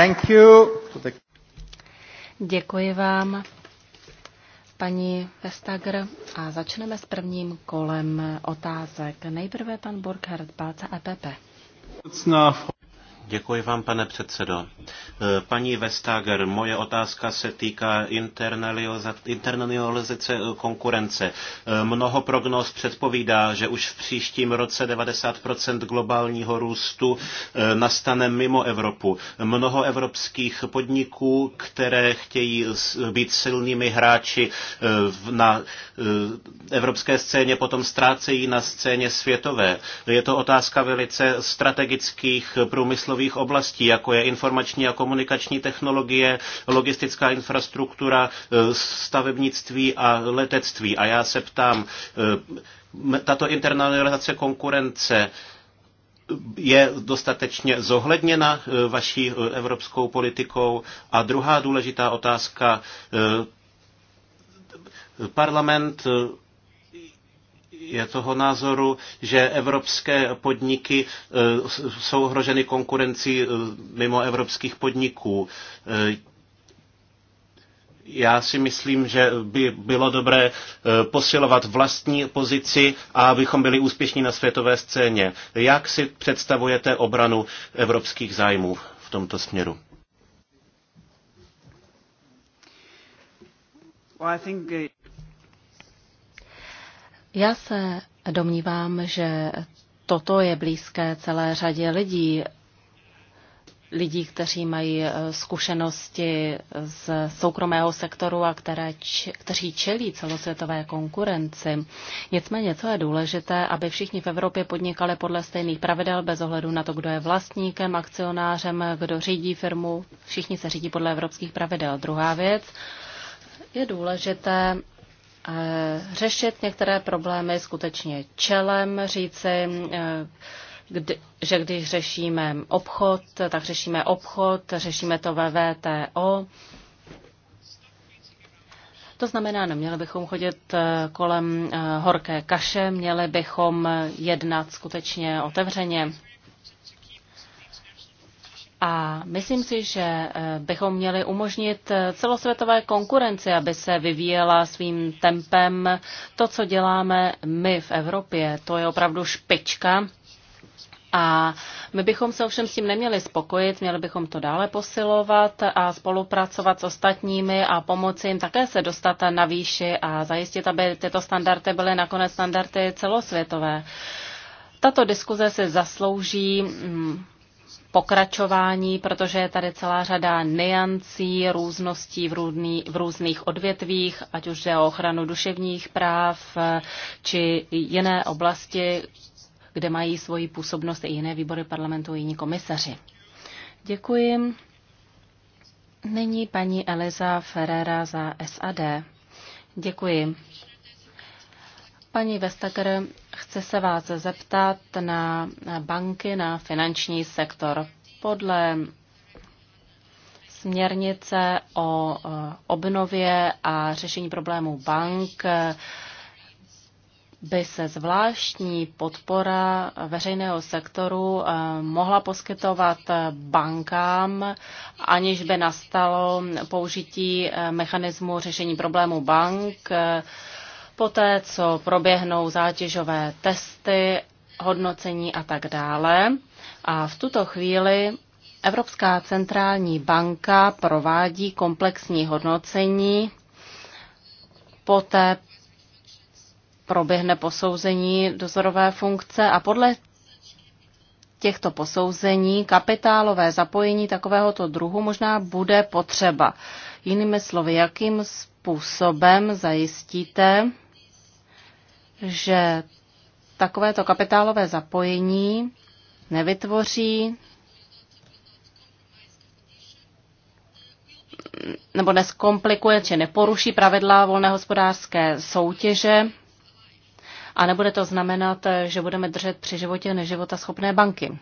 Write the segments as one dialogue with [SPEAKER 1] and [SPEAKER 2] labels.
[SPEAKER 1] Thank you.
[SPEAKER 2] Děkuji vám, paní Vestager, a začneme s prvním kolem otázek. Nejprve pan Burkhard Balca EPP.
[SPEAKER 1] Děkuji vám, pane předsedo. E, paní Vestager, moje otázka se týká internalizace e, konkurence. E, mnoho prognóz předpovídá, že už v příštím roce 90% globálního růstu nastane mimo Evropu. Mnoho evropských podniků, které chtějí být silnými hráči na evropské scéně, potom ztrácejí na scéně světové. Je to otázka velice strategických průmyslových nových oblastí, jako je informační a komunikační technologie, logistická infrastruktura, eh, stavebnictví a letectví. A já se ptám, eh, tato internalizace konkurence eh, je dostatečně zohledněna vaší evropskou politikou? A druhá důležitá otázka, parlament je toho názoru, že evropské podniky e, jsou ohroženy konkurencí e, mimo evropských podniků. E, já si myslím, že by bylo dobré posilovat vlastní pozici a abychom byli úspěšní na světové scéně. Jak si představujete obranu evropských zájmů v tomto směru?
[SPEAKER 2] Well, I think uh, já se domnívám, že toto je blízké celé řadě lidí, lidí, kteří mají eh, zkušenosti z soukromého sektoru a které, kteří čelí celosvětové konkurenci. Nicméně, co je důležité, aby všichni v Evropě podnikali podle stejných pravidel bez ohledu na to, kdo je vlastníkem, akcionářem, kdo řídí firmu. Všichni se řídí podle evropských pravidel. Druhá věc, je důležité Eh, řešit některé problémy skutečně čelem, říci, eh, kdy, že když řešíme obchod, tak řešíme obchod, řešíme to ve VTO. To znamená, neměli bychom chodit eh, kolem horké kaše, měli bychom jednat skutečně otevřeně. A myslím si, že eh, bychom měli umožnit eh, celosvětové konkurenci, aby se vyvíjela svým tempem. To, co děláme my v Evropě, to je opravdu špička. A my bychom se ovšem s tím neměli spokojit, měli bychom to dále posilovat a spolupracovat s ostatními a pomoci jim také se dostat na výši a zajistit, aby tyto standardy byly nakonec standardy celosvětové. Tato diskuze se zaslouží mm, pokračování, protože je tady celá řada niancí, růzností v, různý, v různých odvětvích, ať už jde o ochranu duševních práv eh, či jiné oblasti, kde mají svoji působnost i jiné výbory parlamentu, jiní komisaři. Děkuji. Nyní paní Eliza Ferrera za SAD. Děkuji. Paní Vestager, Chce se vás zeptat na banky, na finanční sektor. Podle směrnice o e, obnově a řešení problémů bank e, by se zvláštní podpora veřejného sektoru e, mohla poskytovat bankám, aniž by nastalo použití mechanismu řešení problémů bank poté co proběhnou zátěžové testy, hodnocení a tak dále. A v tuto chvíli Evropská centrální banka provádí komplexní hodnocení, poté proběhne posouzení dozorové funkce a podle těchto posouzení kapitálové zapojení takovéhoto druhu možná bude potřeba. Jinými slovy, jakým způsobem zajistíte, že takovéto kapitálové zapojení nevytvoří nebo neskomplikuje či neporuší pravidla volné hospodářské soutěže a nebude to znamenat, že budeme držet při životě neživota schopné banky.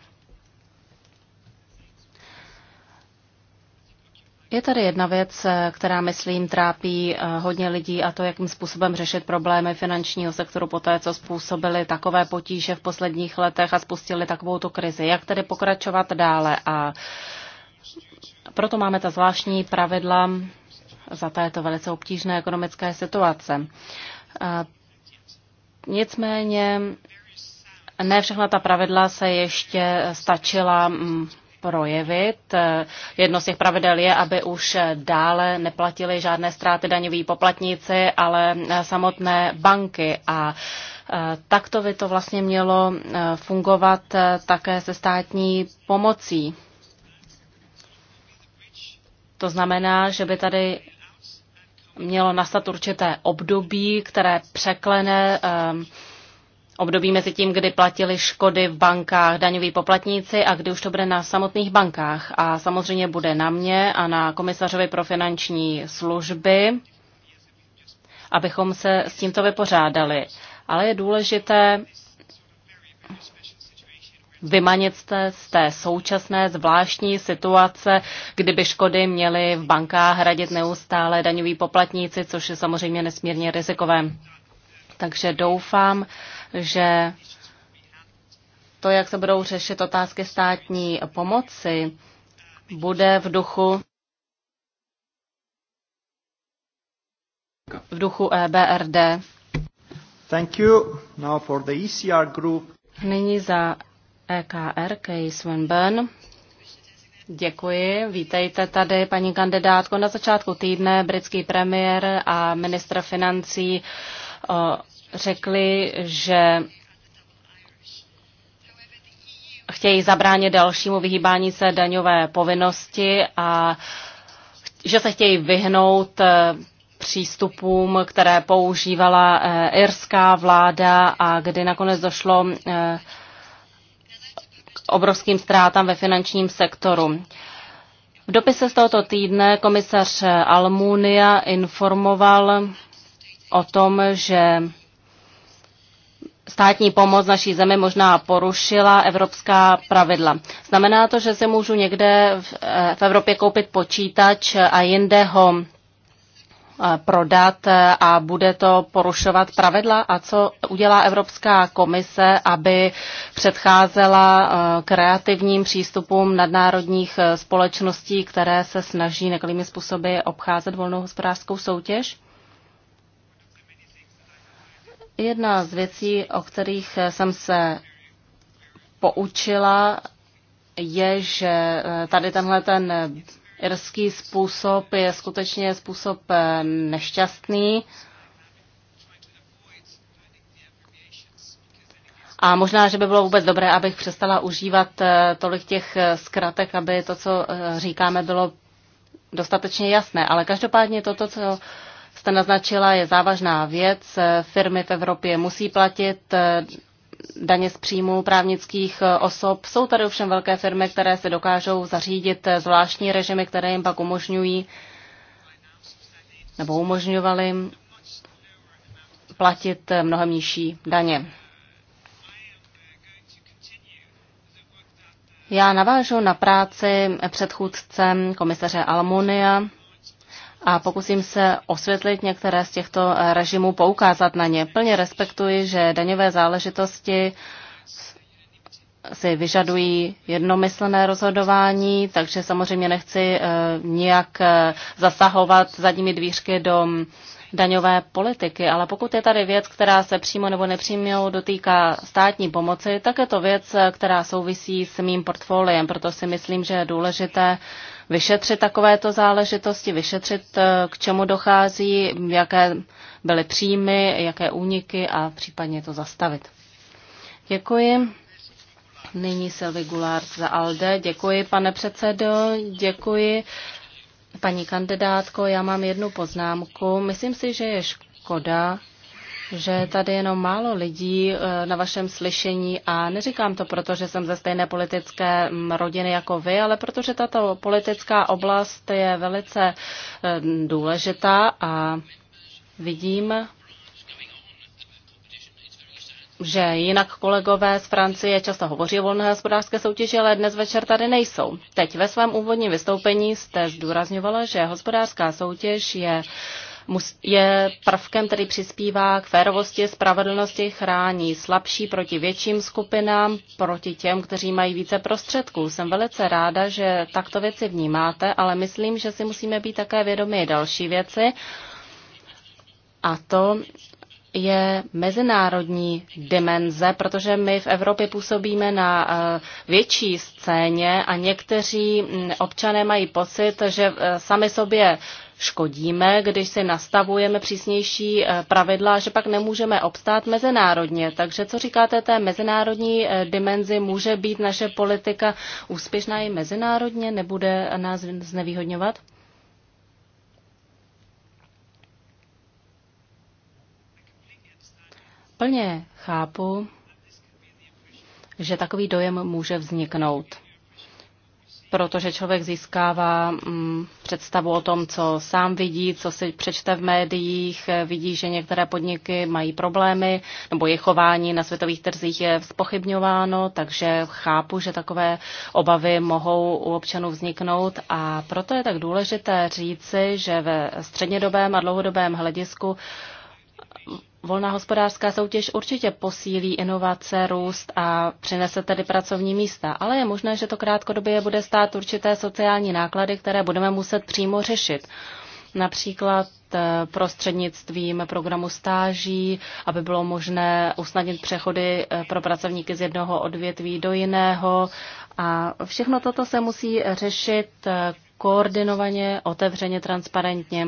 [SPEAKER 2] Je tady jedna věc, eh, která, myslím, trápí eh, hodně lidí a to, jakým způsobem řešit problémy finančního sektoru po té, co způsobili takové potíže v posledních letech a spustili takovou tu krizi. Jak tedy pokračovat dále? A proto máme ta zvláštní pravidla za této velice obtížné ekonomické situace. Eh, nicméně ne všechna ta pravidla se ještě stačila mm, projevit. Eh, Jedno z těch pravidel je, aby už dále neplatili žádné ztráty daňoví poplatníci, ale eh, samotné banky a eh, Takto by to vlastně mělo fungovat také se státní pomocí. To znamená, že by tady mělo nastat určité období, které překlene období mezi tím, kdy platili škody v bankách daňoví poplatníci a kdy už to bude na samotných bankách. A samozřejmě bude na mě a na komisařovi pro finanční služby, abychom se s tímto vypořádali. Ale je důležité vymanit jste z té současné zvláštní situace, kdyby škody měly v bankách hradit neustále daňoví poplatníci, což je samozřejmě nesmírně rizikové. Takže doufám, že to, jak se budou řešit otázky státní pomoci, bude v duchu v duchu EBRD.
[SPEAKER 1] Thank you. Now for the ECR group.
[SPEAKER 2] Nyní za EKR Case Swinburne. Děkuji. Vítejte tady, paní kandidátko. Na začátku týdne britský premiér a ministr financí eh, řekli, že chtějí zabránit dalšímu vyhýbání se daňové povinnosti a že se chtějí vyhnout eh, přístupům, které používala eh, irská vláda a kdy nakonec došlo eh, k obrovským ztrátám ve finančním sektoru. V dopise z tohoto týdne komisař Almunia informoval o tom, že státní pomoc naší zemi možná porušila evropská pravidla. Znamená to, že si můžu někde eh, v Evropě koupit počítač a jinde ho eh, prodat eh, a bude to porušovat pravidla? A co udělá Evropská komise, aby předcházela kreativním přístupům nadnárodních společností, které se snaží nekalými způsoby obcházet volnou hospodářskou soutěž? Jedna z věcí, o kterých jsem se poučila, je, že tady tenhle ten irský způsob je skutečně způsob nešťastný. A možná, že by bylo vůbec dobré, abych přestala užívat eh, tolik těch eh, zkratek, aby to, co eh, říkáme, bylo dostatečně jasné. Ale každopádně toto, co jste naznačila, je závažná věc. Firmy v Evropě musí platit eh, daně z příjmu právnických eh, osob. Jsou tady ovšem velké firmy, které se dokážou zařídit eh, zvláštní režimy, které jim pak umožňují nebo umožňovaly platit mnohem nižší daně. Já navážu na práci předchůdce komisaře Almunia a pokusím se osvětlit některé z těchto eh, režimů, poukázat na ně. Plně respektuji, že daňové záležitosti si vyžadují jednomyslné rozhodování, takže samozřejmě nechci eh, nijak eh, zasahovat zadními dvířky do mm, daňové politiky, ale pokud je tady věc, která se přímo nebo nepřímo dotýká státní pomoci, tak je to věc, která souvisí s mým portfoliem, proto si myslím, že je důležité vyšetřit takovéto záležitosti, vyšetřit, eh, k čemu dochází, jaké byly příjmy, jaké úniky a případně to zastavit. Děkuji. Nyní Sylvie Goulart za ALDE. Děkuji, pane předsedo, děkuji. Paní kandidátko, já mám jednu poznámku. Myslím si, že je škoda, že tady jenom málo lidí eh, na vašem slyšení a neříkám to proto, že jsem ze stejné politické mm, rodiny jako vy, ale protože tato politická oblast je velice eh, důležitá a vidím, že jinak kolegové z Francie často hovoří o volné hospodářské soutěži, ale dnes večer tady nejsou. Teď ve svém úvodním vystoupení jste zdůrazňovala, že hospodářská soutěž je uh, je prvkem, který přispívá k férovosti, spravedlnosti, chrání slabší proti větším skupinám, proti těm, kteří mají více prostředků. Jsem velice ráda, že takto věci vnímáte, ale myslím, že si musíme být také vědomi další věci. A to, je mezinárodní dimenze, protože my v Evropě působíme na eh, větší scéně a někteří mm, občané mají pocit, že eh, sami sobě škodíme, když si nastavujeme přísnější eh, pravidla, že pak nemůžeme obstát mezinárodně. Takže co říkáte té mezinárodní eh, dimenzi? Může být naše politika úspěšná i mezinárodně? Nebude nás znevýhodňovat? Plně chápu, že takový dojem může vzniknout protože člověk získává mm, představu o tom, co sám vidí, co si přečte v médiích, eh, vidí, že některé podniky mají problémy nebo je chování na světových trzích je spochybňováno, takže chápu, že takové obavy mohou u občanů vzniknout a proto je tak důležité říci, že ve střednědobém a dlouhodobém hledisku Volná hospodářská soutěž určitě posílí inovace, růst a přinese tedy pracovní místa, ale je možné, že to krátkodobě bude stát určité sociální náklady, které budeme muset přímo řešit. Například eh, prostřednictvím programu stáží, aby bylo možné usnadnit přechody eh, pro pracovníky z jednoho odvětví do jiného. A všechno toto se musí řešit eh, koordinovaně, otevřeně, transparentně.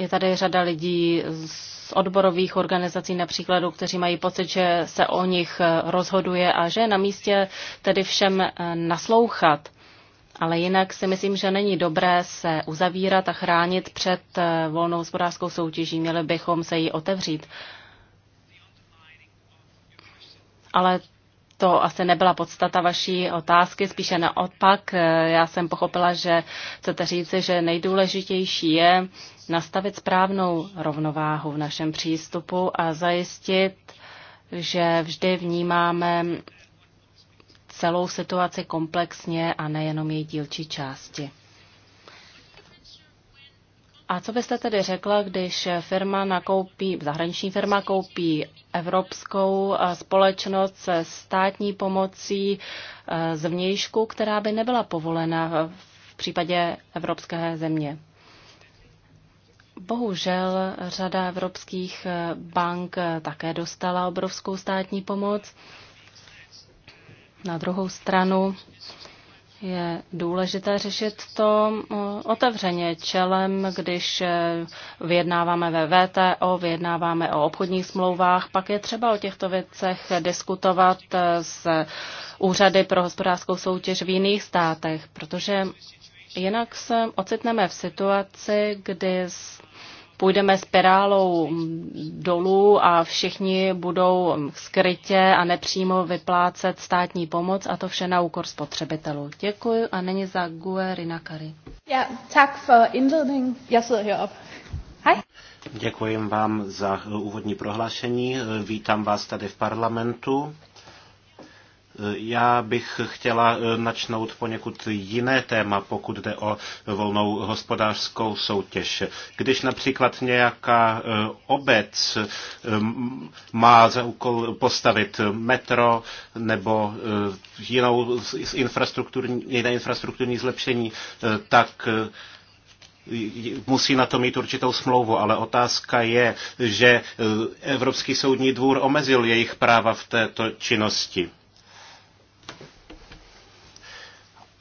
[SPEAKER 2] Je tady řada lidí z odborových organizací například, kteří mají pocit, že se o nich rozhoduje a že je na místě tedy všem eh, naslouchat. Ale jinak si myslím, že není dobré se uzavírat a chránit před eh, volnou hospodářskou soutěží. Měli bychom se jí otevřít. Ale to asi nebyla podstata vaší otázky, spíše naopak. Já jsem pochopila, že chcete říci, že nejdůležitější je nastavit správnou rovnováhu v našem přístupu a zajistit, že vždy vnímáme celou situaci komplexně a nejenom její dílčí části. A co byste tedy řekla, když firma nakoupí, zahraniční firma koupí evropskou eh, společnost se státní pomocí eh, z vnějšku, která by nebyla povolena v případě evropské země? Bohužel řada evropských eh, bank také dostala obrovskou státní pomoc. Na druhou stranu je důležité řešit to mm, otevřeně čelem, když eh, vyjednáváme ve VTO, vyjednáváme o obchodních smlouvách, pak je třeba o těchto věcech diskutovat eh, s úřady pro hospodářskou soutěž v jiných státech, protože jinak se ocitneme v situaci, kdy půjdeme spirálou dolů a všichni budou skrytě a nepřímo vyplácet státní pomoc a to vše na úkor spotřebitelů. Děkuji a není za GUE Rinakari.
[SPEAKER 3] Ja,
[SPEAKER 1] Děkuji vám za eh, úvodní prohlášení. Eh, vítám vás tady v parlamentu. Já bych chtěla eh, načnout poněkud jiné téma, pokud jde o volnou hospodářskou soutěž. Když například nějaká eh, obec eh, má za úkol postavit metro nebo jinou infrastrukturní, jiné infrastrukturní zlepšení, tak musí na to mít určitou smlouvu, ale otázka je, že Evropský soudní dvůr omezil jejich práva v této činnosti.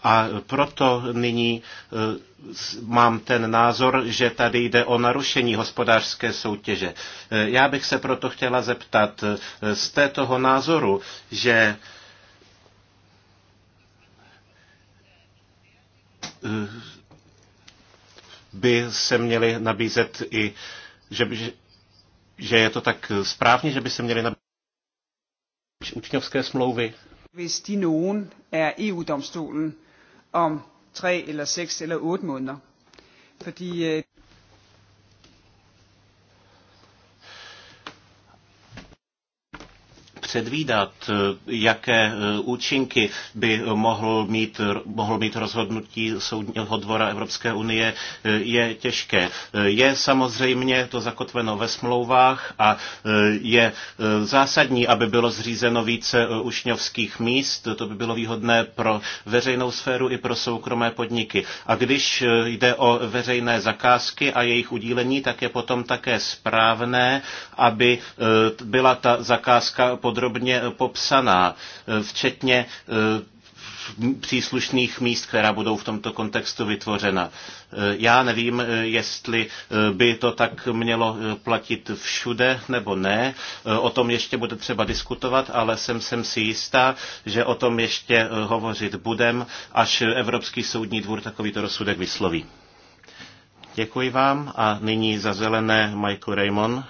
[SPEAKER 1] A proto nyní eh, mám ten názor, že tady jde o narušení hospodářské soutěže. Eh, já bych se proto chtěla zeptat, eh, z toho názoru, že by se měly nabízet i, že, by, že je to tak správně, že by se měly nabízet učňovské smlouvy.
[SPEAKER 3] Hvis de nogen er EU-domstolen, om tre eller seks eller otte måneder. Fordi øh,
[SPEAKER 1] předvídat, eh, jaké eh, účinky by mohl mít, mohl mít rozhodnutí Soudního dvora Evropské unie, eh, je těžké. Je samozřejmě to zakotveno ve smlouvách a je zásadní, aby bylo zřízeno více ušňovských míst. To by bylo výhodné pro veřejnou sféru i pro soukromé podniky. A když jde o veřejné zakázky a jejich udílení, tak je potom také správné, aby byla ta zakázka podrobná podrobně eh, popsaná, eh, včetně eh, příslušných míst, která budou v tomto kontextu vytvořena. Já nevím, jestli by to tak mělo platit všude nebo ne. O tom ještě bude třeba diskutovat, ale jsem, jsem si jistá, že o tom ještě hovořit budem, až Evropský soudní dvůr takovýto rozsudek vysloví. Děkuji vám a nyní za zelené Michael Raymond.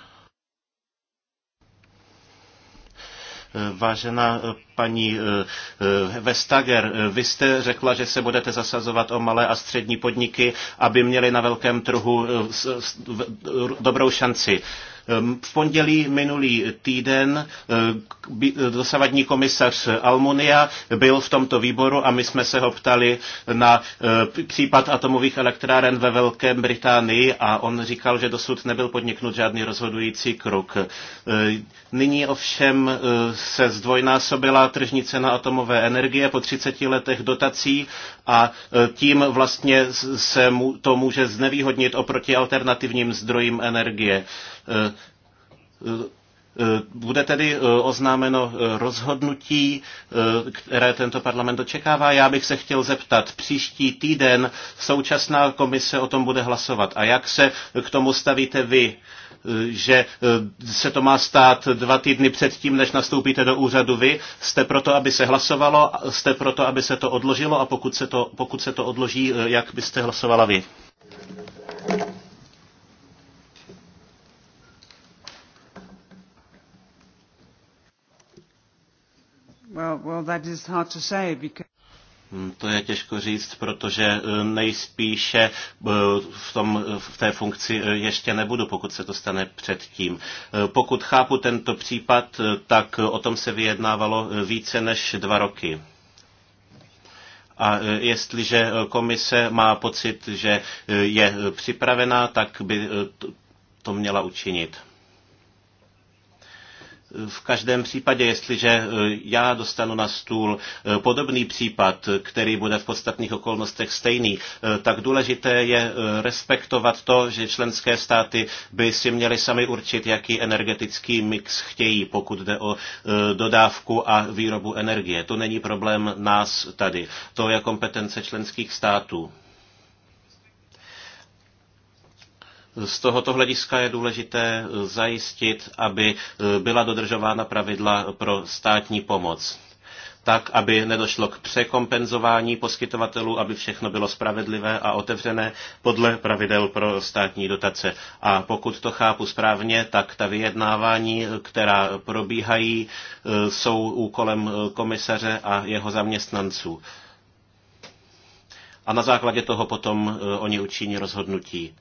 [SPEAKER 1] Vážená paní eh, eh, Vestager, vy jste řekla, že se budete zasazovat o malé a střední podniky, aby měli na velkém trhu eh, dobrou šanci. Ehm, v pondělí minulý týden ehm, dosavadní komisař Almunia byl v tomto výboru a my jsme se ho ptali na ehm, případ atomových elektráren ve Velké Británii a on říkal, že dosud nebyl podniknut žádný rozhodující krok. Nyní ovšem se zdvojnásobila tržní cena atomové energie po 30 letech dotací a tím vlastně se to může znevýhodnit oproti alternativním zdrojím energie. Eh, eh, bude tedy eh, oznámeno rozhodnutí, které tento parlament očekává. Já bych se chtěl zeptat, příští týden současná komise o tom bude hlasovat. A jak se k tomu stavíte vy? že se to má stát dva týdny předtím, než nastoupíte do úřadu vy. Jste proto, aby se hlasovalo, jste proto, aby se to odložilo a pokud se to, pokud se to odloží, jak byste hlasovala vy?
[SPEAKER 3] to
[SPEAKER 1] hmm, To je těžko říct, protože eh, nejspíše eh, v, tom, v té funkci eh, ještě nebudu, pokud se to stane předtím. Pokud chápu tento případ, tak o tom se vyjednávalo více než dva roky. A jestliže komise má pocit, že je připravená, tak by to měla učinit. V každém případě, jestliže e, já dostanu na stůl e, podobný případ, který bude v podstatných okolnostech stejný, e, tak důležité je respektovat to, že členské státy by si měly sami určit, jaký energetický mix chtějí, pokud jde o dodávku a výrobu energie. To není problém nás tady. To je kompetence členských států. Z tohoto hlediska je důležité zajistit, aby e, byla dodržována pravidla pro státní pomoc tak, aby nedošlo k překompenzování poskytovatelů, aby všechno bylo spravedlivé a otevřené podle pravidel pro státní dotace. A pokud to chápu správně, tak ta vyjednávání, která probíhají, e, jsou úkolem e, komisaře a jeho zaměstnanců. A na základě toho potom oni učiní rozhodnutí.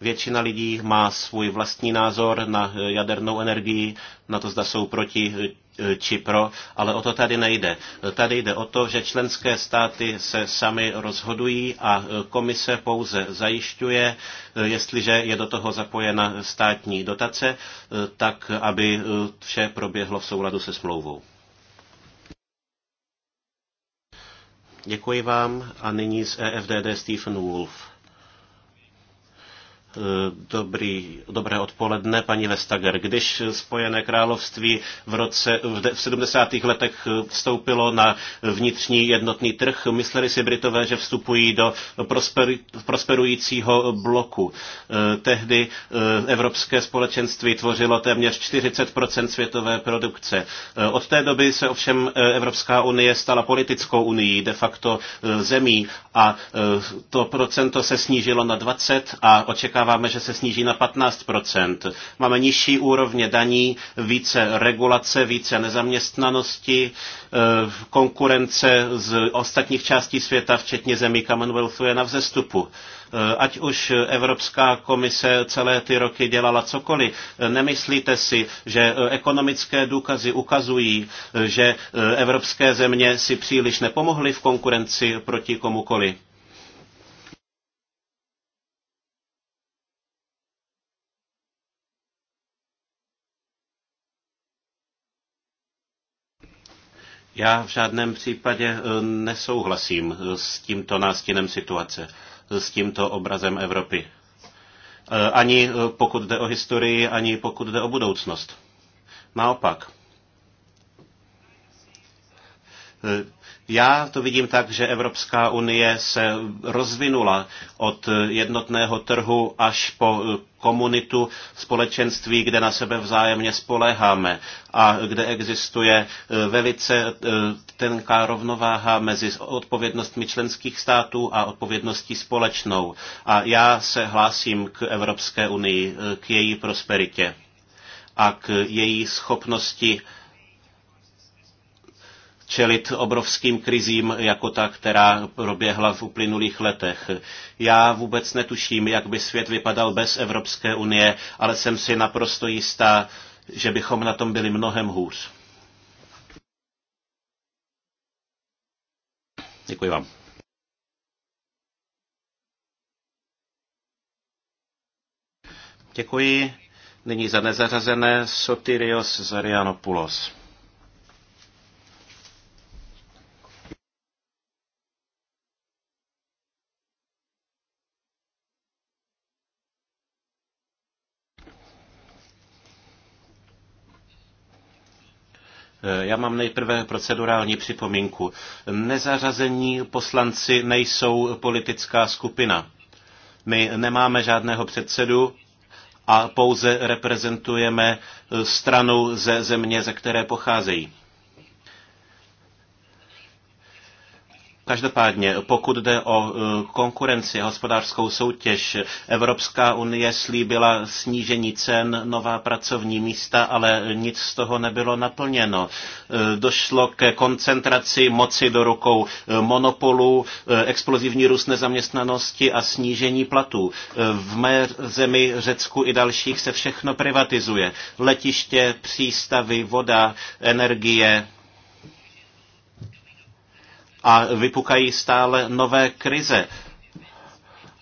[SPEAKER 1] Většina lidí má svůj vlastní názor na jadernou energii, na to, zda jsou proti eh, či pro, ale o to tady nejde. Tady jde o to, že členské státy se sami rozhodují a eh, komise pouze zajišťuje, eh, jestliže je do toho zapojena státní dotace, tak aby vše proběhlo v souladu se smlouvou. Děkuji vám a nyní z EFDD Stephen Wolf. Eh, dobrý, dobré odpoledne, paní Vestager. Když Spojené království v, roce, v 70. letech eh, vstoupilo na vnitřní jednotný trh, mysleli si Britové, že vstupují do prosper, prosperujícího bloku. Eh, tehdy Evropské společenství tvořilo téměř 40 světové produkce. Od té doby se ovšem Evropská unie stala politickou unii, de facto zemí, a to procento se snížilo na 20 a očekává očekáváme, že se sníží na 15%. Máme nižší úrovně daní, více regulace, více nezaměstnanosti, eh, konkurence z ostatních částí světa, včetně zemí Commonwealthu, je na vzestupu eh, ať už Evropská komise celé ty roky dělala cokoliv. Eh, nemyslíte si, že ekonomické důkazy ukazují, že evropské země si příliš nepomohly v konkurenci proti komukoli? Já v žádném případě eh, nesouhlasím eh, s tímto nástinem situace, eh, s tímto obrazem Evropy. Ani pokud jde o historii, ani pokud jde o budoucnost. Naopak. Já to vidím tak, že Evropská unie se rozvinula od jednotného trhu až po eh, komunitu, společenství, kde na sebe vzájemně spoléháme a kde existuje eh, velice eh, tenká rovnováha mezi odpovědnostmi členských států a odpovědností společnou. A já se hlásím k Evropské unii, k její prosperitě a k její schopnosti čelit obrovským krizím, jako ta, která proběhla v uplynulých letech. Já vůbec netuším, jak by svět vypadal bez Evropské unie, ale jsem si naprosto jistá, že bychom na tom byli mnohem hůř. Děkuji vám. Děkuji. Nyní za nezařazené Sotirios Zarianopoulos. Já mám nejprve procedurální připomínku. Nezařazení poslanci nejsou politická skupina. My nemáme žádného předsedu a pouze reprezentujeme stranu ze země, ze které pocházejí. Každopádně, pokud jde o e, konkurenci, hospodářskou soutěž, Evropská unie slíbila snížení cen, nová pracovní místa, ale nic z toho nebylo naplněno. E, došlo ke koncentraci moci do rukou e, monopolů, explozivní růst nezaměstnanosti a snížení platů. V mé zemi Řecku i dalších se všechno privatizuje. Letiště, přístavy, voda, energie, a vypukají stále nové krize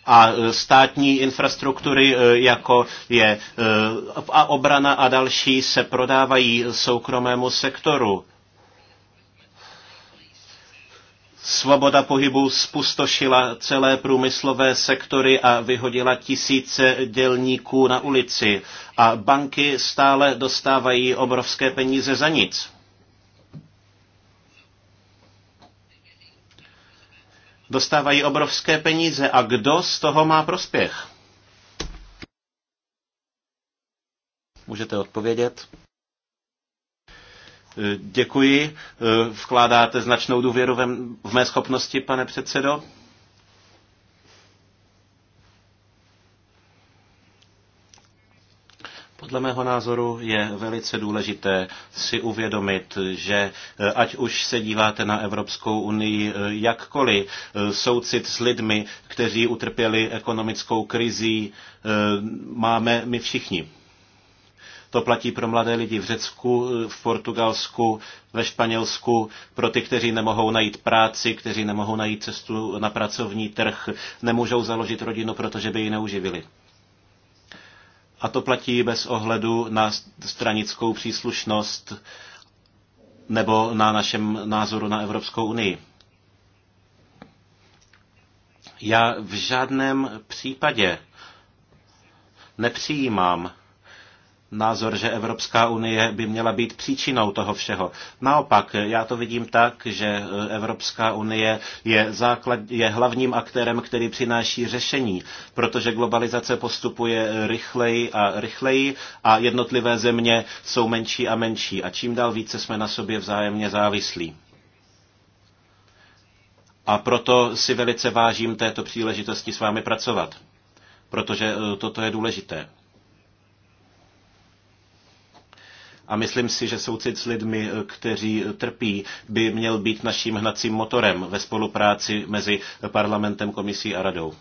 [SPEAKER 1] a státní infrastruktury, e, jako je e, a obrana a další, se prodávají soukromému sektoru. Svoboda pohybu spustošila celé průmyslové sektory a vyhodila tisíce dělníků na ulici. A banky stále dostávají obrovské peníze za nic. dostávají obrovské peníze a kdo z toho má prospěch? Můžete odpovědět? Děkuji. Vkládáte značnou důvěru v mé schopnosti, pane předsedo. Podle mého názoru je velice důležité si uvědomit, že eh, ať už se díváte na Evropskou unii eh, jakkoliv, eh, soucit s lidmi, kteří utrpěli ekonomickou krizí, máme my všichni. To platí pro mladé lidi v Řecku, v Portugalsku, ve Španělsku, pro ty, kteří nemohou najít práci, kteří nemohou najít cestu na pracovní trh, nemůžou založit rodinu, protože by ji neuživili. A to platí bez ohledu na stranickou příslušnost nebo na našem názoru na Evropskou unii. Já v žádném případě nepřijímám názor, že Evropská unie by měla být příčinou toho všeho. Naopak, já to vidím tak, že Evropská unie je, základ, je hlavním aktérem, který přináší řešení, protože globalizace postupuje rychleji a rychleji a jednotlivé země jsou menší a menší a čím dál více jsme na sobě vzájemně závislí. A proto si velice vážím této příležitosti s vámi pracovat, protože eh, toto je důležité. A myslím si, že soucit s lidmi, eh, kteří eh, trpí, by měl být naším hnacím motorem ve spolupráci mezi parlamentem, komisí a radou.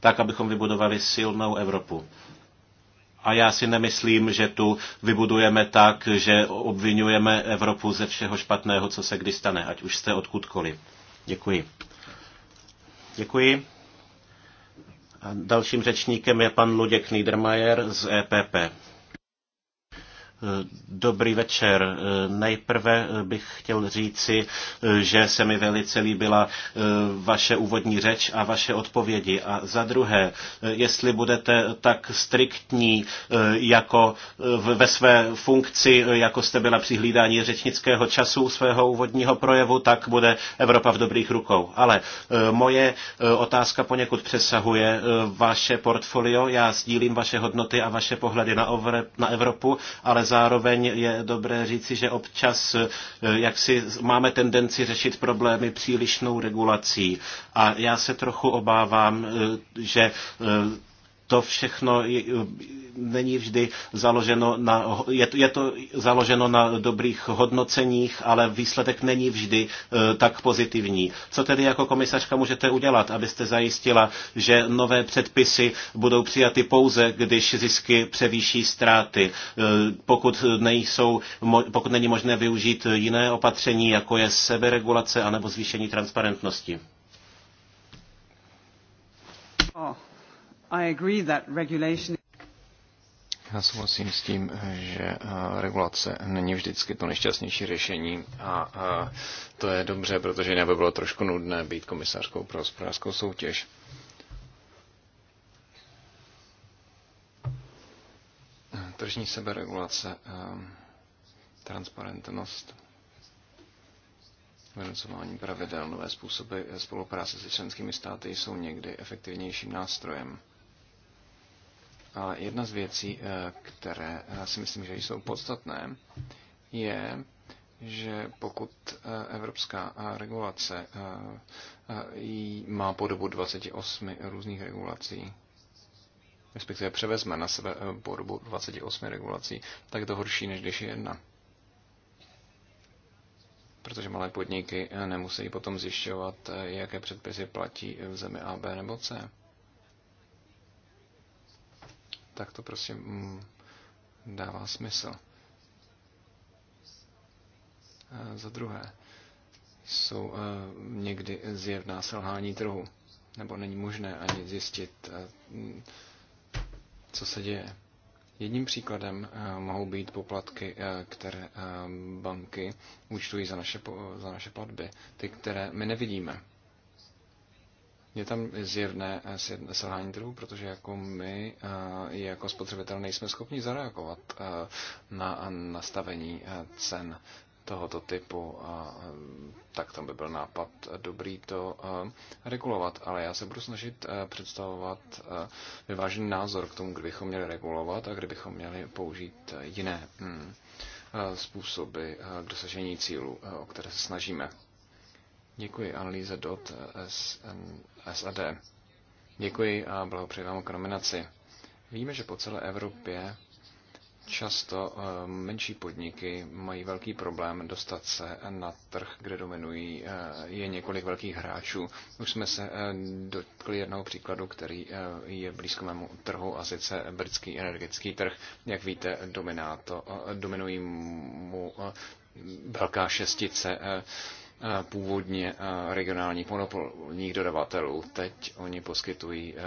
[SPEAKER 1] Tak, abychom vybudovali silnou Evropu. A já si nemyslím, že tu vybudujeme tak, že obvinujeme Evropu ze všeho špatného, co se kdy stane, ať už jste odkudkoliv. Děkuji. Děkuji. A dalším řečníkem je pan Luděk Niedermayer z EPP. Dobrý večer. Nejprve bych chtěl říci, že se mi velice líbila e, vaše úvodní řeč a vaše odpovědi. A za druhé, jestli budete tak striktní e, jako e, ve své funkci, jako jste byla při hlídání řečnického času svého úvodního projevu, tak bude Evropa v dobrých rukou. Ale moje otázka poněkud přesahuje vaše portfolio. Já sdílím vaše hodnoty a vaše pohledy na Evropu, ale zároveň je dobré říci, že občas eh, jak si máme tendenci řešit problémy přílišnou regulací. A já se trochu obávám, eh, že eh, to všechno není vždy založeno na, je to, je to založeno na dobrých hodnoceních, ale výsledek není vždy e, tak pozitivní. Co tedy jako komisařka můžete udělat, abyste zajistila, že nové předpisy budou přijaty pouze, když zisky převýší ztráty, e, pokud, nejsou, pokud není možné využít jiné opatření, jako je seberegulace anebo zvýšení transparentnosti?
[SPEAKER 2] Oh.
[SPEAKER 3] Já souhlasím s tím, že eh, regulace není vždycky to nejšťastnější řešení a to je dobře, protože jinak by bylo trošku nudné být komisářkou pro hospodářskou soutěž. Tržní seberegulace, eh, transparentnost, vynucování pravidel, nové způsoby eh, spolupráce se členskými státy jsou někdy efektivnějším nástrojem ale jedna z věcí, eh, které eh, si myslím, že jsou podstatné, je, že pokud eh, evropská regulace má podobu 28 různých regulací, respektive převezme na sebe podobu 28 regulací, tak je to horší, než když je jedna. Protože malé podniky nemusí potom zjišťovat, jaké předpisy platí v zemi A, B nebo C tak to prostě dává smysl. E, za druhé, jsou e, někdy zjevná selhání trhu, nebo není možné ani zjistit, e, mm, co se děje. Jedním příkladem mohou být poplatky, které banky účtují za naše, za naše platby, ty, které my nevidíme. Je tam eh, zjevné selhání trhu, protože jako my, eh, jako spotřebitel, nejsme schopni zareagovat eh, na nastavení cen tohoto typu, tak tam by byl nápad dobrý to regulovat. Ale já se budu snažit představovat vyvážený názor k tomu, kdybychom měli regulovat a kdybychom měli použít jiné hm, způsoby k dosažení cílů, o které se snažíme. Děkuji, Analýza Dot SAD. Děkuji a blahopřeji vám k nominaci. Víme, že po celé Evropě často eh, menší podniky mají velký problém dostat se na trh, kde dominují eh, je několik velkých hráčů. Už jsme se eh, dotkli jednoho příkladu, který je blízko mému trhu, a sice britský energetický trh. Jak víte, dominují mu velká šestice Eh, původně eh, regionálních monopolních dodavatelů. Teď oni poskytují eh,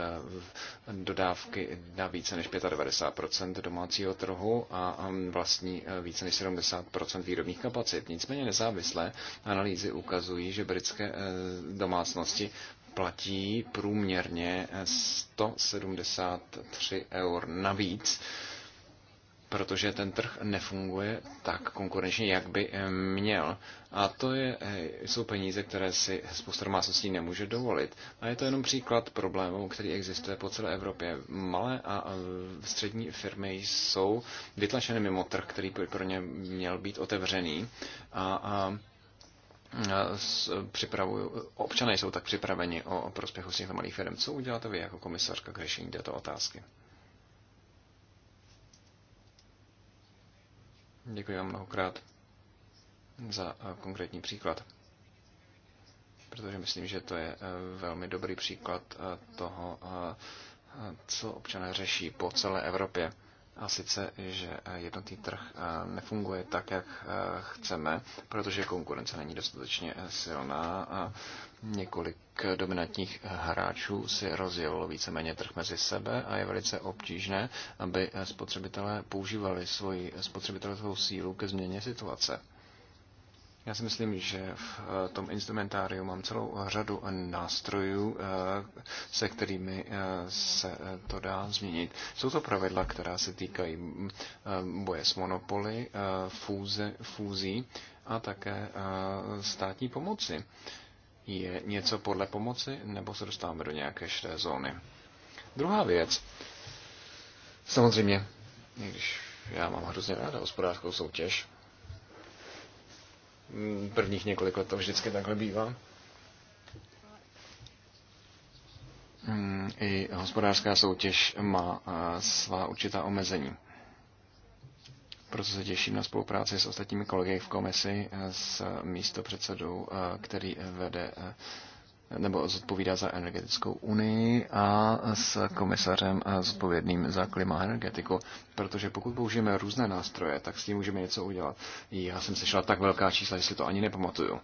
[SPEAKER 3] dodávky na více než 95 domácího trhu a vlastní více než 70 výrobních kapacit. Nicméně nezávislé analýzy ukazují, že britské domácnosti platí průměrně 173 eur navíc protože ten trh nefunguje tak konkurenčně, jak by eh, měl. A to je, eh, jsou peníze, které si spousta domácností nemůže dovolit. A je to jenom příklad problému, který existuje po celé Evropě. Malé a střední firmy jsou vytlačeny mimo trh, který pro ně měl být otevřený. A, a občané jsou tak připraveni o prospěchu z těchto malých firm. Co uděláte vy jako komisařka k řešení této otázky? Děkuji vám mnohokrát za eh, konkrétní příklad, protože myslím, že to je eh, velmi dobrý příklad eh, toho, co občané řeší po celé Evropě a sice, že jednotný trh eh, nefunguje tak, jak eh, chceme, protože konkurence není dostatečně eh, silná a několik dominantních hráčů si rozjevilo víceméně trh mezi sebe a je velice obtížné, aby spotřebitelé používali svoji spotřebitelskou sílu ke změně situace. Já si myslím, že v eh, tom instrumentáriu mám celou řadu nástrojů, eh, se kterými eh, se to dá změnit. Jsou to pravidla, která se týkají mm, boje s monopoly, fúzí a také státní pomoci. Je něco podle pomoci, nebo se dostáváme do nějaké šedé zóny? Druhá věc. Samozřejmě, když já mám hrozně ráda hospodářskou soutěž, Mm, prvních několik let to vždycky takhle bývá. Mm, I hospodářská soutěž má eh, svá určitá omezení. Proto se těším na spolupráci s ostatními kolegy v komisi, eh, s místopředsedou, eh, který vede nebo zodpovídá za energetickou unii a s komisařem zodpovědným za klima a energetiku. Protože pokud použijeme různé nástroje, tak s tím můžeme něco udělat. Já jsem sešla tak velká čísla, že si to ani nepamatuju.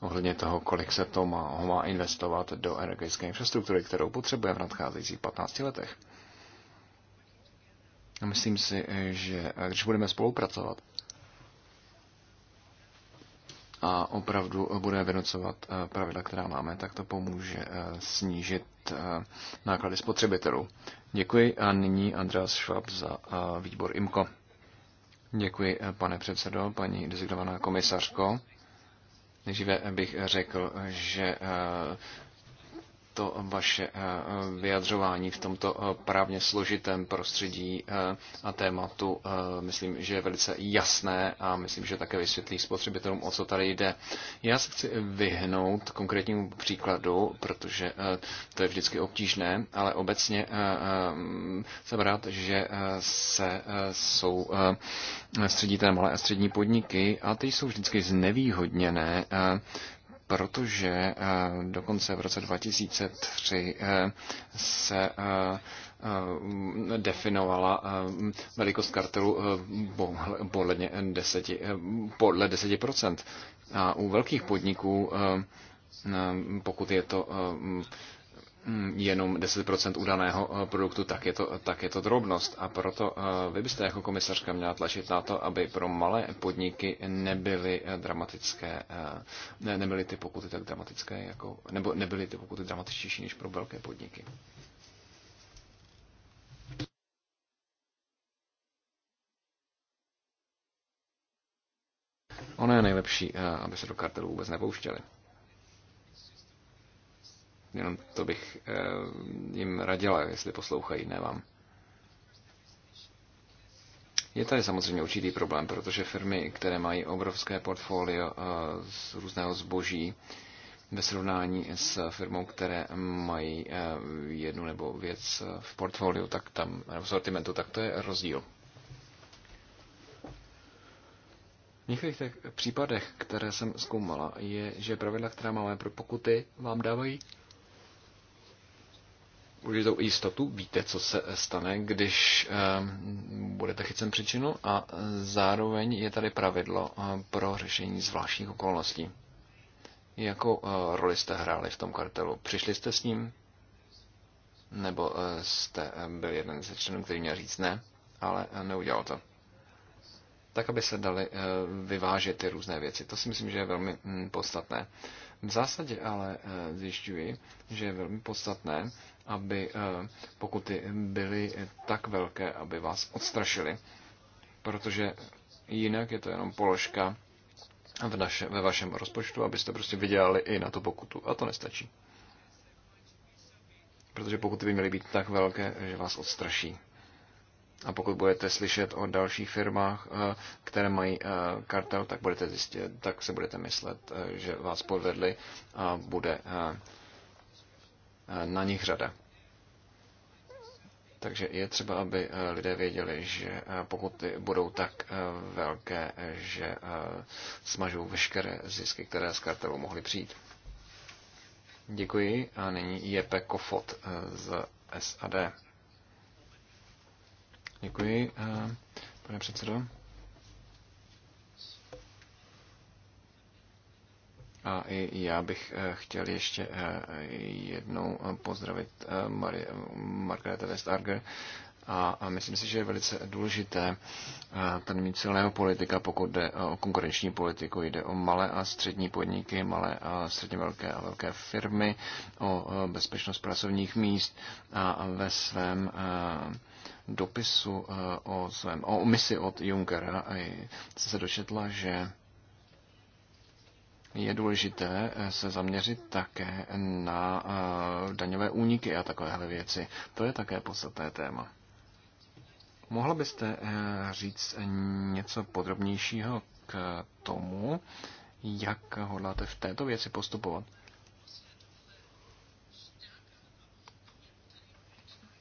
[SPEAKER 3] Ohledně toho, kolik se to má, ho má investovat do energetické infrastruktury, kterou potřebujeme v nadcházejících 15 letech. Myslím si, že když budeme spolupracovat, a opravdu bude vynocovat eh, pravidla, která máme, tak to pomůže eh, snížit eh, náklady spotřebitelů. Děkuji a nyní Andreas Schwab za výbor IMCO. Děkuji, pane předsedo, paní designovaná komisařko. Nejdříve bych řekl, že to vaše eh, vyjadřování v tomto eh, právně složitém prostředí eh, a tématu. Myslím, že je velice jasné a myslím, že také vysvětlí spotřebitelům, o co tady jde. Já se chci vyhnout konkrétnímu příkladu, protože to je vždycky obtížné, ale obecně jsem rád, že se jsou středíte malé a střední podniky a ty jsou vždycky znevýhodněné protože eh, dokonce v roce 2003 eh, se eh, definovala velikost kartelu podle 10%. Podle 10%. A u velkých podniků, pokud je to Mm, jenom 10% udaného eh, produktu, tak je, to, tak je to drobnost. A proto eh, vy byste jako komisařka měla tlačit na to, aby pro malé podniky nebyly eh, dramatické, ne, nebyly ty pokuty tak dramatické, jako, nebo nebyly ty pokuty dramatičtější než pro velké podniky. Ono je nejlepší, aby se do kartelu vůbec nepouštěli. Jenom to bych eh, jim radila, jestli poslouchají, ne vám. Je tady samozřejmě určitý problém, protože firmy, které mají obrovské portfolio eh, z různého zboží, ve srovnání s firmou, které mají eh, jednu nebo věc v portfoliu, tak tam, nebo v sortimentu, tak to je rozdíl. V některých těch případech, které jsem zkoumala, je, že pravidla, která máme pro pokuty, vám dávají určitou jistotu, víte, co se stane, když eh, budete chycen příčinu a zároveň je tady pravidlo eh, pro řešení zvláštních okolností. Jakou eh, roli jste hráli v tom kartelu? Přišli jste s ním? Nebo jste byl jeden ze členů, který měl říct ne, ale neudělal to? Tak, aby se dali vyvážet ty různé věci. To si myslím, že je velmi hm, podstatné. V zásadě ale zjišťuji, že je velmi podstatné, aby eh, pokuty byly tak velké, aby vás odstrašily, protože jinak je to jenom položka v naše, ve vašem rozpočtu, abyste prostě vydělali i na tu pokutu. A to nestačí. Protože pokuty by měly být tak velké, že vás odstraší. A pokud budete slyšet o dalších firmách, eh, které mají eh, kartel, tak, budete zjistit, tak se budete myslet, že vás podvedli a bude na nich řada. Takže je třeba, aby eh, lidé věděli, že eh, pokud budou tak eh, velké, že smažou veškeré zisky, které z kartelu mohly přijít. Děkuji a nyní Jepe Kofot z SAD. Děkuji, pane předsedo. A i já bych eh, chtěl ještě eh, jednou eh, pozdravit Margareta Westarger. A, a myslím si, že je velice důležité ten mít silného politika, pokud jde o konkurenční politiku. Jde o malé a střední podniky, malé a středně velké a velké firmy, o bezpečnost pracovních míst a ve svém dopisu o, svém, o misi od Junckera se dočetla, že je důležité eh, se zaměřit také na eh, daňové úniky a takovéhle věci. To je také podstatné téma. Mohla byste eh, říct něco podrobnějšího k tomu, jak hodláte v této věci postupovat?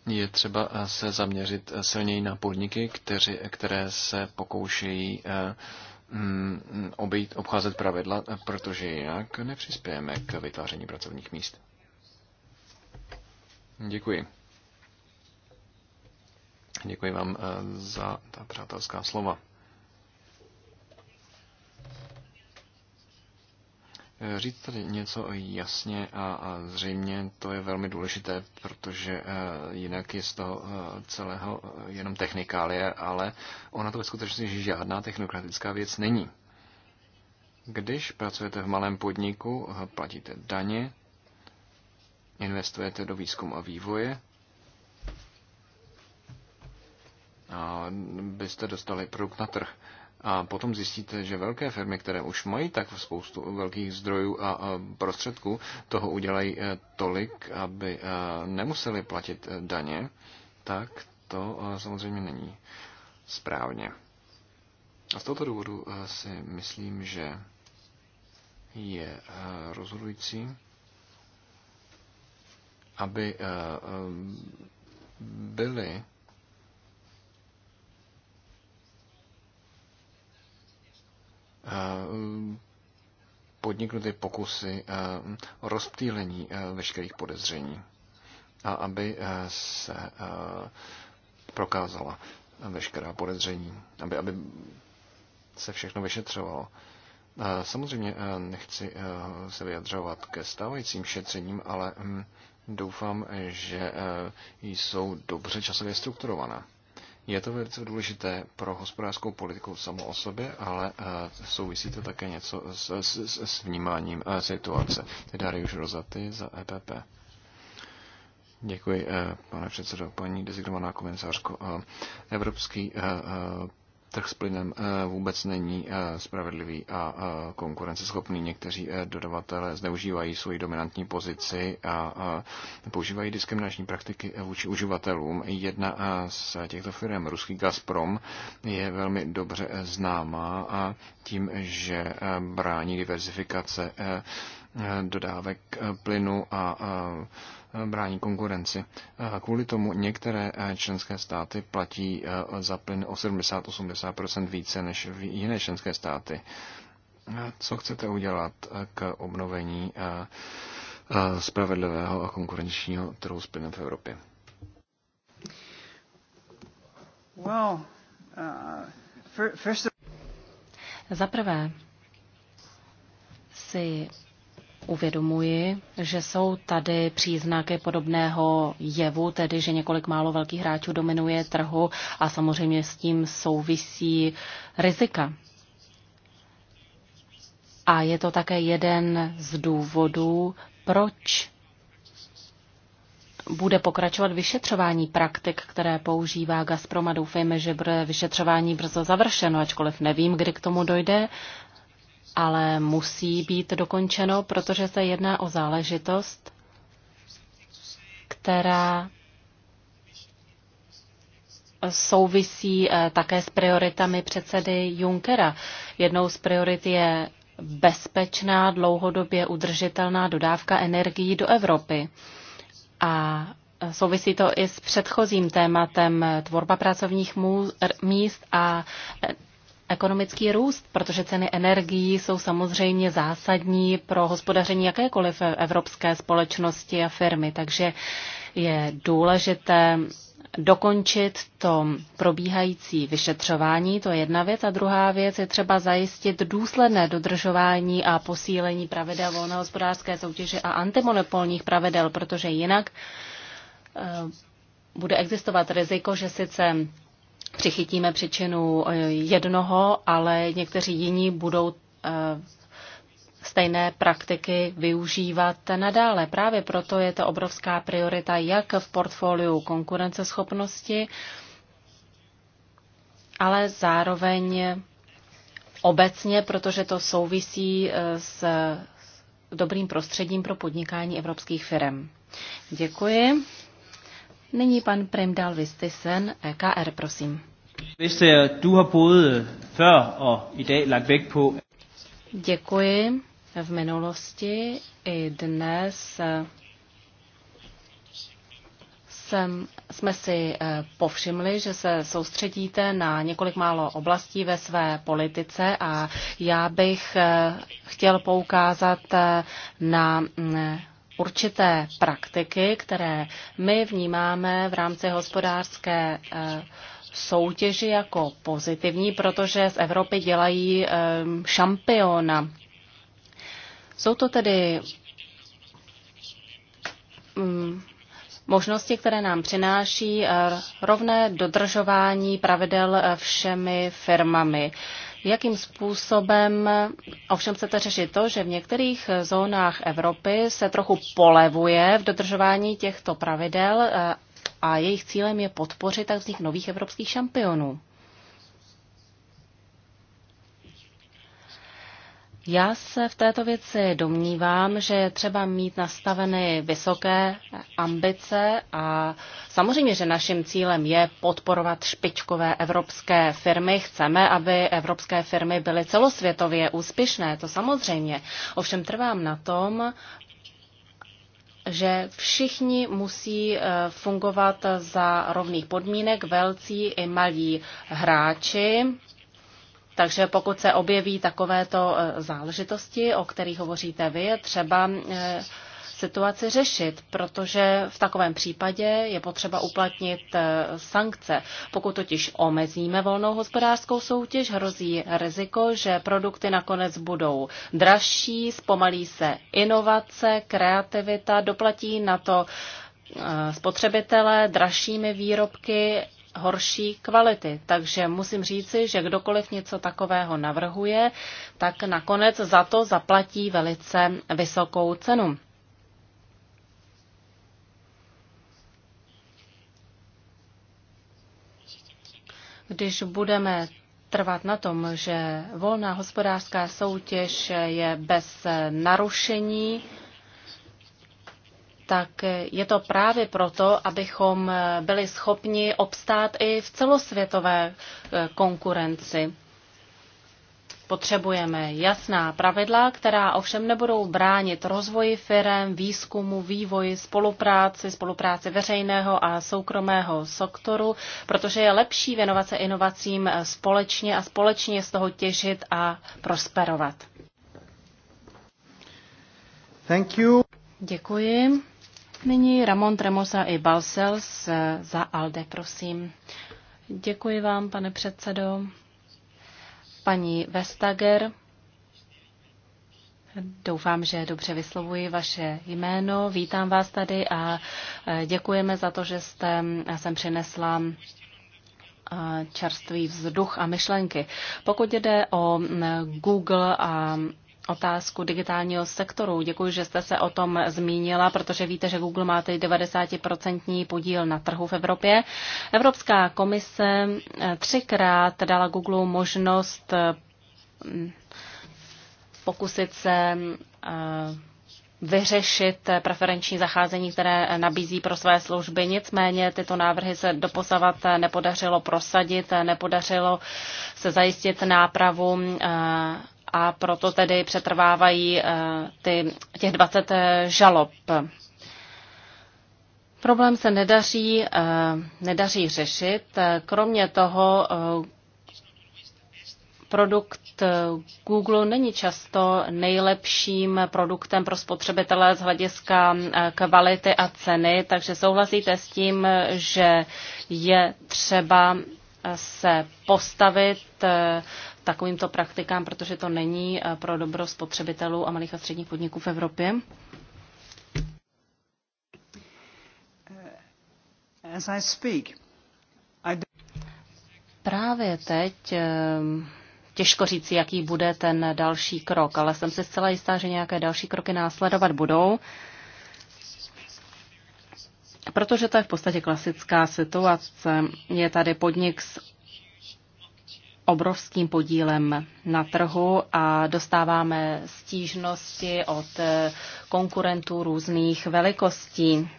[SPEAKER 3] Je třeba se zaměřit silněji na podniky, které se pokoušejí Mm, obejít, obcházet pravidla, protože jinak nepřispějeme k vytváření pracovních míst. Děkuji. Děkuji vám eh, za ta přátelská slova. Eh, říct tady něco jasně a, a zřejmě to je velmi důležité, protože eh, jinak je z toho eh, celého jenom technikálie, ale ona to ve skutečnosti žádná technokratická věc není. Když pracujete v malém podniku, platíte daně, investujete do výzkumu a vývoje, a byste dostali produkt na trh. A potom zjistíte, že velké firmy, které už mají tak spoustu velkých zdrojů a prostředků, toho udělají eh, tolik, aby eh, nemuseli platit eh, daně, tak to samozřejmě není správně. A z tohoto důvodu si myslím, že je rozhodující, aby byly Eh, podniknuty pokusy o eh, rozptýlení eh, veškerých podezření a aby se prokázala veškerá podezření, aby, aby se všechno vyšetřovalo. Samozřejmě nechci se vyjadřovat ke stávajícím šetřením, ale hm, doufám, že jsou dobře časově strukturované. Je to velice důležité pro hospodářskou politiku samo o sobě, ale eh, souvisí to také něco s, s, s vnímáním eh, situace. Tedy Darius Rozaty za EPP. Děkuji, eh, pane předsedo, paní designovaná komisářko. Evropský trh s plynem eh, vůbec není eh, spravedlivý a eh, konkurenceschopný. Někteří dodavatelé zneužívají svoji dominantní pozici a používají diskriminační praktiky vůči uživatelům. Jedna z těchto firm, ruský Gazprom, je velmi dobře známá a tím, že brání diversifikace dodávek plynu a brání konkurenci. Kvůli tomu některé e, členské státy platí e, za plyn o 70-80 více než jiné členské státy. Co chcete udělat e, k obnovení spravedlivého a konkurenčního trhu s plynem v Evropě?
[SPEAKER 2] Well, uh, first... Za prvé si uvědomuji, že jsou tady příznaky podobného jevu, tedy že několik málo velkých hráčů dominuje trhu a samozřejmě s tím souvisí rizika. A je to také jeden z důvodů, proč bude pokračovat vyšetřování praktik, které používá Gazprom a doufejme, že bude vyšetřování brzo završeno, ačkoliv nevím, kdy k tomu dojde ale musí být dokončeno, protože se jedná o záležitost, která souvisí eh, také s prioritami předsedy Junckera. Jednou z priorit je bezpečná, dlouhodobě udržitelná dodávka energií do Evropy. A eh, souvisí to i s předchozím tématem eh, tvorba pracovních míst a ekonomický růst, protože ceny energií jsou samozřejmě zásadní pro hospodaření jakékoliv evropské společnosti a firmy. Takže je důležité dokončit to probíhající vyšetřování, to je jedna věc. A druhá věc je třeba zajistit důsledné dodržování a posílení pravidel volné hospodářské soutěže a antimonopolních pravidel, protože jinak eh, bude existovat riziko, že sice přichytíme příčinu eh, jednoho, ale někteří jiní budou eh, stejné praktiky využívat nadále. Právě proto je to obrovská priorita jak v portfoliu konkurenceschopnosti, ale zároveň obecně, protože to souvisí eh, s dobrým prostředím pro podnikání evropských firm. Děkuji. Nyní pan Premdal Vistisen, e KR, prosím.
[SPEAKER 1] Vestager, du har både øh, før og i dag lagt vægt på...
[SPEAKER 2] Děkuji. V minulosti i dnes eh, jsem, jsme si eh, povšimli, že se soustředíte na několik málo oblastí ve své politice a já bych eh, chtěl poukázat na mm, určité praktiky, které my vnímáme v rámci hospodářské eh, soutěži jako pozitivní, protože z Evropy dělají eh, šampiona. Jsou to tedy mm, možnosti, které nám přináší eh, rovné dodržování pravidel všemi firmami. Jakým způsobem ovšem chcete řešit to, že v některých zónách Evropy se trochu polevuje v dodržování těchto pravidel eh, a jejich cílem je podpořit tak vznik nových evropských šampionů? Já se v této věci domnívám, že je třeba mít nastaveny vysoké ambice a samozřejmě, že naším cílem je podporovat špičkové evropské firmy. Chceme, aby evropské firmy byly celosvětově úspěšné, to samozřejmě. Ovšem trvám na tom, že všichni musí eh, fungovat za rovných podmínek, velcí i malí hráči takže pokud se objeví takovéto e, záležitosti, o kterých hovoříte vy, je třeba e, situaci řešit, protože v takovém případě je potřeba uplatnit e, sankce. Pokud totiž omezíme volnou hospodářskou soutěž, hrozí riziko, že produkty nakonec budou dražší, zpomalí se inovace, kreativita, doplatí na to spotřebitelé dražšími výrobky horší kvality. Takže musím říci, že kdokoliv něco takového navrhuje, tak nakonec za to zaplatí velice vysokou cenu. Když budeme trvat na tom, že volná hospodářská soutěž je bez narušení, tak je to právě proto, abychom byli schopni obstát i v celosvětové eh, konkurenci. Potřebujeme jasná pravidla, která ovšem nebudou bránit rozvoji firm, výzkumu, vývoji, spolupráci, spolupráci veřejného a soukromého sektoru, protože je lepší věnovat se inovacím společně a společně z toho těžit a prosperovat. Thank you. Děkuji. Nyní Ramon Tremosa i Balsels za ALDE, prosím. Děkuji vám, pane předsedo. Paní Vestager, doufám, že dobře vyslovuji vaše jméno. Vítám vás tady a e, děkujeme za to, že jste e, sem přinesla e, čerstvý vzduch a myšlenky. Pokud jde o Google a otázku digitálního sektoru. Děkuji, že jste se o tom zmínila, protože víte, že Google má teď 90% podíl na trhu v Evropě. Evropská komise eh, třikrát dala Google možnost mm, pokusit se eh, vyřešit preferenční zacházení, které nabízí pro své služby. Nicméně tyto návrhy se doposavat nepodařilo prosadit, nepodařilo se zajistit nápravu eh, a proto tedy přetrvávají eh, ty, těch 20 eh, žalob. Problém se nedaří, eh, nedaří řešit. Kromě toho produkt Google není často nejlepším produktem pro spotřebitele z hlediska kvality a ceny, takže souhlasíte s tím, že je třeba se postavit takovýmto praktikám, protože to není eh, pro dobro spotřebitelů a malých a středních podniků v Evropě? Uh, as I speak, I Právě teď eh, těžko říct, jaký bude ten další krok, ale jsem si zcela jistá, že nějaké další kroky následovat budou. Protože to je v podstatě klasická situace. Je tady podnik s obrovským podílem na trhu a dostáváme stížnosti od konkurentů různých velikostí.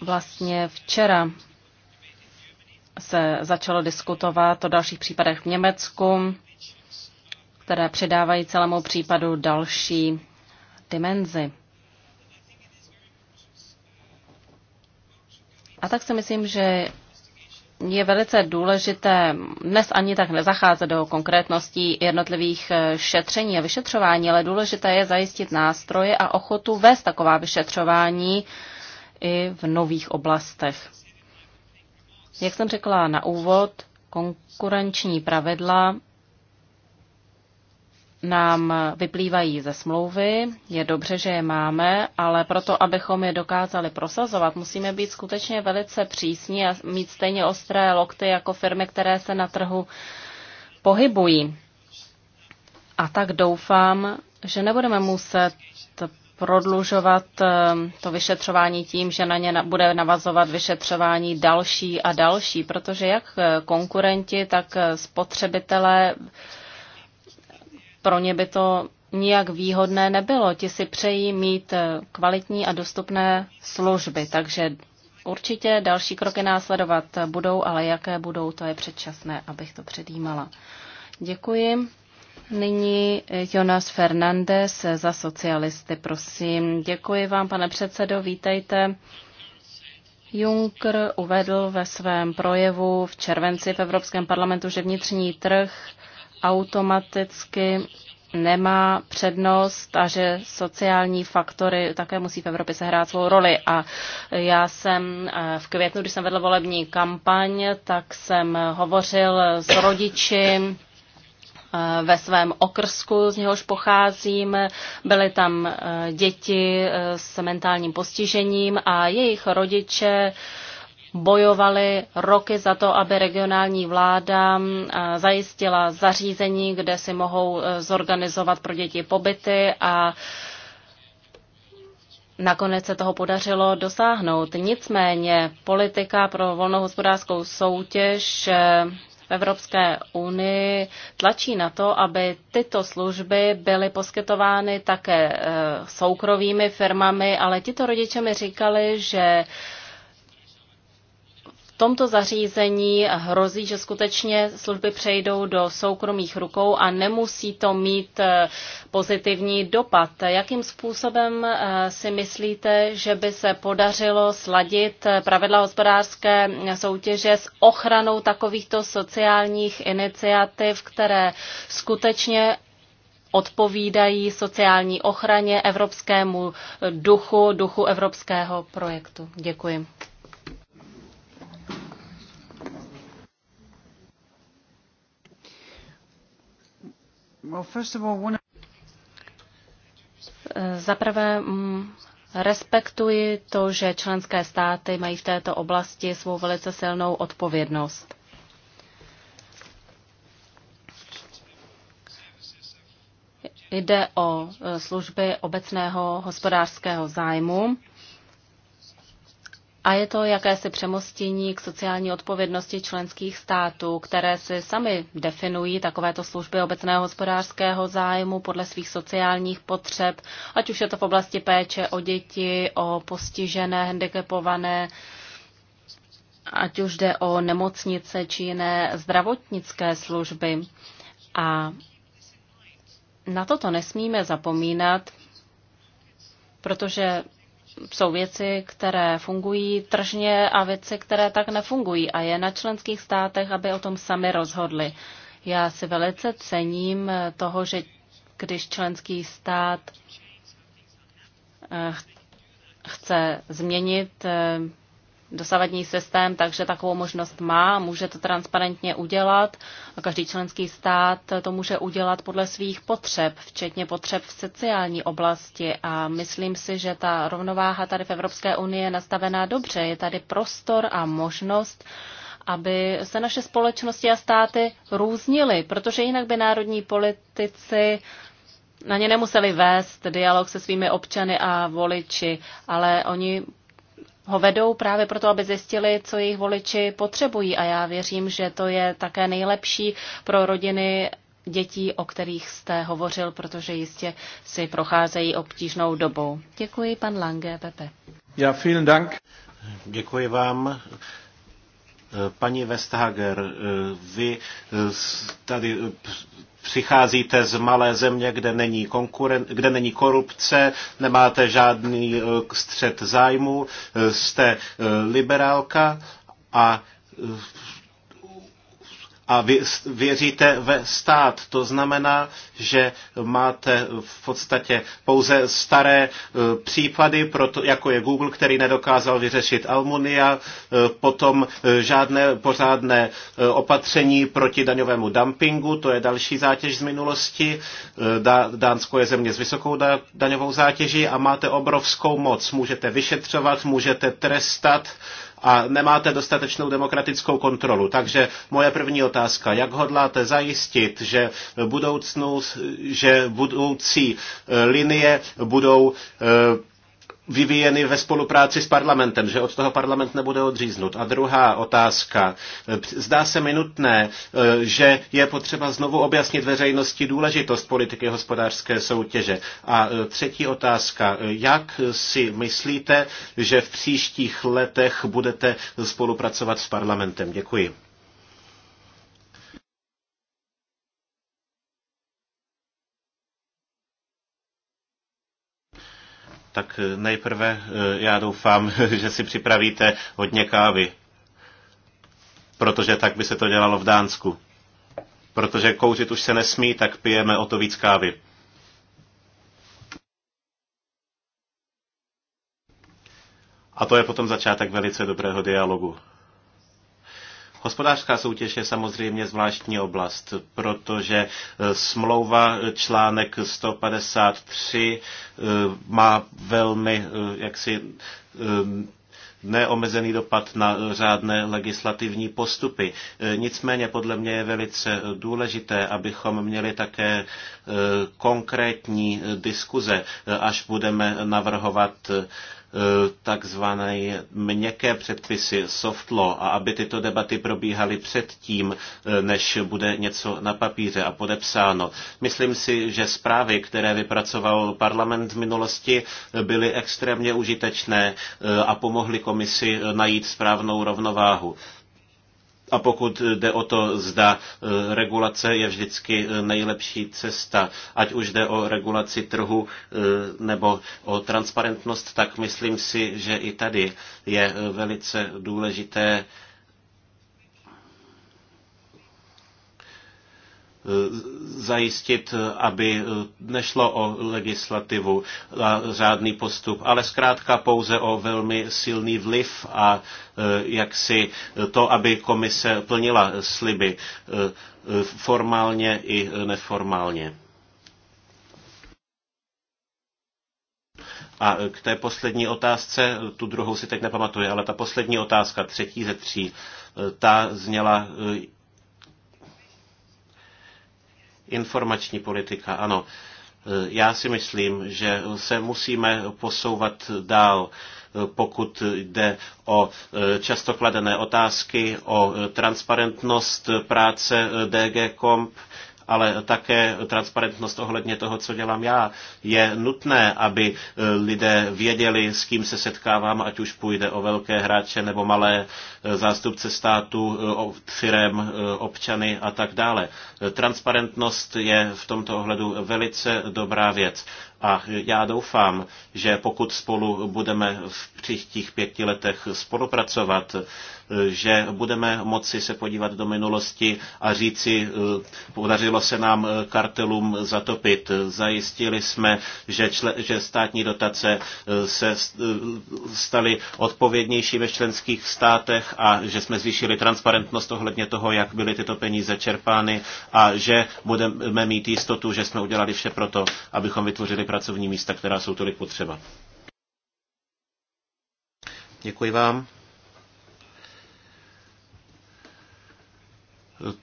[SPEAKER 2] Vlastně včera se začalo diskutovat o dalších případech v Německu, které přidávají celému případu další dimenzi. A tak si myslím, že je velice důležité dnes ani tak nezacházet do konkrétností jednotlivých eh, šetření a vyšetřování, ale důležité je zajistit nástroje a ochotu vést taková vyšetřování i v nových oblastech. Jak jsem řekla na úvod, konkurenční pravidla nám vyplývají ze smlouvy, je dobře, že je máme, ale proto, abychom je dokázali prosazovat, musíme být skutečně velice přísní a mít stejně ostré lokty jako firmy, které se na trhu pohybují. A tak doufám, že nebudeme muset prodlužovat ehm, to vyšetřování tím, že na ně bude navazovat vyšetřování další a další, protože jak eh, konkurenti, tak eh, spotřebitelé pro ně by to nijak výhodné nebylo. Ti si přejí mít eh, kvalitní a dostupné služby, takže určitě další kroky následovat budou, ale jaké budou, to je předčasné, abych to předjímala. Děkuji. Nyní eh, Jonas Fernandez za socialisty, prosím. Děkuji vám, pane předsedo, vítejte. Juncker uvedl ve svém projevu v červenci v Evropském parlamentu, že vnitřní trh automaticky nemá přednost a že sociální faktory také musí v Evropě sehrát svou roli. A já jsem eh, v květnu, když jsem vedl volební kampaň, tak jsem hovořil s rodiči eh, ve svém okrsku, z něhož pocházím. Byly tam eh, děti s mentálním postižením a jejich rodiče bojovali roky za to, aby regionální vláda eh, zajistila zařízení, kde si mohou eh, zorganizovat pro děti pobyty a Nakonec se toho podařilo dosáhnout. Nicméně politika pro volnou hospodářskou soutěž eh, v Evropské unii tlačí na to, aby tyto služby byly poskytovány také soukromými firmami, ale tito rodiče mi říkali, že tomto zařízení hrozí, že skutečně služby přejdou do soukromých rukou a nemusí to mít eh, pozitivní dopad. Jakým způsobem eh, si myslíte, že by se podařilo sladit eh, pravidla hospodářské soutěže s ochranou takovýchto sociálních iniciativ, které skutečně odpovídají sociální ochraně, evropskému duchu, duchu evropského projektu. Děkuji. Zaprvé mm, respektuji to, že členské státy mají v této oblasti svou velice silnou odpovědnost. Jde o e, služby obecného hospodářského zájmu a je to jakési přemostění k sociální odpovědnosti členských států, které si sami definují takovéto služby obecného hospodářského zájmu podle svých sociálních potřeb, ať už je to v oblasti péče o děti, o postižené, handicapované, ať už jde o nemocnice či jiné zdravotnické služby. A na toto nesmíme zapomínat, protože jsou věci, které fungují tržně a věci, které tak nefungují a je na členských státech, aby o tom sami rozhodli. Já si velice cením toho, že když členský stát eh, chce změnit eh, dosavadní systém, takže takovou možnost má, může to transparentně udělat a každý členský stát to může udělat podle svých potřeb, včetně potřeb v sociální oblasti a myslím si, že ta rovnováha tady v Evropské unii je nastavená dobře. Je tady prostor a možnost aby se naše společnosti a státy různily, protože jinak by národní politici na ně nemuseli vést dialog se svými občany a voliči, ale oni ho vedou právě proto, aby zjistili, co jejich voliči potřebují. A já věřím, že to je také nejlepší pro rodiny dětí, o kterých jste hovořil, protože jistě si procházejí obtížnou dobou. Děkuji, pan Lange, Pepe.
[SPEAKER 1] Já, ja, vielen Dank. Děkuji vám. Paní Vestager, vy tady přicházíte z malé země, kde není, konkuren, kde není korupce, nemáte žádný eh, střed zájmu, eh, jste eh, liberálka a a vy, věříte ve stát. To znamená, že máte v podstatě pouze staré e, případy, proto, jako je Google, který nedokázal vyřešit Almunia, e, potom e, žádné pořádné opatření proti daňovému dumpingu, to je další zátěž z minulosti. Dánsko je země s vysokou daňovou zátěží a máte obrovskou moc. Můžete vyšetřovat, můžete trestat, a nemáte dostatečnou demokratickou kontrolu. Takže moje první otázka, jak hodláte zajistit, že, budoucnu, že budoucí eh, linie budou eh, vyvíjeny ve spolupráci s parlamentem, že od toho parlament nebude odříznut. A druhá otázka. Zdá se mi nutné, eh, že je potřeba znovu objasnit veřejnosti důležitost politiky hospodářské soutěže. A eh, třetí otázka. Jak si myslíte, že v příštích letech budete spolupracovat s parlamentem? Děkuji. Tak eh, nejprve eh, já doufám, že si připravíte hodně kávy, protože tak by se to dělalo v Dánsku. Protože kouřit už se nesmí, tak pijeme o to víc kávy. A to je potom začátek velice dobrého dialogu. Hospodářská soutěž je samozřejmě zvláštní oblast, protože eh, smlouva eh, článek 153 eh, má velmi jaksi neomezený dopad na řádné legislativní postupy. Nicméně podle mě je velice důležité, abychom měli také konkrétní diskuze, až budeme navrhovat takzvané měkké předpisy, soft law, a aby tyto debaty probíhaly předtím, eh, než bude něco na papíře a podepsáno. Myslím si, že zprávy, které vypracoval parlament v minulosti, eh, byly extrémně užitečné eh, a pomohly komisi najít správnou rovnováhu. A pokud jde o to, zda e, regulace je vždycky e, nejlepší cesta, ať už jde o regulaci trhu e, nebo o transparentnost, tak myslím si, že i tady je velice důležité zajistit, aby nešlo o legislativu a řádný postup, ale zkrátka pouze o velmi silný vliv a e, jaksi to, aby komise plnila sliby e, formálně i neformálně. A k té poslední otázce, tu druhou si teď nepamatuji, ale ta poslední otázka, třetí ze tří, e, ta zněla, Informační politika, ano. E, já si myslím, že se musíme posouvat dál, e, pokud jde o e, často kladené otázky, o transparentnost práce DG Comp, ale také transparentnost ohledně toho, co dělám já. Je nutné, aby e, lidé věděli, s kým se setkávám, ať už půjde o velké hráče nebo malé e, zástupce státu, e, firem, občany a tak dále. Transparentnost je v tomto ohledu velice dobrá věc. A já doufám, že pokud spolu budeme v příštích pěti letech spolupracovat, že budeme moci se podívat do minulosti a říci, podařilo se nám eh, kartelům zatopit. Zajistili jsme, že, čle, že státní dotace eh, se eh, staly odpovědnější ve členských státech a že jsme zvýšili transparentnost ohledně toho, jak byly tyto peníze čerpány a že budeme mít jistotu, že jsme udělali vše proto, abychom vytvořili pracovní místa, která jsou tolik potřeba. Děkuji vám.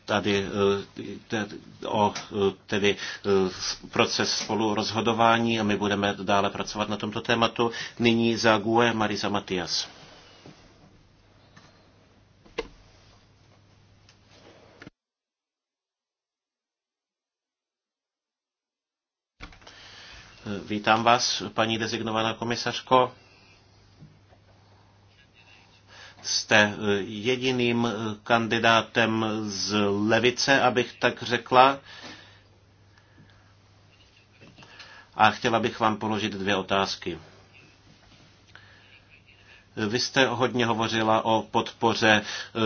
[SPEAKER 1] tady eh, o eh, tedy eh, proces spolurozhodování a my budeme dále pracovat na tomto tématu. Nyní za GUE Marisa Matias. Vítám vás, paní dezignovaná komisařko. Jste eh, jediným eh, kandidátem z levice, abych tak řekla. A chtěla bych vám položit dvě otázky. Vy jste hodně hovořila o podpoře eh,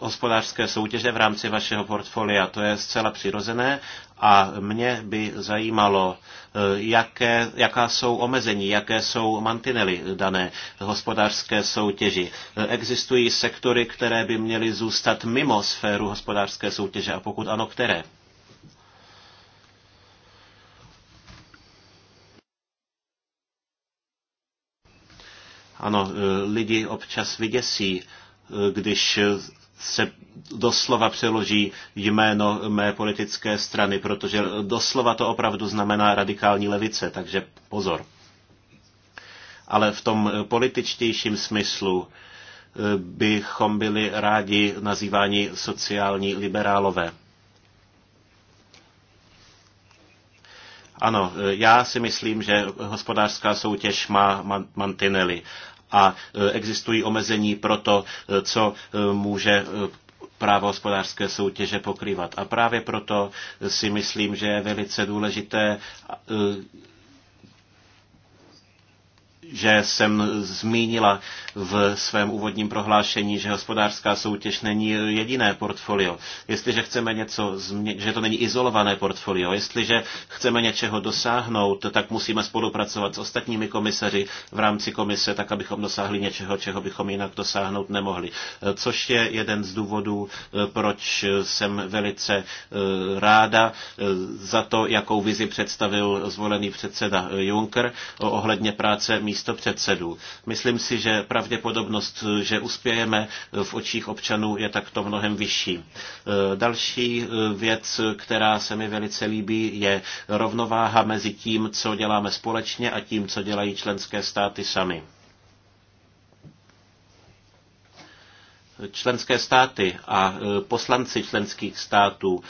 [SPEAKER 1] hospodářské soutěže v rámci vašeho portfolia. To je zcela přirozené a mě by zajímalo, eh, jaké, jaká jsou omezení, jaké jsou mantinely dané hospodářské soutěži. Eh, existují sektory, které by měly zůstat mimo sféru hospodářské soutěže a pokud ano, které? Ano, e, lidi občas vyděsí, e, když se doslova přeloží jméno mé politické strany, protože doslova to opravdu znamená radikální levice, takže pozor. Ale v tom političtějším smyslu e, bychom byli rádi nazýváni sociální liberálové. Ano, já si myslím, že hospodářská soutěž má mantinely, a e, existují omezení pro to, e, co e, může právo hospodářské soutěže pokrývat. A právě proto si myslím, že je velice důležité že jsem zmínila v svém úvodním prohlášení, že hospodářská soutěž není jediné portfolio. Jestliže chceme něco, že to není izolované portfolio, jestliže chceme něčeho dosáhnout, tak musíme spolupracovat s ostatními komisaři v rámci komise, tak abychom dosáhli něčeho, čeho bychom jinak dosáhnout nemohli. Což je jeden z důvodů, proč jsem velice e, ráda e, za to, jakou vizi představil zvolený předseda Juncker ohledně práce místo předsedů. Myslím si, že pravděpodobnost, že uspějeme v očích občanů, je takto mnohem vyšší. E, další e, věc, která se mi velice líbí, je rovnováha mezi tím, co děláme společně a tím, co dělají členské státy sami. Členské státy a e, poslanci členských států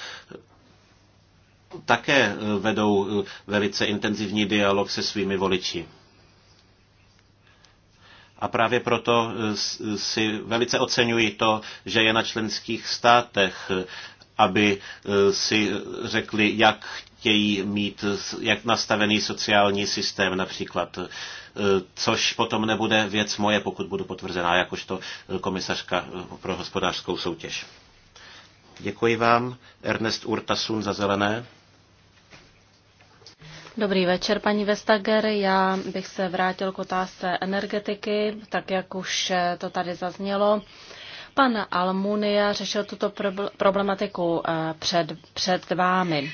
[SPEAKER 1] také vedou velice intenzivní dialog se svými voliči. A právě proto eh, si velice oceňuji to, že je na členských státech, eh, aby eh, si řekli, jak chtějí mít jak nastavený sociální systém například, což potom nebude věc moje, pokud budu potvrzená jakožto komisařka pro hospodářskou soutěž. Děkuji vám. Ernest Urtasun za zelené.
[SPEAKER 2] Dobrý večer, paní Vestager. Já bych se vrátil k otázce energetiky, tak jak už eh, to tady zaznělo. Pan Almunia řešil tuto problematiku eh, před, před vámi.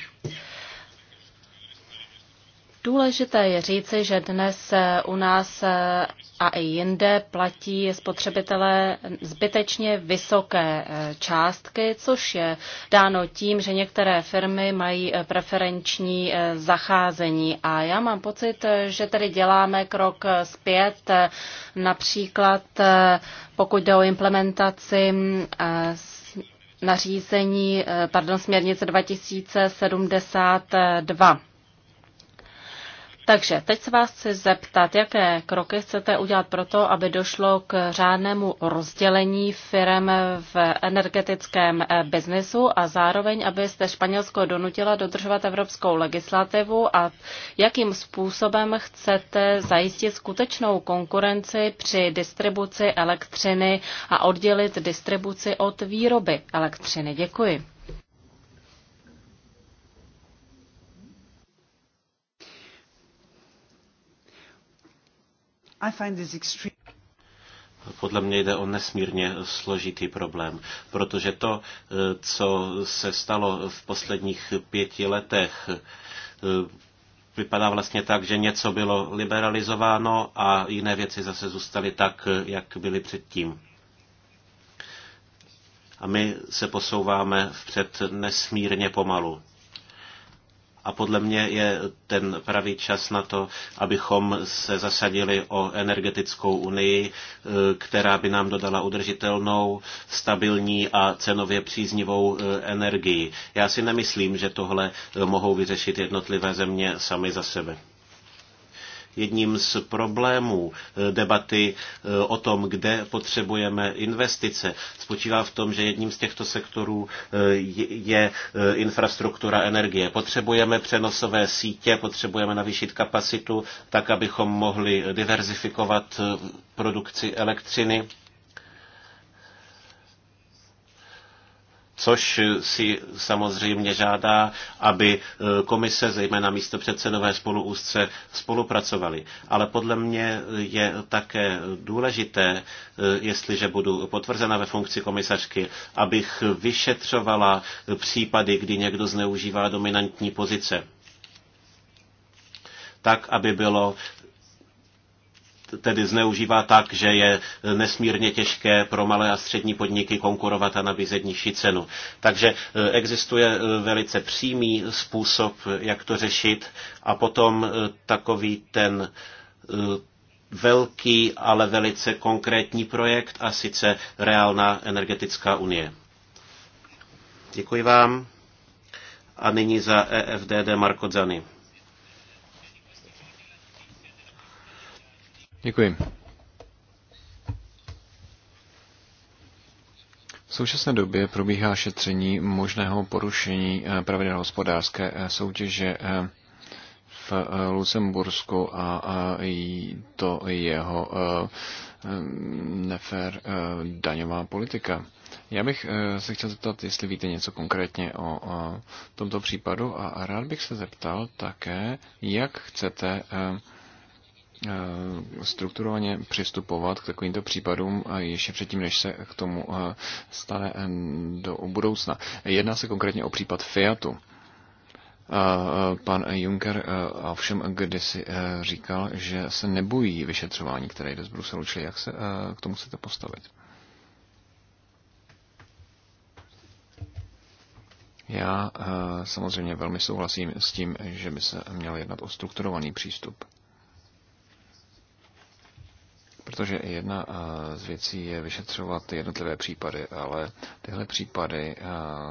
[SPEAKER 2] Důležité je říci, že dnes eh, u nás eh, a i jinde platí spotřebitelé zbytečně vysoké eh, částky, což je dáno tím, že některé firmy mají preferenční zacházení. A já mám pocit, že tady děláme krok zpět, například pokud jde o implementaci mm, nařízení, pardon, směrnice 2072. Takže teď se vás chci zeptat, jaké kroky chcete udělat pro to, aby došlo k řádnému rozdělení firm v energetickém eh, biznesu a zároveň, abyste Španělsko donutila dodržovat evropskou legislativu a jakým způsobem chcete zajistit skutečnou konkurenci při distribuci elektřiny a oddělit distribuci od výroby elektřiny. Děkuji. I find this extreme.
[SPEAKER 1] Podle mě jde o nesmírně složitý problém, protože to, eh, co se stalo v posledních pěti letech, eh, vypadá vlastně tak, že něco bylo liberalizováno a jiné věci zase zůstaly tak, jak byly předtím. A my se posouváme vpřed nesmírně pomalu a podle mě je ten pravý čas na to, abychom se zasadili o energetickou unii, eh, která by nám dodala udržitelnou, stabilní a cenově příznivou eh, energii. Já si nemyslím, že tohle eh, mohou vyřešit jednotlivé země sami za sebe jedním z problémů eh, debaty eh, o tom, kde potřebujeme investice. Spočívá v tom, že jedním z těchto sektorů eh, je infrastruktura energie. Potřebujeme přenosové sítě, potřebujeme navýšit kapacitu, tak abychom mohli diverzifikovat produkci elektřiny což si samozřejmě žádá, aby e, komise, zejména místo předsedové spolu úzce spolupracovali. Ale podle mě je také důležité, e, jestliže budu potvrzena ve funkci komisařky, abych vyšetřovala případy, kdy někdo zneužívá dominantní pozice tak, aby bylo tedy zneužívá tak, že je nesmírně těžké pro malé a střední podniky konkurovat a nabízet nižší cenu. Takže eh, existuje eh, velice přímý způsob, jak to řešit a potom eh, takový ten velký, ale velice konkrétní projekt a sice reálná energetická unie. Děkuji vám. A nyní za EFDD Marko Zany.
[SPEAKER 3] Děkuji. V současné době probíhá šetření možného porušení eh, pravidel hospodářské eh, soutěže eh, v Lucembursku a to jeho nefér daňová politika. Já bych se chtěl zeptat, jestli víte něco konkrétně o tomto případu a rád bych se zeptal také, jak chcete Eh, strukturovaně přistupovat k takovýmto případům eh, ještě předtím, než se k tomu eh, stane do budoucna. Jedná se konkrétně o případ Fiatu. Pan Juncker ovšem kdysi říkal, že se nebojí vyšetřování, které jde z Bruselu, čili jak se k tomu chcete postavit? Já samozřejmě velmi souhlasím s tím, že by se měl jednat o strukturovaný přístup. Protože jedna eh, z věcí je vyšetřovat jednotlivé případy, ale tyhle případy eh,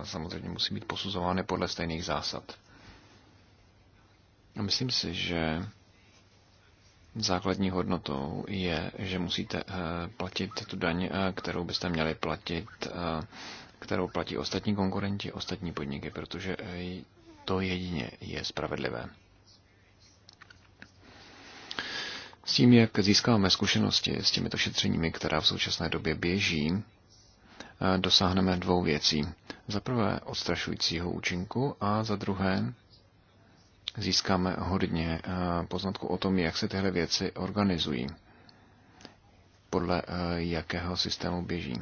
[SPEAKER 3] samozřejmě musí být posuzovány podle stejných zásad. A myslím si, že základní hodnotou je, že musíte eh, platit tu daň, kterou byste měli platit, kterou platí ostatní konkurenti, ostatní podniky, protože to jedině je spravedlivé. S tím, jak získáme zkušenosti s těmito šetřeními, která v současné době běží, eh, dosáhneme dvou věcí. Za prvé odstrašujícího účinku a za druhé získáme hodně eh, poznatku o tom, jak se tyhle věci organizují, podle eh, jakého systému běží.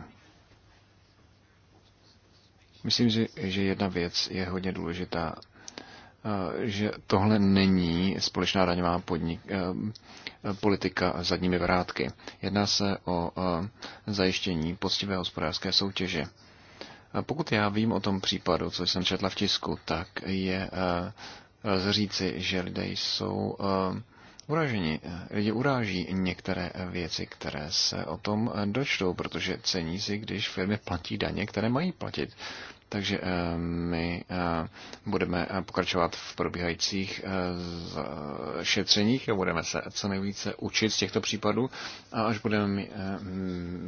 [SPEAKER 3] Myslím, že jedna věc je hodně důležitá Eh, že tohle není společná daňová podnik, eh, politika zadními vrátky. Jedná se o eh, zajištění poctivé hospodářské soutěže. Pokud já vím o tom případu, co jsem četla v tisku, tak je lze říci, že lidé jsou uraženi. Lidi uráží některé věci, které se o tom dočtou, protože cení si, když firmy platí daně, které mají platit. Takže eh, my eh, budeme eh, pokračovat v probíhajících šetřeních a budeme se co nejvíce učit z těchto případů a až budeme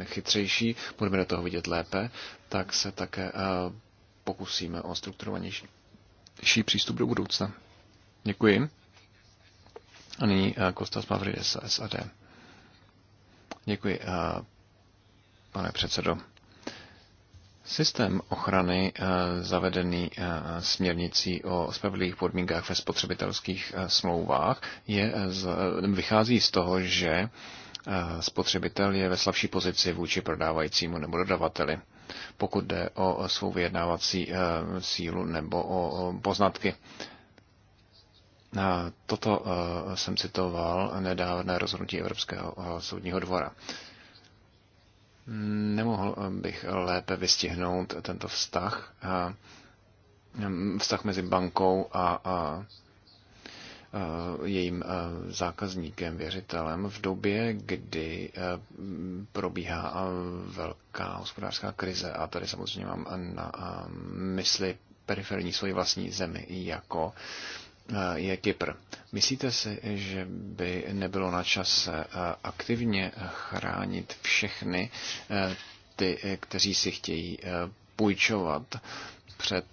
[SPEAKER 3] chytřejší, budeme do toho vidět lépe, tak se také pokusíme o strukturovanější přístup do budoucna. Děkuji. A nyní Kostas Mavrides, SAD. Děkuji, pane předsedo. Systém ochrany eh, zavedený eh, směrnicí o spravedlivých podmínkách ve spotřebitelských eh, smlouvách je, vychází z toho, že spotřebitel je ve slabší pozici vůči prodávajícímu nebo dodavateli, pokud jde o svou vyjednávací sílu nebo o poznatky. Toto jsem citoval nedávné rozhodnutí Evropského soudního dvora. Nemohl eh, bych lépe vystihnout tento vztah, eh, vztah mezi bankou a, a eh, jejím zákazníkem, věřitelem v době, kdy probíhá velká hospodářská krize. A tady samozřejmě mám na mysli periferní svoji vlastní zemi jako Eh, je Kypr. Myslíte si, že by nebylo na čase eh, aktivně chránit všechny eh, ty, kteří si chtějí půjčovat před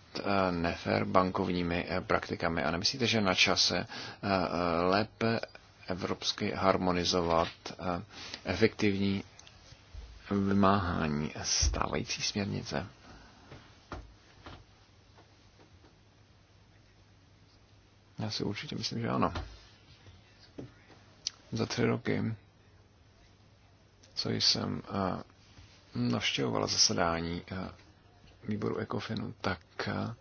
[SPEAKER 3] nefér bankovními praktikami? A nemyslíte, že na čase lépe evropsky harmonizovat efektivní vymáhání stávající směrnice? Já si určitě myslím, že ano. Za tři roky, co jsem eh, navštěvovala zasedání eh, výboru Ekofinu, tak eh,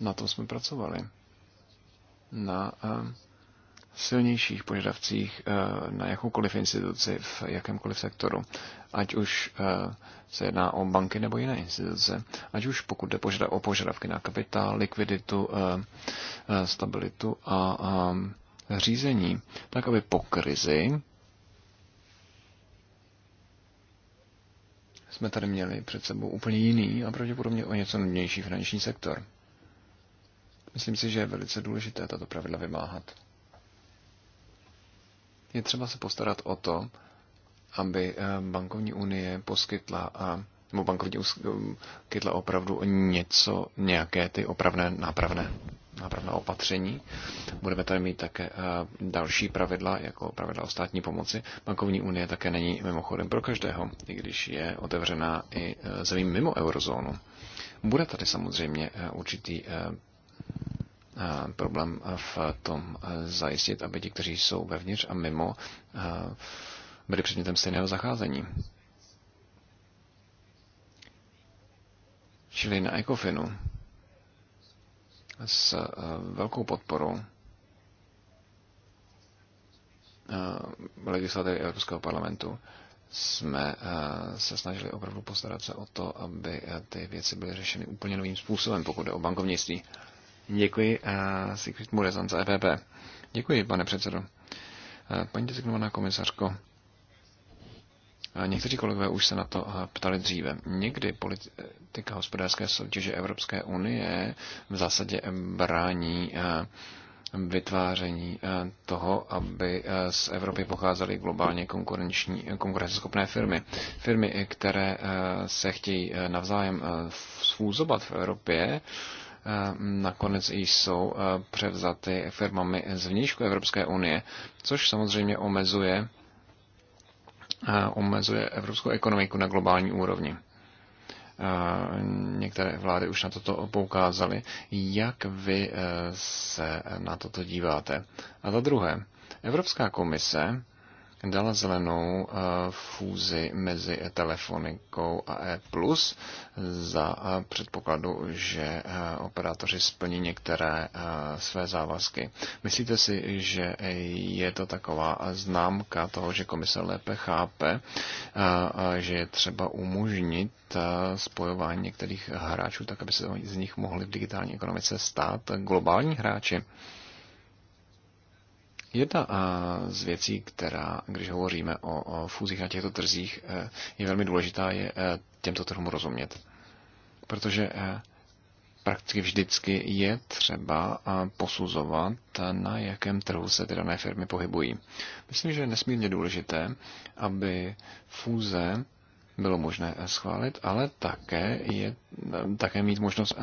[SPEAKER 3] na tom jsme pracovali. Na silnějších požadavcích eh, na jakoukoliv instituci v jakémkoliv sektoru, ať už eh, se jedná o banky nebo jiné instituce, ať už pokud jde o požadavky na kapitál, likviditu, eh, stabilitu a řízení, tak aby po krizi jsme tady měli před sebou úplně jiný a pravděpodobně o něco nudnější finanční sektor. Myslím si, že je velice důležité tato pravidla vymáhat. Je třeba se postarat o to, aby eh, bankovní unie poskytla a nebo bankovní kytla opravdu něco, nějaké ty opravné, nápravné, nápravné opatření. Budeme tady mít také eh, další pravidla, jako pravidla o státní pomoci. Bankovní unie také není mimochodem pro každého, i když je otevřená i eh, zemím mimo eurozónu. Bude tady samozřejmě určitý problém v tom zajistit, aby ti, kteří jsou vevnitř a mimo, byli předmětem stejného zacházení. Čili na Ecofinu s velkou podporou legislativy Evropského parlamentu jsme se snažili opravdu postarat se o to, aby ty věci byly řešeny úplně novým způsobem, pokud jde o bankovnictví. Děkuji, uh, eh, Sigrid Murezan z EPP. Děkuji, pane předsedo. Uh, paní designovaná komisařko, eh, Někteří kolegové už se na to ptali dříve. Někdy politika hospodářské soutěže Evropské unie v zásadě brání vytváření toho, aby z Evropy pocházely globálně konkurenční, konkurenceschopné firmy. Firmy, které se chtějí navzájem svůzobat v Evropě, Eh, nakonec jsou eh, převzaty firmami z vnějšku Evropské unie, což samozřejmě omezuje, eh, omezuje evropskou ekonomiku na globální úrovni některé vlády už na toto poukázaly. Jak vy se na toto díváte? A za druhé, Evropská komise dala zelenou eh, fúzi mezi telefonikou a E+, za eh, předpokladu, že eh, operátoři splní některé své závazky. Myslíte si, že je to taková známka toho, že komise lépe chápe, že je třeba umožnit spojování některých hráčů, tak aby se z nich mohli v digitální ekonomice stát globální hráči? Jedna z věcí, která, když hovoříme o, fúzích na těchto trzích, e, je velmi důležitá, je e, těmto trhům rozumět. Protože e, prakticky vždycky je třeba posuzovat, na jakém trhu se ty dané firmy pohybují. Myslím, že je nesmírně důležité, aby fúze bylo možné schválit, ale také, je, také mít možnost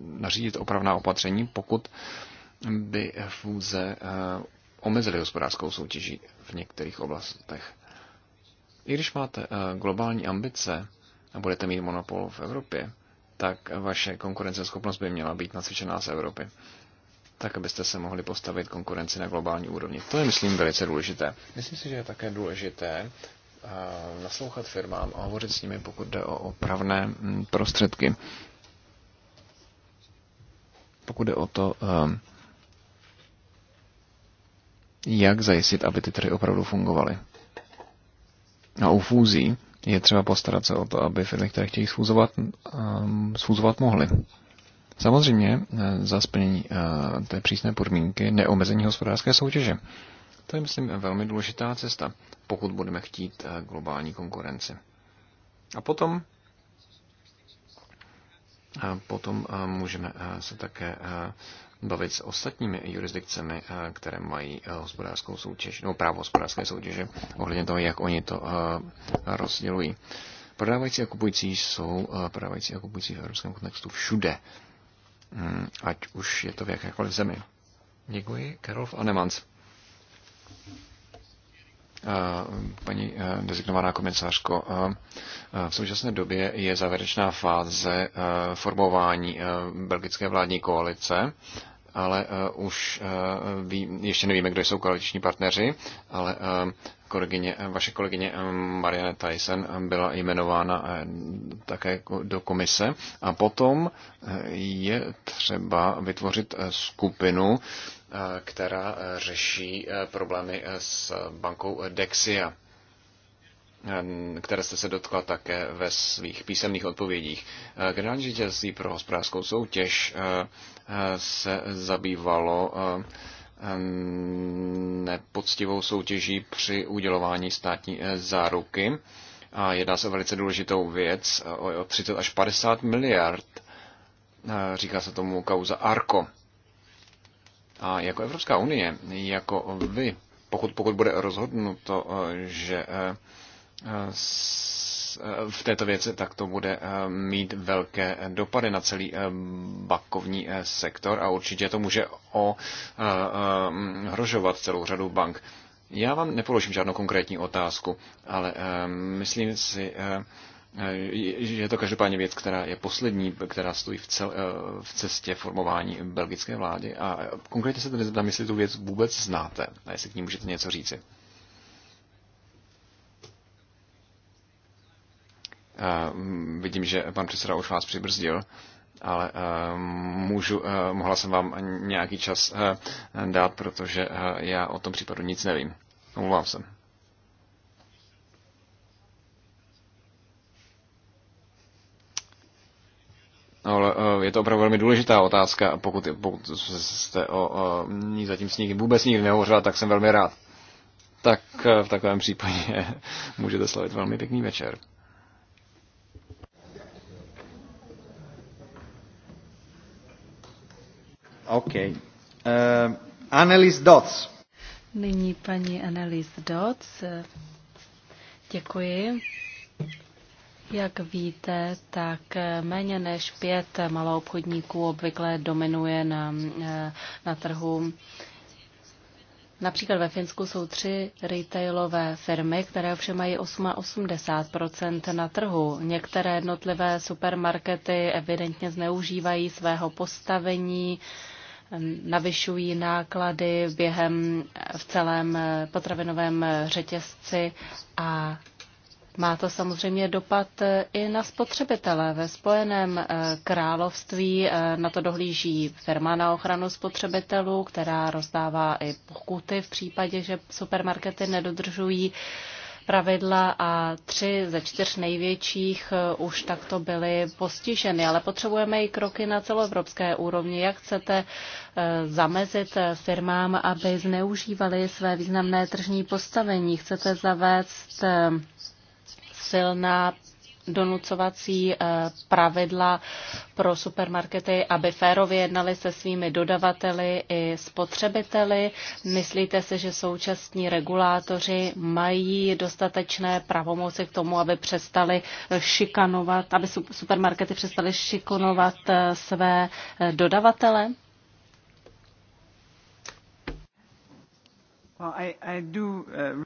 [SPEAKER 3] nařídit opravná opatření, pokud by fůze eh, omezily hospodářskou soutěží v některých oblastech. I když máte eh, globální ambice a budete mít monopol v Evropě, tak vaše konkurenceschopnost by měla být nacvičená z Evropy, tak abyste se mohli postavit konkurenci na globální úrovni. To je, myslím, velice důležité. Myslím si, že je také důležité eh, naslouchat firmám a hovořit s nimi, pokud jde o opravné hm, prostředky. Pokud jde o to, jak zajistit, aby ty trhy opravdu fungovaly. A u fúzí je třeba postarat se o to, aby firmy, které chtějí sfúzovat, ehm, sfúzovat mohly. Samozřejmě eh, za splnění eh, té přísné podmínky neomezení hospodářské soutěže. To je, myslím, velmi důležitá cesta, pokud budeme chtít eh, globální konkurenci. A potom, a potom můžeme se také bavit s ostatními jurisdikcemi, eh, které mají eh, hospodářskou soutěž, nebo právo hospodářské soutěže, ohledně toho, jak oni to eh, rozdělují. Prodávající a kupující jsou prodávající a kupující v evropském kontextu všude, hm, ať už je to v jakékoliv zemi. Děkuji. Karol Anemans. Paní dezignovaná komisařko, v současné době je závěrečná fáze formování belgické vládní koalice ale eh, už eh, ví, ještě nevíme, kdo jsou koaliční partneři, ale eh, kolegyně, vaše kolegyně Marianne Tyson byla jmenována také do komise. A potom je třeba vytvořit skupinu, která řeší problémy s bankou Dexia které jste se dotkla také ve svých písemných odpovědích. Generální ředitelství pro hospodářskou soutěž se zabývalo eh, eh, nepoctivou soutěží při udělování státní eh, záruky. A jedná se o velice důležitou věc, o 30 až 50 miliard, říká se tomu kauza ARCO. A jako Evropská unie, jako vy, pokud, pokud bude rozhodnuto, že v této věci, tak to bude eh, mít velké eh, dopady na celý eh, bankovní sektor a určitě to může ohrožovat celou řadu bank. Já vám nepoložím žádnou konkrétní otázku, ale myslím si, že je to každopádně věc, která je poslední, která stojí v, cel, v cestě formování belgické vlády. A konkrétně se tedy zeptám, jestli tu věc vůbec znáte a jestli k ní můžete něco říci. Mm, vidím, že pan předseda už vás přibrzdil, ale můžu, mohla jsem vám nějaký čas dát, protože já o tom případu nic nevím. Omlouvám se. No, ale je to opravdu velmi důležitá otázka. Pokud, pokud jste o, o ní zatím s nikým vůbec nikdy nehovořila, tak jsem velmi rád. Tak v takovém případě můžete slavit velmi pěkný večer. OK. Uh, Annelies Dots.
[SPEAKER 2] Nyní paní Annelies Dots. Děkuji. Jak víte, tak méně než pět malou obchodníků obvykle dominuje na, eh, na trhu. Například ve Finsku jsou tři retailové firmy, které ovšem mají 80 na trhu. Některé jednotlivé supermarkety evidentně zneužívají svého postavení, navyšují náklady během v celém eh, potravinovém eh, řetězci a má to samozřejmě dopad eh, i na spotřebitele. Ve Spojeném království na to dohlíží firma na ochranu spotřebitelů, která rozdává i pokuty v případě, že supermarkety nedodržují pravidla a tři ze čtyř největších eh, už takto byly postiženy. Ale potřebujeme i kroky na celoevropské úrovni. Jak chcete eh, zamezit eh, firmám, aby zneužívali své významné tržní postavení? Chcete zavést silná donucovací eh, pravidla pro supermarkety, aby férově jednali se svými dodavateli i spotřebiteli. Myslíte si, že současní regulátoři mají dostatečné pravomoci k tomu, aby přestali šikanovat, aby supermarkety přestali šikanovat eh, své eh, dodavatele? Well, I, I do, uh...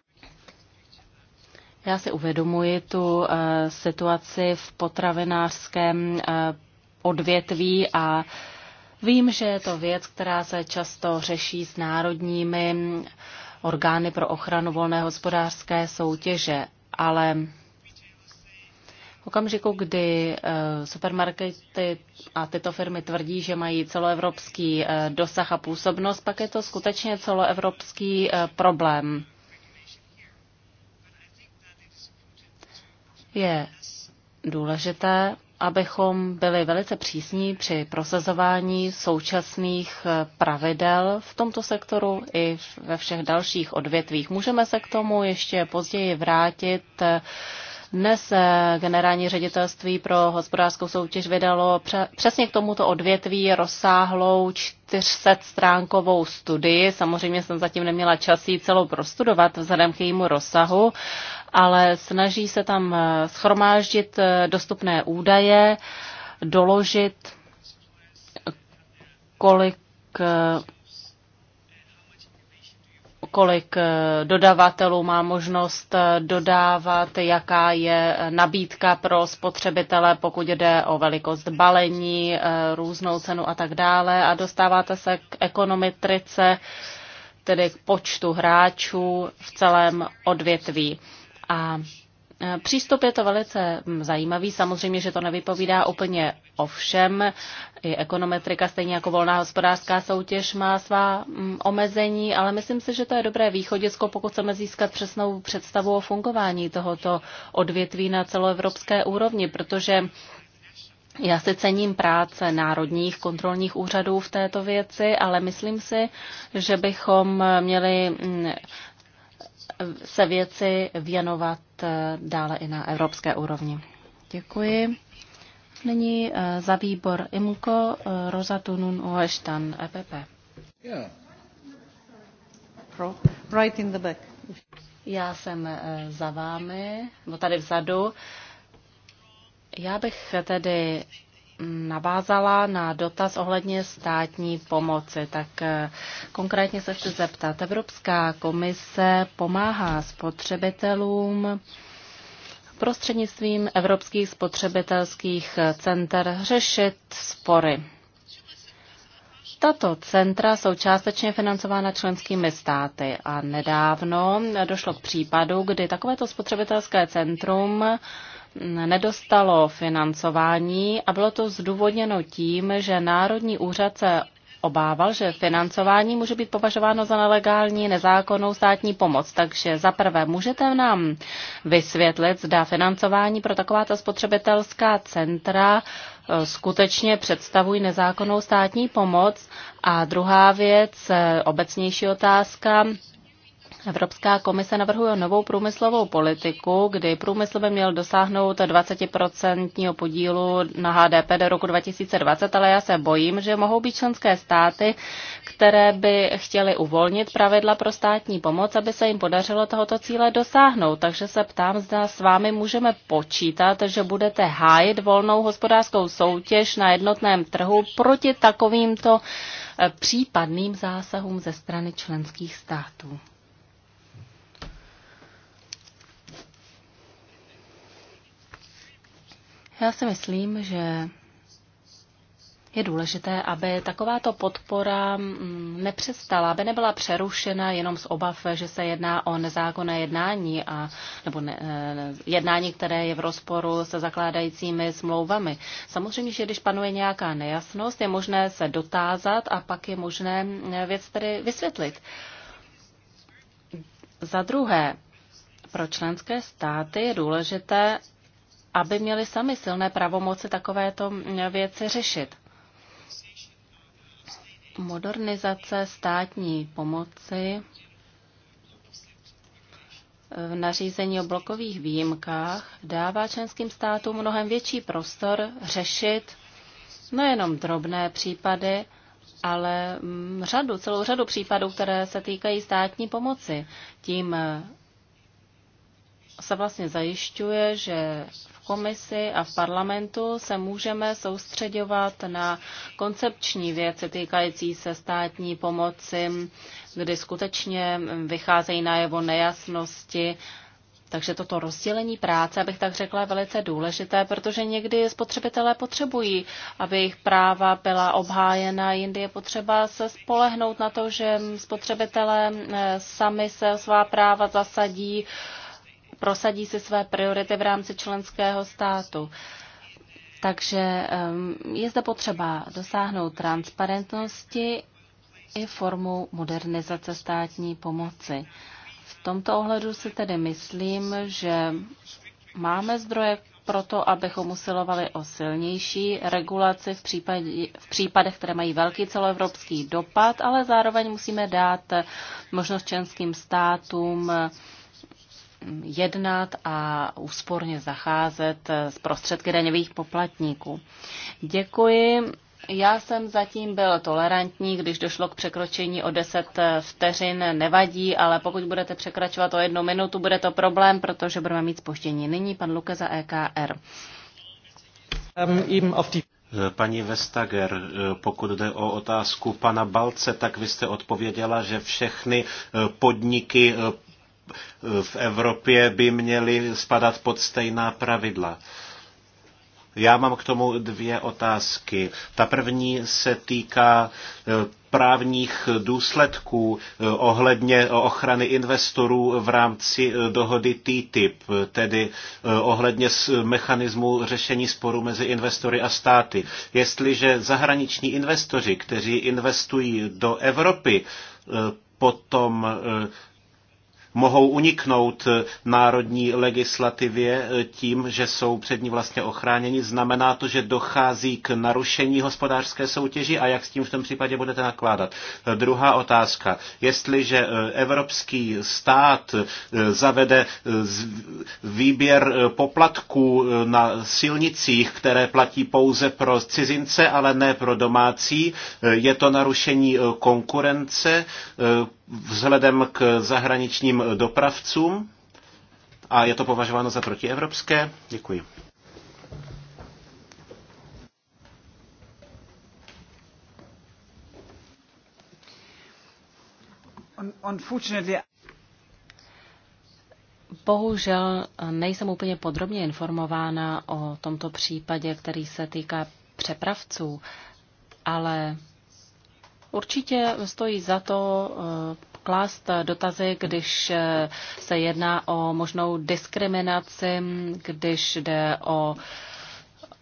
[SPEAKER 2] Já si uvědomuji tu eh, situaci v potravinářském eh, odvětví a vím, že je to věc, která se často řeší s národními orgány pro ochranu volné hospodářské soutěže, ale v okamžiku, kdy eh, supermarkety a tyto firmy tvrdí, že mají celoevropský dosah a působnost, pak je to skutečně celoevropský problém. je důležité, abychom byli velice přísní při prosazování současných eh, pravidel v tomto sektoru i ve všech dalších odvětvích. Můžeme se k tomu ještě později vrátit eh, dnes eh, generální ředitelství pro hospodářskou soutěž vydalo přesně k tomuto odvětví rozsáhlou 400-stránkovou studii. Samozřejmě jsem zatím neměla čas ji celou prostudovat vzhledem k jejímu rozsahu, ale snaží se tam eh, schromáždit eh, dostupné údaje, doložit, kolik kolik eh, dodavatelů má možnost eh, dodávat, jaká je nabídka pro spotřebitele, pokud jde o velikost balení, eh, různou cenu a tak dále. A dostáváte se k ekonometrice, tedy k počtu hráčů v celém odvětví. A přístup je to velice zajímavý. Samozřejmě, že to nevypovídá úplně o všem. I ekonometrika, stejně jako volná hospodářská soutěž, má svá mm, omezení, ale myslím si, že to je dobré východisko, pokud chceme získat přesnou představu o fungování tohoto odvětví na celoevropské úrovni, protože já si cením práce národních kontrolních úřadů v této věci, ale myslím si, že bychom měli mm, se věci věnovat eh, dále i na evropské úrovni. Děkuji. Nyní eh, za výbor IMCO eh, Rosatunun Oeštan EPP. Yeah. Right in the back. Já jsem za vámi, no tady vzadu. Já bych tedy navázala na dotaz ohledně státní pomoci. Tak eh, konkrétně se chci zeptat. Evropská komise pomáhá spotřebitelům prostřednictvím evropských spotřebitelských center řešit spory. Tato centra jsou částečně financována členskými státy a nedávno došlo k případu, kdy takovéto spotřebitelské centrum nedostalo financování a bylo to zdůvodněno tím, že Národní úřad se obával, že financování může být považováno za nelegální nezákonnou státní pomoc. Takže za prvé, můžete nám vysvětlit, zda financování pro takováto spotřebitelská centra eh, skutečně představují nezákonnou státní pomoc? A druhá věc, eh, obecnější otázka, Evropská komise navrhuje novou průmyslovou politiku, kdy průmysl by měl dosáhnout 20% podílu na HDP do roku 2020, ale já se bojím, že mohou být členské státy, které by chtěly uvolnit pravidla pro státní pomoc, aby se jim podařilo tohoto cíle dosáhnout. Takže se ptám, zda s vámi můžeme počítat, že budete hájit volnou hospodářskou soutěž na jednotném trhu proti takovýmto eh, případným zásahům ze strany členských států. Já si myslím, že je důležité, aby takováto podpora mm, nepřestala, aby nebyla přerušena jenom z obav, že se jedná o nezákonné jednání a, nebo ne, eh, jednání, které je v rozporu se zakládajícími smlouvami. Samozřejmě, že když panuje nějaká nejasnost, je možné se dotázat a pak je možné eh, věc tedy vysvětlit. Za druhé, pro členské státy je důležité, aby měli sami silné pravomoci takovéto věci řešit. Modernizace státní pomoci v nařízení o blokových výjimkách dává členským státům mnohem větší prostor řešit nejenom drobné případy, ale mm, řadu, celou řadu případů, které se týkají státní pomoci. Tím se vlastně zajišťuje, že v komisi a v parlamentu se můžeme soustředovat na koncepční věci týkající se státní pomoci, kdy skutečně vycházejí najevo nejasnosti, takže toto rozdělení práce, abych tak řekla, je velice důležité, protože někdy spotřebitelé potřebují, aby jejich práva byla obhájena, jindy je potřeba se spolehnout na to, že spotřebitelé eh, sami se svá práva zasadí, prosadí si své priority v rámci členského státu. Takže je zde potřeba dosáhnout transparentnosti i formou modernizace státní pomoci. V tomto ohledu si tedy myslím, že máme zdroje pro to, abychom usilovali o silnější regulaci v, případě, v případech, které mají velký celoevropský dopad, ale zároveň musíme dát možnost členským státům jednat a úsporně zacházet s prostředky daňových poplatníků. Děkuji. Já jsem zatím byl tolerantní, když došlo k překročení o 10 vteřin, nevadí, ale pokud budete překračovat o jednu minutu, bude to problém, protože budeme mít spoždění. Nyní pan Luke za EKR.
[SPEAKER 1] Um, eh, paní Vestager, eh, pokud jde o otázku pana Balce, tak vy jste odpověděla, že všechny eh, podniky v Evropě by měly spadat pod stejná pravidla. Já mám k tomu dvě otázky. Ta první se týká eh, právních důsledků eh, ohledně ochrany investorů v rámci eh, dohody TTIP, tedy ohledně mechanismu řešení sporu mezi investory a státy. Jestliže zahraniční investoři, kteří investují do Evropy, potom mohou uniknout eh, národní legislativě eh, tím, že jsou před ní vlastně ochráněni. Znamená to, že dochází k narušení hospodářské soutěži a jak s tím v tom případě budete nakládat. Eh, druhá otázka. Jestliže evropský stát zavede výběr poplatků na silnicích, které platí pouze pro cizince, ale ne pro domácí, je to narušení konkurence, vzhledem k zahraničním dopravcům a je to považováno za protievropské? Děkuji.
[SPEAKER 2] Bohužel nejsem úplně podrobně informována o tomto případě, který se týká přepravců, ale Určitě stojí za to eh, klást dotazy, když eh, se jedná o možnou diskriminaci, když jde o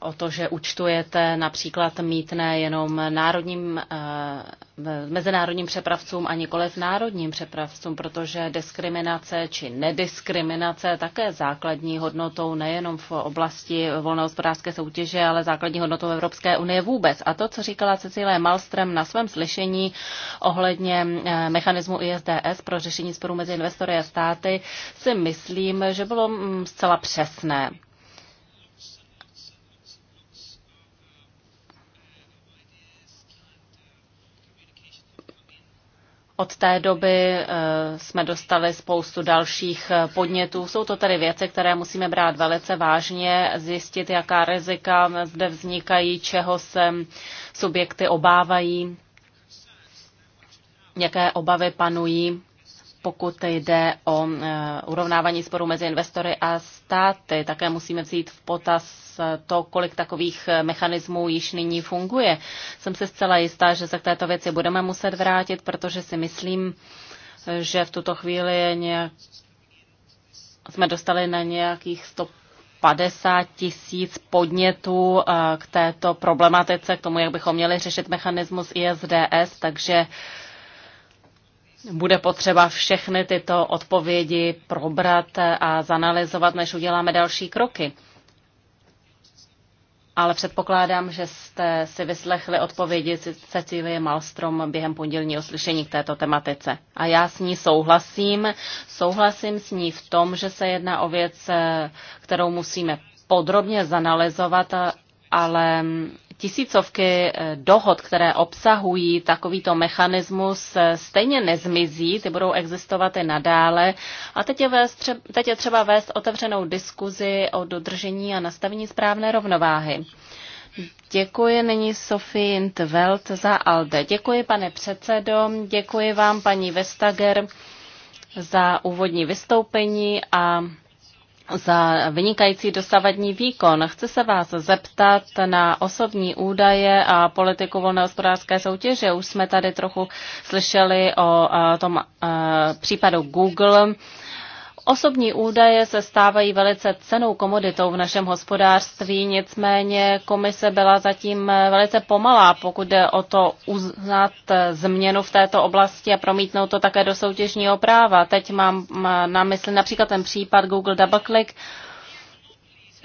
[SPEAKER 2] o to, že účtujete například mítné jenom národním, eh, mezinárodním přepravcům a nikoliv národním přepravcům, protože diskriminace či nediskriminace je také základní hodnotou nejenom v oblasti volné hospodářské soutěže, ale základní hodnotou Evropské unie vůbec. A to, co říkala Cecilie Malstrem na svém slyšení ohledně eh, mechanismu ISDS pro řešení sporů mezi investory a státy, si myslím, že bylo mm, zcela přesné. Od té doby eh, jsme dostali spoustu dalších eh, podnětů. Jsou to tedy věci, které musíme brát velice vážně, zjistit, jaká rizika zde vznikají, čeho se subjekty obávají, jaké obavy panují pokud jde o e, urovnávání sporu mezi investory a státy. Také musíme vzít v potaz to, kolik takových e, mechanismů již nyní funguje. Jsem se zcela jistá, že se k této věci budeme muset vrátit, protože si myslím, že v tuto chvíli je nějak... jsme dostali na nějakých 150 tisíc podnětů e, k této problematice, k tomu, jak bychom měli řešit mechanismus ISDS, takže uh, bude potřeba všechny tyto odpovědi probrat a zanalizovat, než uděláme další kroky. Ale předpokládám, že jste si vyslechli odpovědi Cecílie Malstrom během pondělního slyšení k této tematice. A já s ní souhlasím. Souhlasím s ní v tom, že se jedná o věc, kterou musíme podrobně zanalizovat, ale tisícovky eh, dohod, které obsahují takovýto mechanismus, eh, stejně nezmizí, ty budou existovat i nadále. A teď je, vést, teď je třeba vést otevřenou diskuzi o dodržení a nastavení správné rovnováhy. Děkuji nyní Sofie Intveld za ALDE. Děkuji, pane předsedo, děkuji vám, paní Vestager, za úvodní vystoupení a za vynikající dosavadní výkon. Chci se vás zeptat na osobní údaje a politiku volné hospodářské soutěže. Už jsme tady trochu slyšeli o tom případu Google. Osobní údaje se stávají velice cenou komoditou v našem hospodářství, nicméně komise byla zatím velice pomalá, pokud jde o to uznat změnu v této oblasti a promítnout to také do soutěžního práva. Teď mám na mysli například ten případ Google DoubleClick,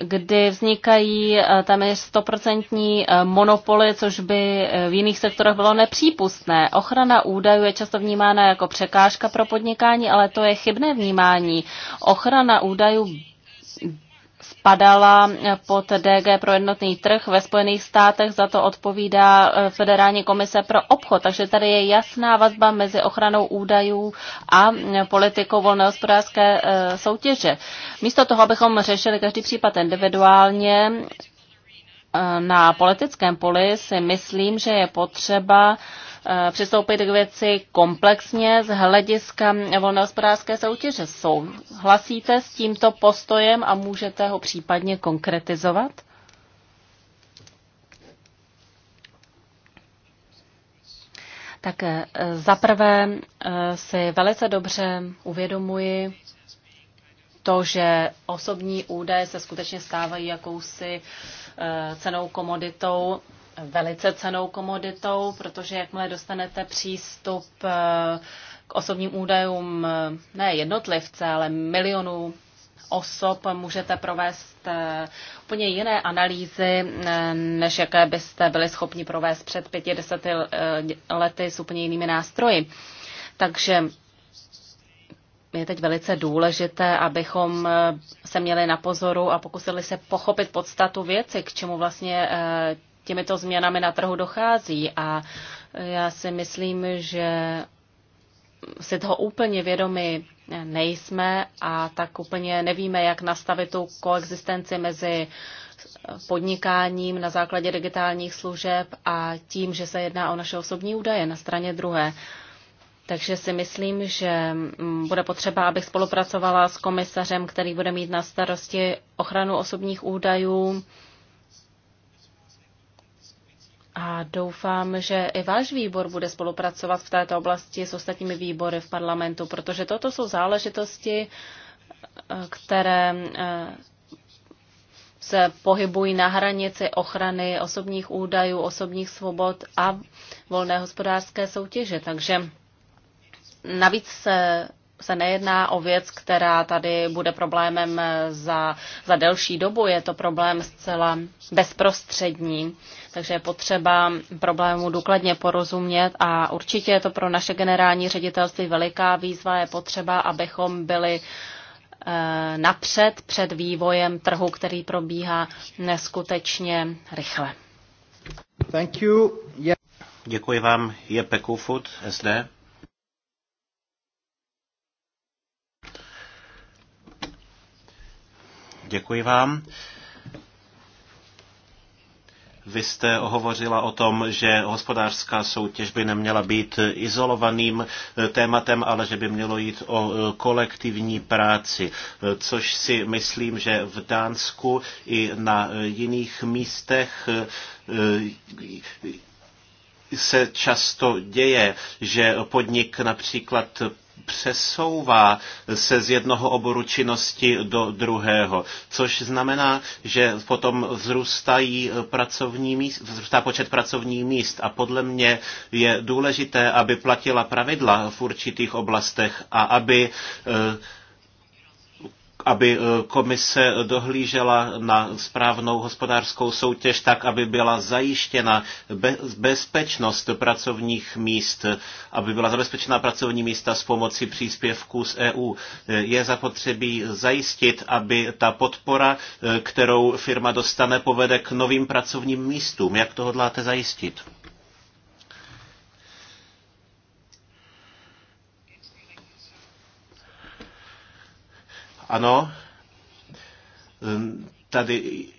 [SPEAKER 2] kdy vznikají eh, téměř stoprocentní eh, monopoly, což by eh, v jiných sektorech bylo nepřípustné. Ochrana údajů je často vnímána jako překážka pro podnikání, ale to je chybné vnímání. Ochrana údajů spadala eh, pod DG pro jednotný trh. Ve Spojených státech za to odpovídá eh, Federální komise pro obchod, takže tady je jasná vazba mezi ochranou údajů a eh, politikou volné hospodářské soutěže. Místo toho, abychom řešili každý případ individuálně, na politickém poli si myslím, že je potřeba uh, Eh, přistoupit k věci komplexně z hlediska volnohospodářské soutěže. Souhlasíte s tímto postojem a můžete ho případně konkretizovat? Tak eh, zaprvé eh, si velice dobře uvědomuji to, že osobní údaje se skutečně stávají jakousi cenou komoditou velice cenou komoditou, protože jakmile dostanete přístup eh, k osobním údajům eh, ne jednotlivce, ale milionů osob můžete provést eh, úplně jiné analýzy, než jaké byste byli schopni provést před pěti, deseti lety s úplně jinými nástroji. Takže je teď velice důležité, abychom se měli na pozoru a pokusili se pochopit podstatu věci, k čemu vlastně těmito změnami na trhu dochází a já si myslím, že si toho úplně vědomi nejsme a tak úplně nevíme, jak nastavit tu koexistenci mezi podnikáním na základě digitálních služeb a tím, že se jedná o naše osobní údaje na straně druhé. Takže si myslím, že mm, bude potřeba, abych spolupracovala s komisařem, který bude mít na starosti ochranu osobních údajů a doufám, že i váš výbor bude spolupracovat v této oblasti s ostatními výbory v parlamentu, protože toto jsou záležitosti, eh, které eh, se pohybují na hranici ochrany osobních údajů, osobních svobod a volné hospodářské soutěže. Takže navíc se se nejedná o věc, která tady bude problémem za, za delší dobu, je to problém zcela bezprostřední, takže je potřeba problému důkladně porozumět a určitě je to pro naše generální ředitelství veliká výzva, je potřeba, abychom byli eh, napřed před vývojem trhu, který probíhá neskutečně rychle. Thank you. Yeah.
[SPEAKER 1] Děkuji vám. Je Pekufut SD. Děkuji vám. Vy jste hovořila o tom, že hospodářská soutěž by neměla být izolovaným eh, tématem, ale že by mělo jít o eh, kolektivní práci, eh, což si myslím, že v Dánsku i na jiných místech se často děje, že podnik například přesouvá se z jednoho oboru činnosti do druhého, což znamená, že potom vzrůstají pracovní míst, vzrůstá počet pracovních míst a podle mě je důležité, aby platila pravidla v určitých oblastech a aby uh, aby eh, komise dohlížela na správnou hospodářskou soutěž tak, aby byla zajištěna bezpečnost pracovních míst, aby byla zabezpečena pracovní místa s pomocí příspěvků z EU. Je zapotřebí zajistit, aby ta podpora, eh, kterou firma dostane, povede k novým pracovním místům. Jak to hodláte zajistit? Ano, tady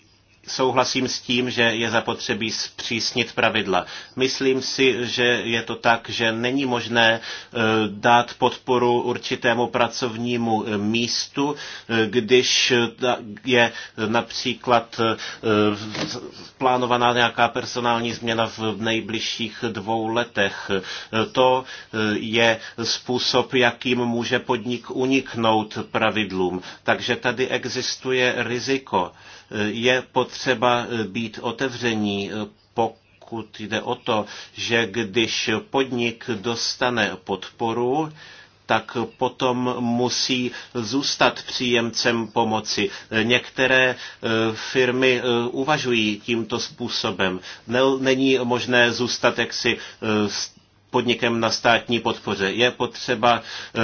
[SPEAKER 1] souhlasím s tím, že je zapotřebí zpřísnit pravidla. Myslím si, že je to tak, že není možné eh, dát podporu určitému pracovnímu eh, místu, eh, když je například plánovaná nějaká personální změna v nejbližších dvou letech. To je způsob, jakým může podnik uniknout pravidlům. Takže tady existuje riziko je potřeba eh, být otevření eh, pokud jde o to, že když podnik dostane podporu, tak potom musí zůstat příjemcem pomoci. Některé eh, firmy uvažují tímto způsobem. Není možné zůstat jaksi podnikem na státní podpoře. Je potřeba eh,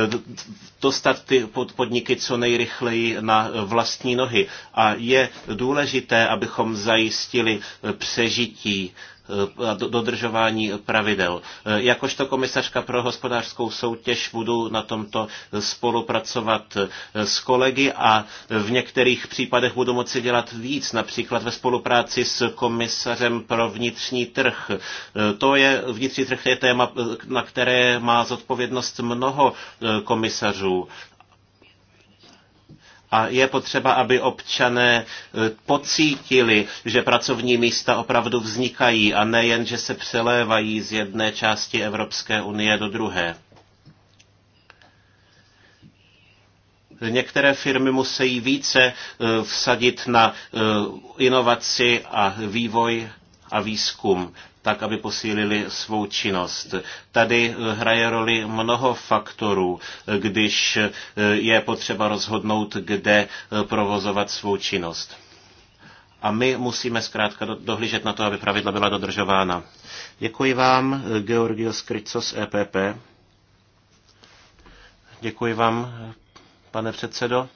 [SPEAKER 1] dostat ty podniky co nejrychleji na vlastní nohy a je důležité, abychom zajistili eh, přežití a eh, dodržování pravidel. Eh, jakožto komisařka pro hospodářskou soutěž budu na tomto spolupracovat eh, s kolegy a v některých případech budu moci dělat víc, například ve spolupráci s komisařem pro vnitřní trh. To je, vnitřní trh je téma, na které má zodpovědnost mnoho komisařů a je potřeba, aby občané e, pocítili, že pracovní místa opravdu vznikají a nejen, že se přelévají z jedné části Evropské unie do druhé. Některé firmy musí více e, vsadit na e, inovaci a vývoj a výzkum tak aby posílili svou činnost. Tady eh, hraje roli mnoho faktorů, eh, když eh, je potřeba rozhodnout, kde provozovat svou činnost. A my musíme zkrátka dohlížet na to, aby pravidla byla dodržována. Děkuji vám, Georgios Krycos, EPP. Děkuji vám, pane předsedo.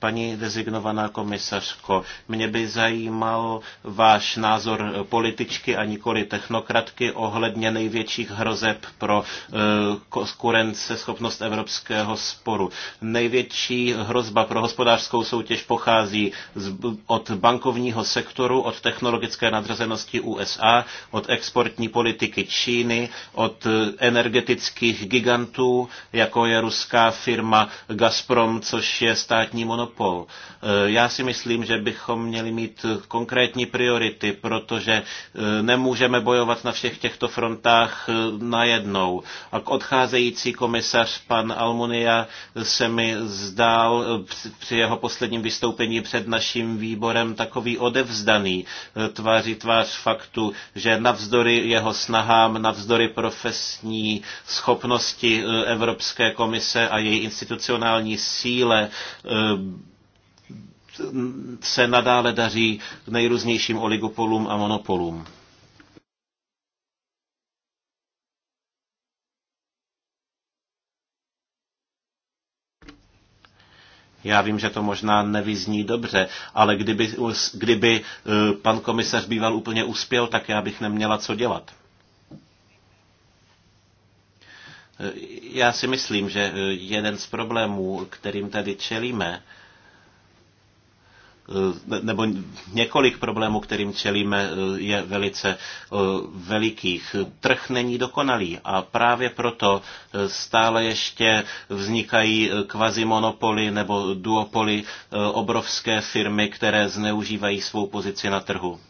[SPEAKER 1] Paní dezignovaná komisařko, mě by zajímal váš názor političky a nikoli technokratky ohledně největších hrozeb pro eh, konkurence schopnost evropského sporu. Největší hrozba pro hospodářskou soutěž pochází z, od bankovního sektoru, od technologické nadřazenosti USA, od exportní politiky Číny, od eh, energetických gigantů, jako je ruská firma Gazprom, což je státní monopol Europol. E, já si myslím, že bychom měli mít konkrétní priority, protože e, nemůžeme bojovat na všech těchto frontách e, najednou. A k odcházející komisař pan Almunia se mi zdál při jeho posledním vystoupení před naším výborem takový odevzdaný tváří tvář faktu, že navzdory jeho snahám, navzdory profesní schopnosti Evropské komise a její institucionální síle se nadále daří nejrůznějším oligopolům a monopolům. Já vím, že to možná nevyzní dobře, ale kdyby, kdyby eh, pan komisař býval úplně uspěl, tak já bych neměla co dělat. Eh, já si myslím, že eh, jeden z problémů, kterým tady čelíme, Eh, nebo několik problémů, kterým čelíme, eh, je velice eh, velikých. Trh není dokonalý a právě proto stále ještě vznikají kvazimonopoly nebo duopoly obrovské firmy, které zneužívají svou pozici na trhu.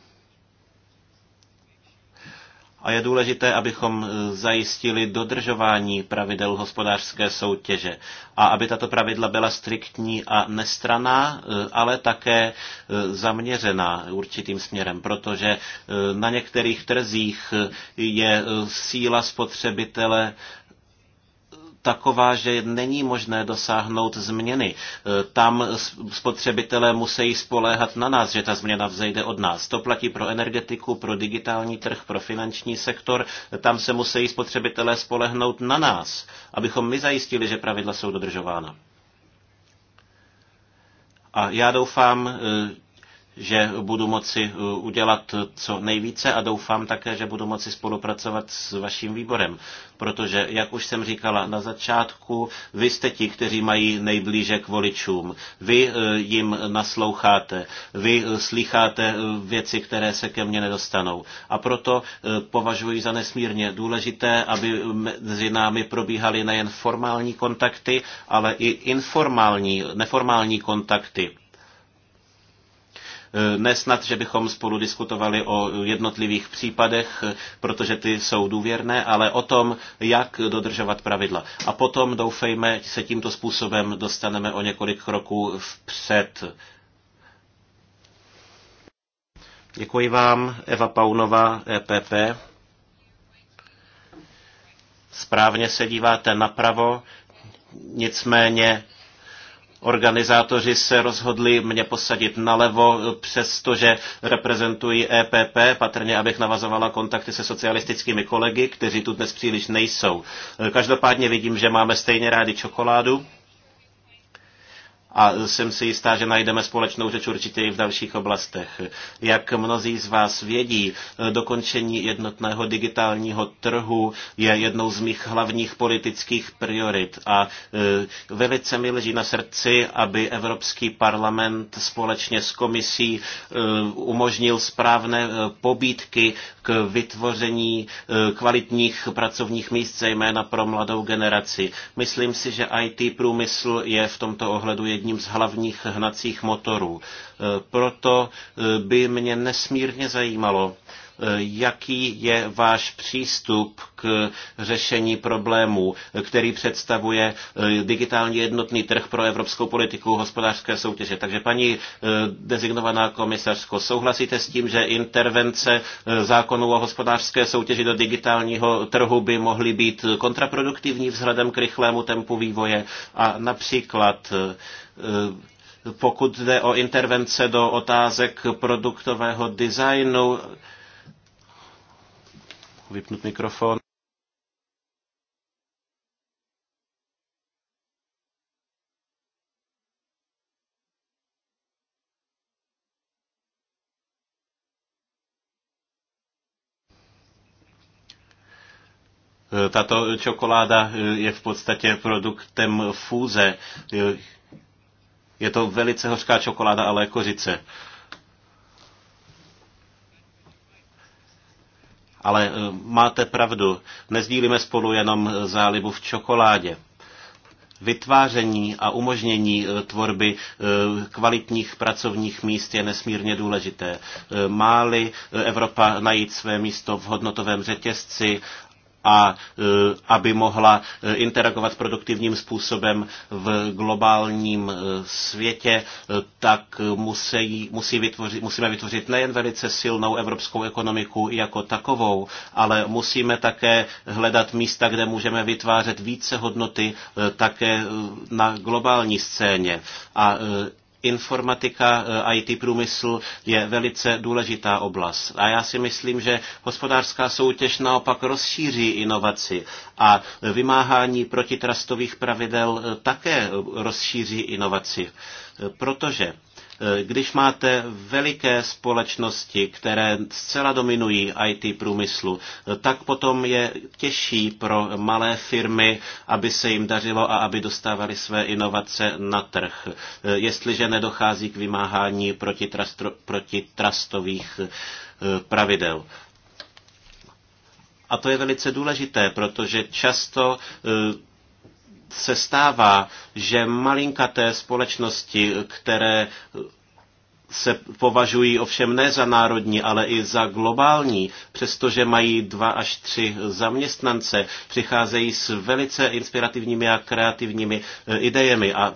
[SPEAKER 1] A je důležité, abychom e, zajistili dodržování pravidel hospodářské soutěže a aby tato pravidla byla striktní a nestraná, e, ale také e, zaměřená určitým směrem, protože na některých trzích je síla spotřebitele taková, že není možné dosáhnout změny. E, tam spotřebitelé musí spoléhat na nás, že ta změna vzejde od nás. To platí pro energetiku, pro digitální trh, pro finanční sektor. Tam se musí spotřebitelé spolehnout na nás, abychom my zajistili, že pravidla jsou dodržována. A já doufám, e, že budu moci eh, udělat co nejvíce a doufám také, že budu moci spolupracovat s vaším výborem, protože, jak už jsem říkala na začátku, vy jste ti, kteří mají nejblíže k voličům. Vy eh, jim nasloucháte, vy eh, slycháte věci, které se ke mně nedostanou. A proto považuji za nesmírně důležité, aby mezi námi probíhaly nejen formální kontakty, ale i informální, neformální kontakty Eh, nesnad, že bychom spolu diskutovali o jednotlivých případech, eh, protože ty jsou důvěrné, ale o tom, jak dodržovat pravidla. A potom, doufejme, se tímto způsobem dostaneme o několik kroků vpřed. Děkuji vám, Eva Paunová, EPP. Správně se díváte napravo, nicméně Organizátoři se rozhodli mě posadit nalevo, přestože reprezentuji EPP, patrně abych navazovala kontakty se socialistickými kolegy, kteří tu dnes příliš nejsou. Každopádně vidím, že máme stejně rádi čokoládu a jsem si jistá, že najdeme společnou řeč určitě i v dalších oblastech. Jak mnozí z vás vědí, dokončení jednotného digitálního trhu je jednou z mých hlavních politických priorit a e, velice mi leží na srdci, aby Evropský parlament společně s komisí e, umožnil správné e, pobídky k vytvoření kvalitních pracovních míst, zejména pro mladou generaci. Myslím si, že IT průmysl je v tomto ohledu jedním z hlavních hnacích motorů. E, proto e, by mě nesmírně zajímalo, jaký je váš přístup k řešení problémů, který představuje eh, digitální jednotný trh pro evropskou politiku hospodářské soutěže. Takže paní eh, dezignovaná komisařko, souhlasíte s tím, že intervence eh, zákonů o hospodářské soutěži do digitálního trhu by mohly být kontraproduktivní vzhledem k rychlému tempu vývoje a například pokud jde o intervence do otázek produktového designu, vypnout mikrofon. E, tato čokoláda e, je v podstatě produktem fúze. Je to velice hořká čokoláda, ale kořice. Jako Ale eh, máte pravdu, nezdílíme spolu jenom eh, zálibu v čokoládě vytváření a umožnění eh, tvorby kvalitních pracovních míst je nesmírně důležité. Máli Evropa najít své místo v hodnotovém řetězci a eh, aby mohla eh, interagovat produktivním způsobem v globálním eh, světě, tak musí, musí vytvořit, musíme vytvořit nejen velice silnou evropskou ekonomiku jako takovou, ale musíme také hledat místa, kde můžeme vytvářet více hodnoty také na globální scéně. A informatika, eh, IT průmysl je velice důležitá oblast. A já si myslím, že hospodářská soutěž naopak rozšíří inovaci a vymáhání protitrastových pravidel eh, také rozšíří inovaci. Eh, protože Eh, když máte veliké společnosti, které zcela dominují IT průmyslu, eh, tak potom je těžší pro malé firmy, aby se jim dařilo a aby dostávali své inovace na trh, eh, jestliže nedochází k vymáhání protitrastových pravidel. A to je velice důležité, protože často se stává, že malinkaté společnosti, které se považují ovšem ne za národní, ale i za globální, přestože mají dva až tři zaměstnance, přicházejí s velice inspirativními a kreativními eh, idejemi a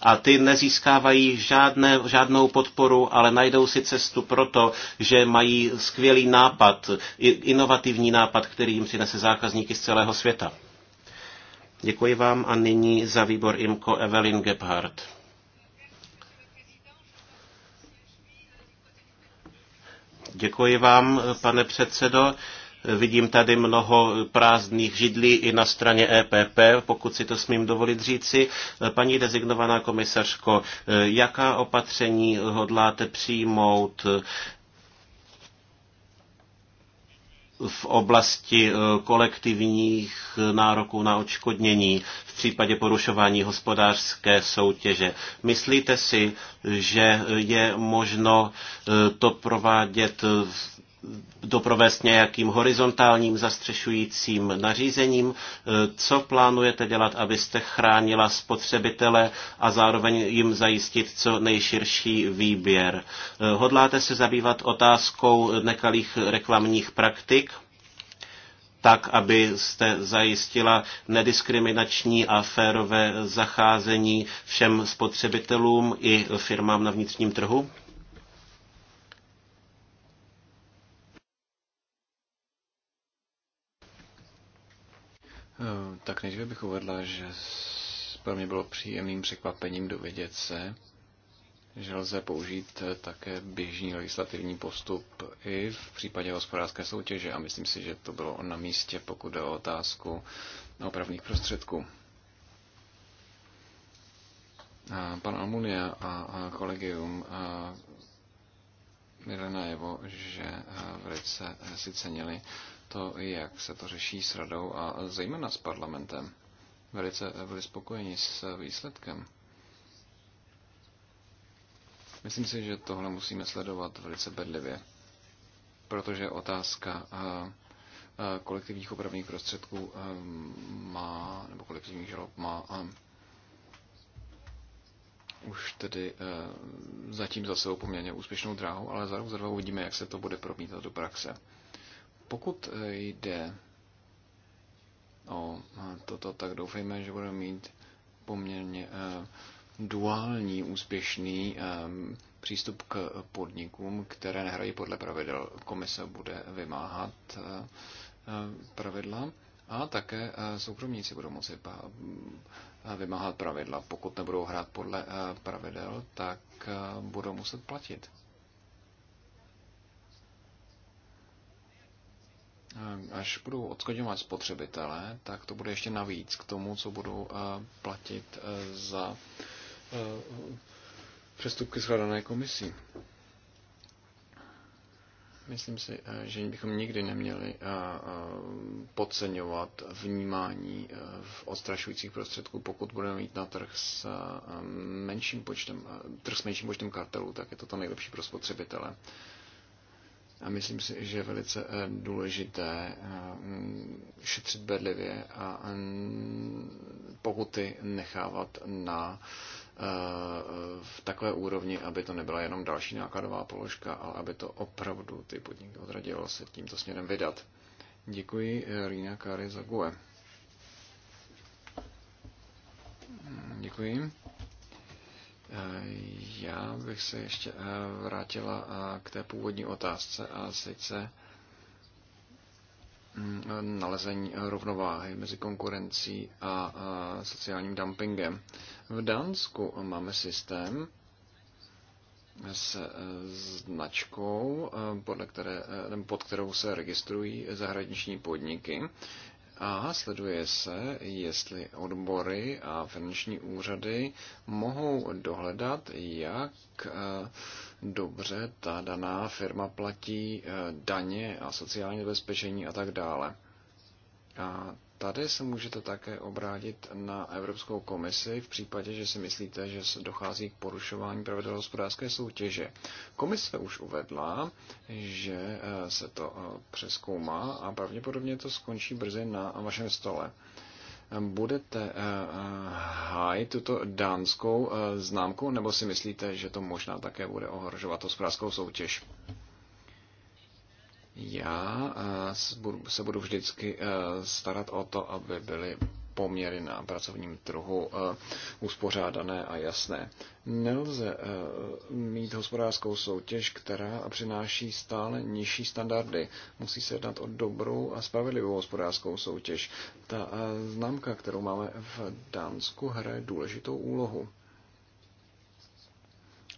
[SPEAKER 1] a ty nezískávají žádné, žádnou podporu, ale najdou si cestu proto, že mají skvělý nápad, inovativní nápad, který jim přinese zákazníky z celého světa. Děkuji vám a nyní za výbor IMCO Evelyn Gebhardt. Děkuji vám, pane předsedo. Vidím tady mnoho prázdných židlí i na straně EPP, pokud si to smím dovolit říci. Paní dezignovaná komisařko, jaká opatření hodláte přijmout v oblasti eh, kolektivních nároků na očkodnění v případě porušování hospodářské soutěže. Myslíte si, že je možno eh, to provádět doprovést nějakým horizontálním zastřešujícím nařízením. Co plánujete dělat, abyste chránila spotřebitele a zároveň jim zajistit co nejširší výběr? Hodláte se zabývat otázkou nekalých reklamních praktik? tak, abyste zajistila nediskriminační a férové zacházení všem spotřebitelům i firmám na vnitřním trhu?
[SPEAKER 3] Eh, tak nejdříve bych uvedla, že pro mě bylo příjemným překvapením dovědět se, že lze použít eh, také běžný legislativní postup i v případě hospodářské soutěže a myslím si, že to bylo na místě, pokud jde o otázku opravných prostředků. A pan Almunia a kolegium měli najevo, že eh, velice si cenili to, jak se to řeší s radou a zejména s parlamentem. Velice byli spokojeni s výsledkem. Myslím si, že tohle musíme sledovat velice bedlivě, protože otázka eh, eh, kolektivních opravných prostředků eh, má, nebo kolektivních žalob má už tedy zatím za sebou poměrně úspěšnou dráhu, ale za rok, za dva uvidíme, jak se to bude promítat do praxe. Pokud eh, jde o eh, toto, tak doufejme, že budeme mít poměrně eh, duální úspěšný přístup k podnikům, které nehrají podle pravidel. Komise bude vymáhat pravidla a také soukromníci budou moci vymáhat pravidla. Pokud nebudou hrát podle pravidel, tak budou muset platit. Eh, až budou odskodňovat spotřebitele, tak to bude ještě navíc k tomu, co budou eh, platit eh, za přestupky shledané komisí. Myslím si, že bychom nikdy neměli podceňovat vnímání v odstrašujících prostředků. Pokud budeme mít na trh s menším počtem, trh s menším počtem kartelů, tak je to to nejlepší pro spotřebitele. A myslím si, že je velice eh, důležité eh, šetřit bedlivě a eh, pokuty nechávat na v takové úrovni, aby to nebyla jenom další nákladová položka, ale aby to opravdu ty podniky odradilo se tímto směrem vydat. Děkuji Rina Kari za GUE. Děkuji. Já bych se ještě eh, vrátila eh, k té původní otázce a sice mm, nalezení eh, rovnováhy mezi konkurencí a sociálním dumpingem. V Dánsku máme systém s značkou, podle které, pod kterou se registrují zahraniční podniky. A sleduje se, jestli odbory a finanční úřady mohou dohledat, jak eh, dobře ta daná firma platí eh, daně a sociální zabezpečení a tak dále. A Tady se můžete také obrátit na Evropskou komisi v případě, že si myslíte, že se dochází k porušování pravidel hospodářské soutěže. Komise už uvedla, že eh, se to eh, přeskoumá a pravděpodobně to skončí brzy na vašem stole. Budete eh, hájit tuto dánskou známku, nebo si myslíte, že to možná také bude ohrožovat hospodářskou soutěž? Já eh, se budu vždycky eh, starat o to, aby byly poměry na pracovním trhu eh, uspořádané a jasné. Nelze mít hospodářskou soutěž, která přináší stále nižší standardy. Musí se jednat o dobrou a spravedlivou hospodářskou soutěž. Ta známka, kterou máme v Dánsku, hraje důležitou úlohu.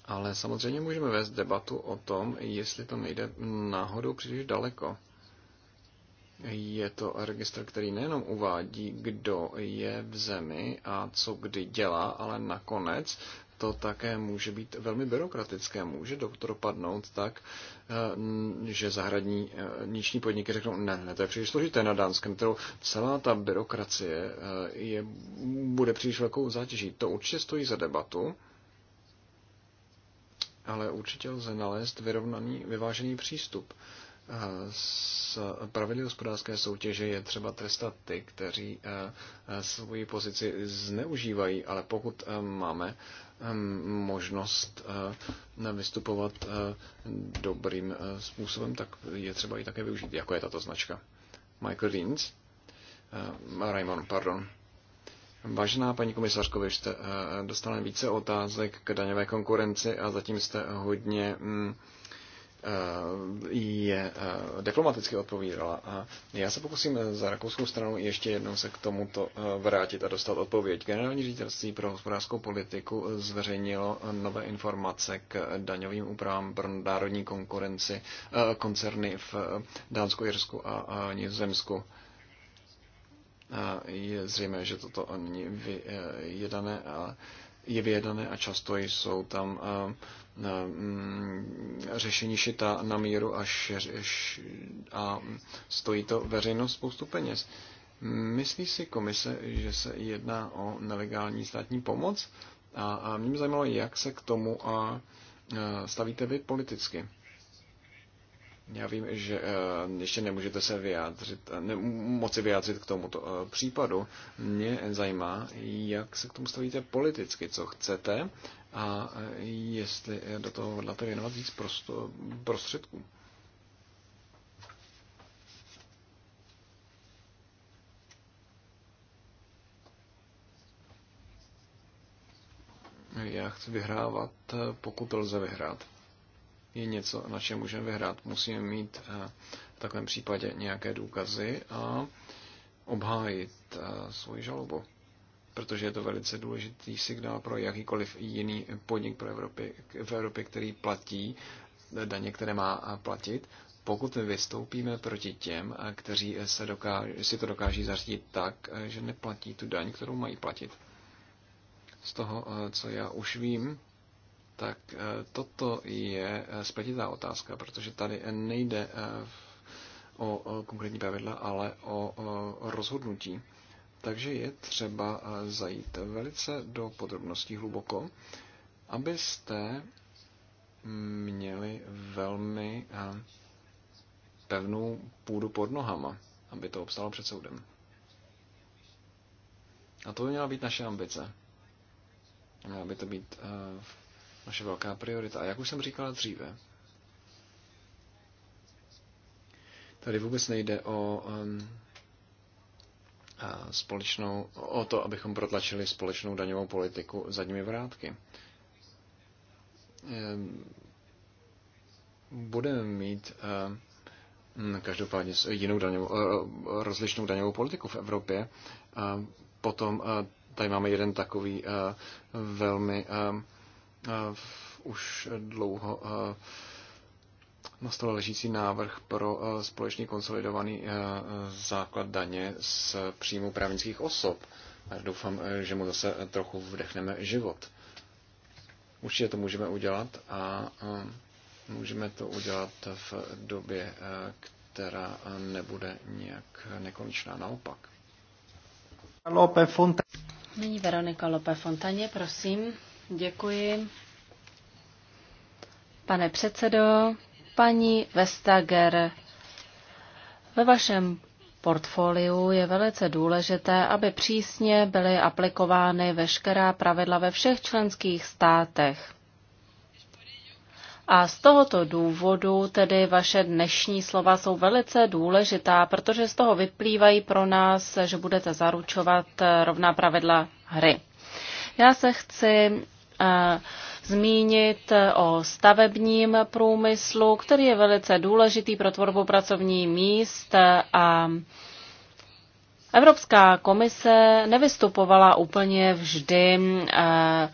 [SPEAKER 3] Ale samozřejmě můžeme vést debatu o tom, jestli to nejde náhodou příliš daleko. Je to registr, který nejenom uvádí, kdo je v zemi a co kdy dělá, ale nakonec to také může být velmi byrokratické. Může padnout tak, eh, že zahradní eh, niční podniky řeknou, ne, ne, to je příliš složité na dánském trhu. Celá ta byrokracie eh, je, bude příliš velkou zátěží. To určitě stojí za debatu ale určitě lze nalézt vyrovnaný, vyvážený přístup. Eh, s pravidly hospodářské soutěže je třeba trestat ty, kteří eh, eh, svoji pozici zneužívají, ale pokud máme ehm, možnost vystupovat dobrým způsobem, tak je třeba ji také využít, jako je tato značka. Michael Deans, Raymond, pardon. Vážená paní komisařko, vy jste eh, dostala více otázek k daňové konkurenci a zatím jste hodně mm, eh, je eh, diplomaticky odpovídala. A já se pokusím za rakouskou stranu ještě jednou se k tomuto vrátit a dostat odpověď. Generální ředitelství pro hospodářskou politiku zveřejnilo nové informace k daňovým úpravám pro národní konkurenci koncerny v Dánsku, Jirsku a Nizozemsku. Je zřejmé, že toto není vyjedané, a je vyjedané a často jsou tam mm, řešení šita na míru a, a stojí to veřejnost spoustu peněz. Myslí si komise, že se jedná o nelegální státní pomoc? A, a mě by zajímalo, jak se k tomu a, stavíte vy politicky. Já vím, že eh, ještě nemůžete se vyjádřit, eh, ne, moci vyjádřit k tomuto eh, případu. Mě zajímá, jak se k tomu stavíte politicky, co chcete a jestli do toho hodláte věnovat víc prosto, prostředků. Já chci vyhrávat, pokud lze vyhrát je něco, na čem můžeme vyhrát. Musíme mít eh, v takovém případě nějaké důkazy a obhájit eh, svoji žalobu. Protože je to velice důležitý signál pro jakýkoliv jiný podnik pro Evropy, v Evropě, který platí eh, daně, které má platit, pokud my vystoupíme proti těm, kteří se dokáž, si to dokáží zařídit tak, že neplatí tu daň, kterou mají platit. Z toho, co já už vím, tak eh, toto je spletitá eh, otázka, protože tady nejde eh, o konkrétní pravidla, ale o rozhodnutí. Takže je třeba zajít velice do podrobností hluboko, abyste měli velmi pevnou půdu pod nohama, aby to obstalo před soudem. A to by měla být naše ambice. Měla by to být uh, naše velká priorita. A jak už jsem říkala dříve, tady vůbec nejde o um, společnou, o to, abychom protlačili společnou daňovou politiku zadními vrátky. Ehm, budeme mít ehm, každopádně jinou daňovou, e, e, rozlišnou daňovou politiku v Evropě. Potom e, tady máme jeden takový velmi ehm, Eh, už dlouho eh, na stole ležící návrh pro eh, společný konsolidovaný základ daně z příjmu právnických osob. Doufám, že mu zase trochu vdechneme život. Určitě to můžeme udělat a můžeme to udělat v době, která nebude nějak nekonečná, naopak.
[SPEAKER 2] Lope Nyní Veronika Lope Fontaně, prosím. Děkuji. Pane předsedo, paní Vestager, ve vašem portfoliu je velice důležité, aby přísně byly aplikovány veškerá pravidla ve všech členských státech. A z tohoto důvodu tedy vaše dnešní slova jsou velice důležitá, protože z toho vyplývají pro nás, že budete zaručovat rovná pravidla hry. Já se chci Eh, zmínit o stavebním průmyslu, který je velice důležitý pro tvorbu pracovních míst a Evropská komise nevystupovala úplně vždy eh,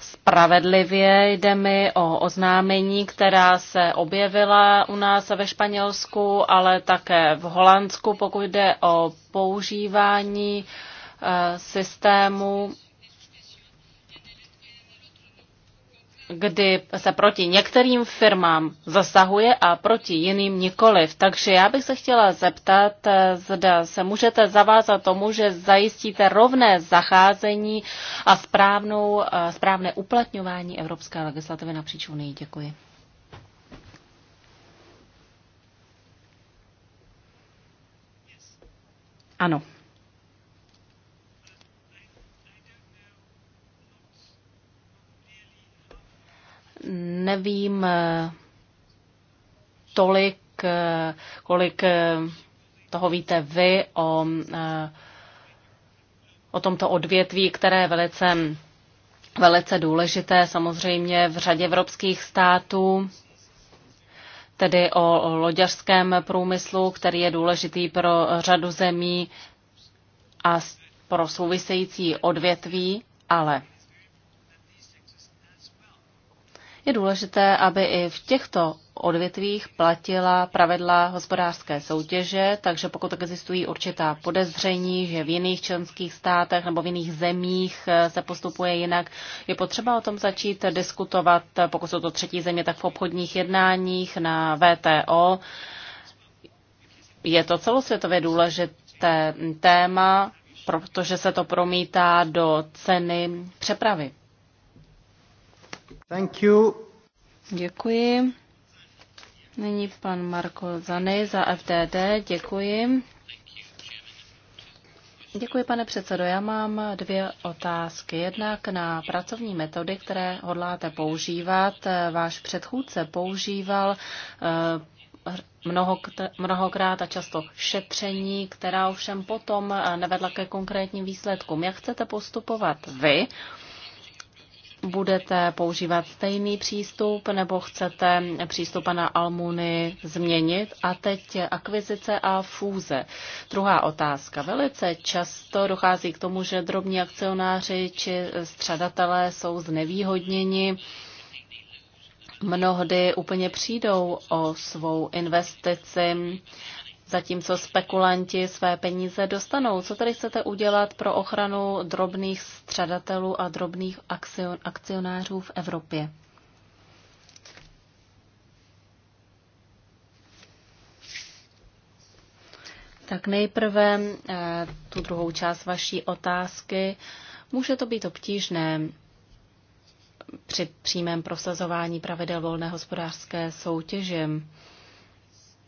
[SPEAKER 2] spravedlivě. Jde mi o oznámení, která se objevila u nás ve Španělsku, ale také v Holandsku, pokud jde o používání eh, systému kdy se proti některým firmám zasahuje a proti jiným nikoliv. Takže já bych se chtěla zeptat, eh, zda se můžete zavázat tomu, že zajistíte rovné zacházení a správnou, eh, správné uplatňování evropské legislativy napříč Unii. Děkuji. Ano. nevím eh, tolik, eh, kolik eh, toho víte vy o, o tomto odvětví, které je velice, velice důležité samozřejmě v řadě evropských států, tedy o loďařském průmyslu, který je důležitý pro řadu zemí a pro související odvětví, ale Je důležité, aby i v těchto odvětvích platila pravidla hospodářské soutěže, takže pokud existují určitá podezření, že v jiných členských státech nebo v jiných zemích eh, se postupuje jinak, je potřeba o tom začít diskutovat, pokud jsou to třetí země, tak v obchodních jednáních na VTO. Je to celosvětově důležité téma, protože se to promítá do ceny přepravy. Thank you. Děkuji. Nyní pan Marko Zany za FDD. Děkuji. Děkuji, pane předsedo. Já mám dvě otázky. Jednak na pracovní metody, které hodláte používat. Váš předchůdce používal eh, mnohokrát a často šetření, která ovšem potom eh, nevedla ke konkrétním výsledkům. Jak chcete postupovat vy? budete používat stejný přístup nebo chcete přístup pana Almuny změnit? A teď akvizice a fúze. Druhá otázka. Velice často dochází k tomu, že drobní akcionáři či střadatelé jsou znevýhodněni mnohdy úplně přijdou o svou investici zatímco spekulanti své peníze dostanou. Co tady chcete udělat pro ochranu drobných střadatelů a drobných akcionářů v Evropě? Tak nejprve eh, tu druhou část vaší otázky. Může to být obtížné při přímém prosazování pravidel volné hospodářské soutěže,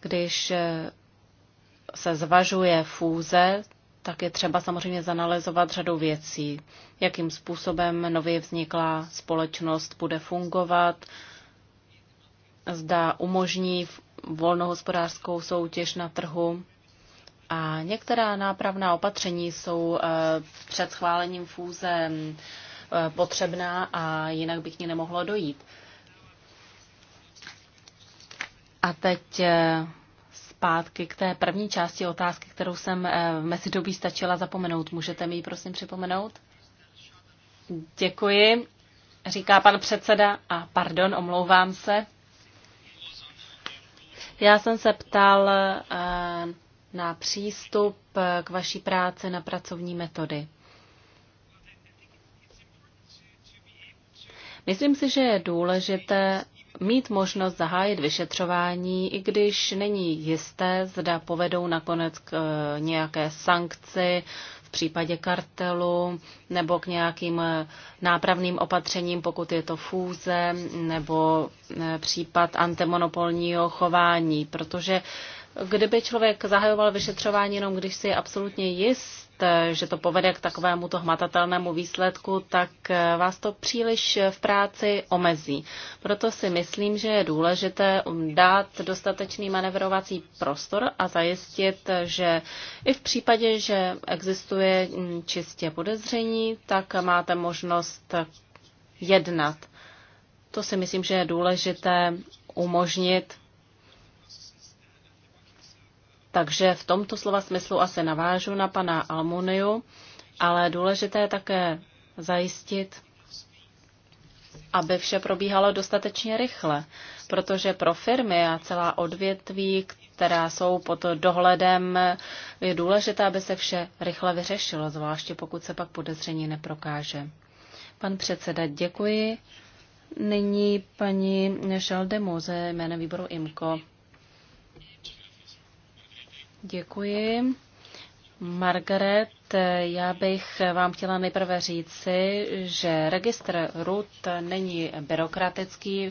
[SPEAKER 2] když eh, se zvažuje fůze, tak je třeba samozřejmě zanalizovat řadu věcí, jakým způsobem nově vzniklá společnost bude fungovat, zda umožní volnohospodářskou soutěž na trhu. A některá nápravná opatření jsou eh, před schválením fůze mm, eh, potřebná a jinak bych ní nemohlo dojít. A teď eh, zpátky k té první části otázky, kterou jsem eh, v mezidobí stačila zapomenout. Můžete mi ji prosím připomenout? Děkuji, říká pan předseda a pardon, omlouvám se. Já jsem se ptal eh, na přístup eh, k vaší práci na pracovní metody. Myslím si, že je důležité mít možnost zahájit vyšetřování, i když není jisté, zda povedou nakonec k eh, nějaké sankci v případě kartelu nebo k nějakým eh, nápravným opatřením, pokud je to fůze nebo eh, případ antimonopolního chování, protože kdyby člověk zahajoval vyšetřování jenom, když si je absolutně jist, že to povede k takovému to hmatatelnému výsledku, tak eh, vás to příliš v práci omezí. Proto si myslím, že je důležité um, dát dostatečný manevrovací prostor a zajistit, že i v případě, že existuje mm, čistě podezření, tak máte možnost jednat. To si myslím, že je důležité umožnit takže v tomto slova smyslu asi navážu na pana Almuniu, ale důležité je také zajistit, aby vše probíhalo dostatečně rychle, protože pro firmy a celá odvětví, která jsou pod dohledem, je důležité, aby se vše rychle vyřešilo, zvláště pokud se pak podezření neprokáže. Pan předseda, děkuji. Nyní paní ze jménem výboru IMKO. Děkuji. Margaret, já bych vám chtěla nejprve říci, že registr RUT není byrokratický.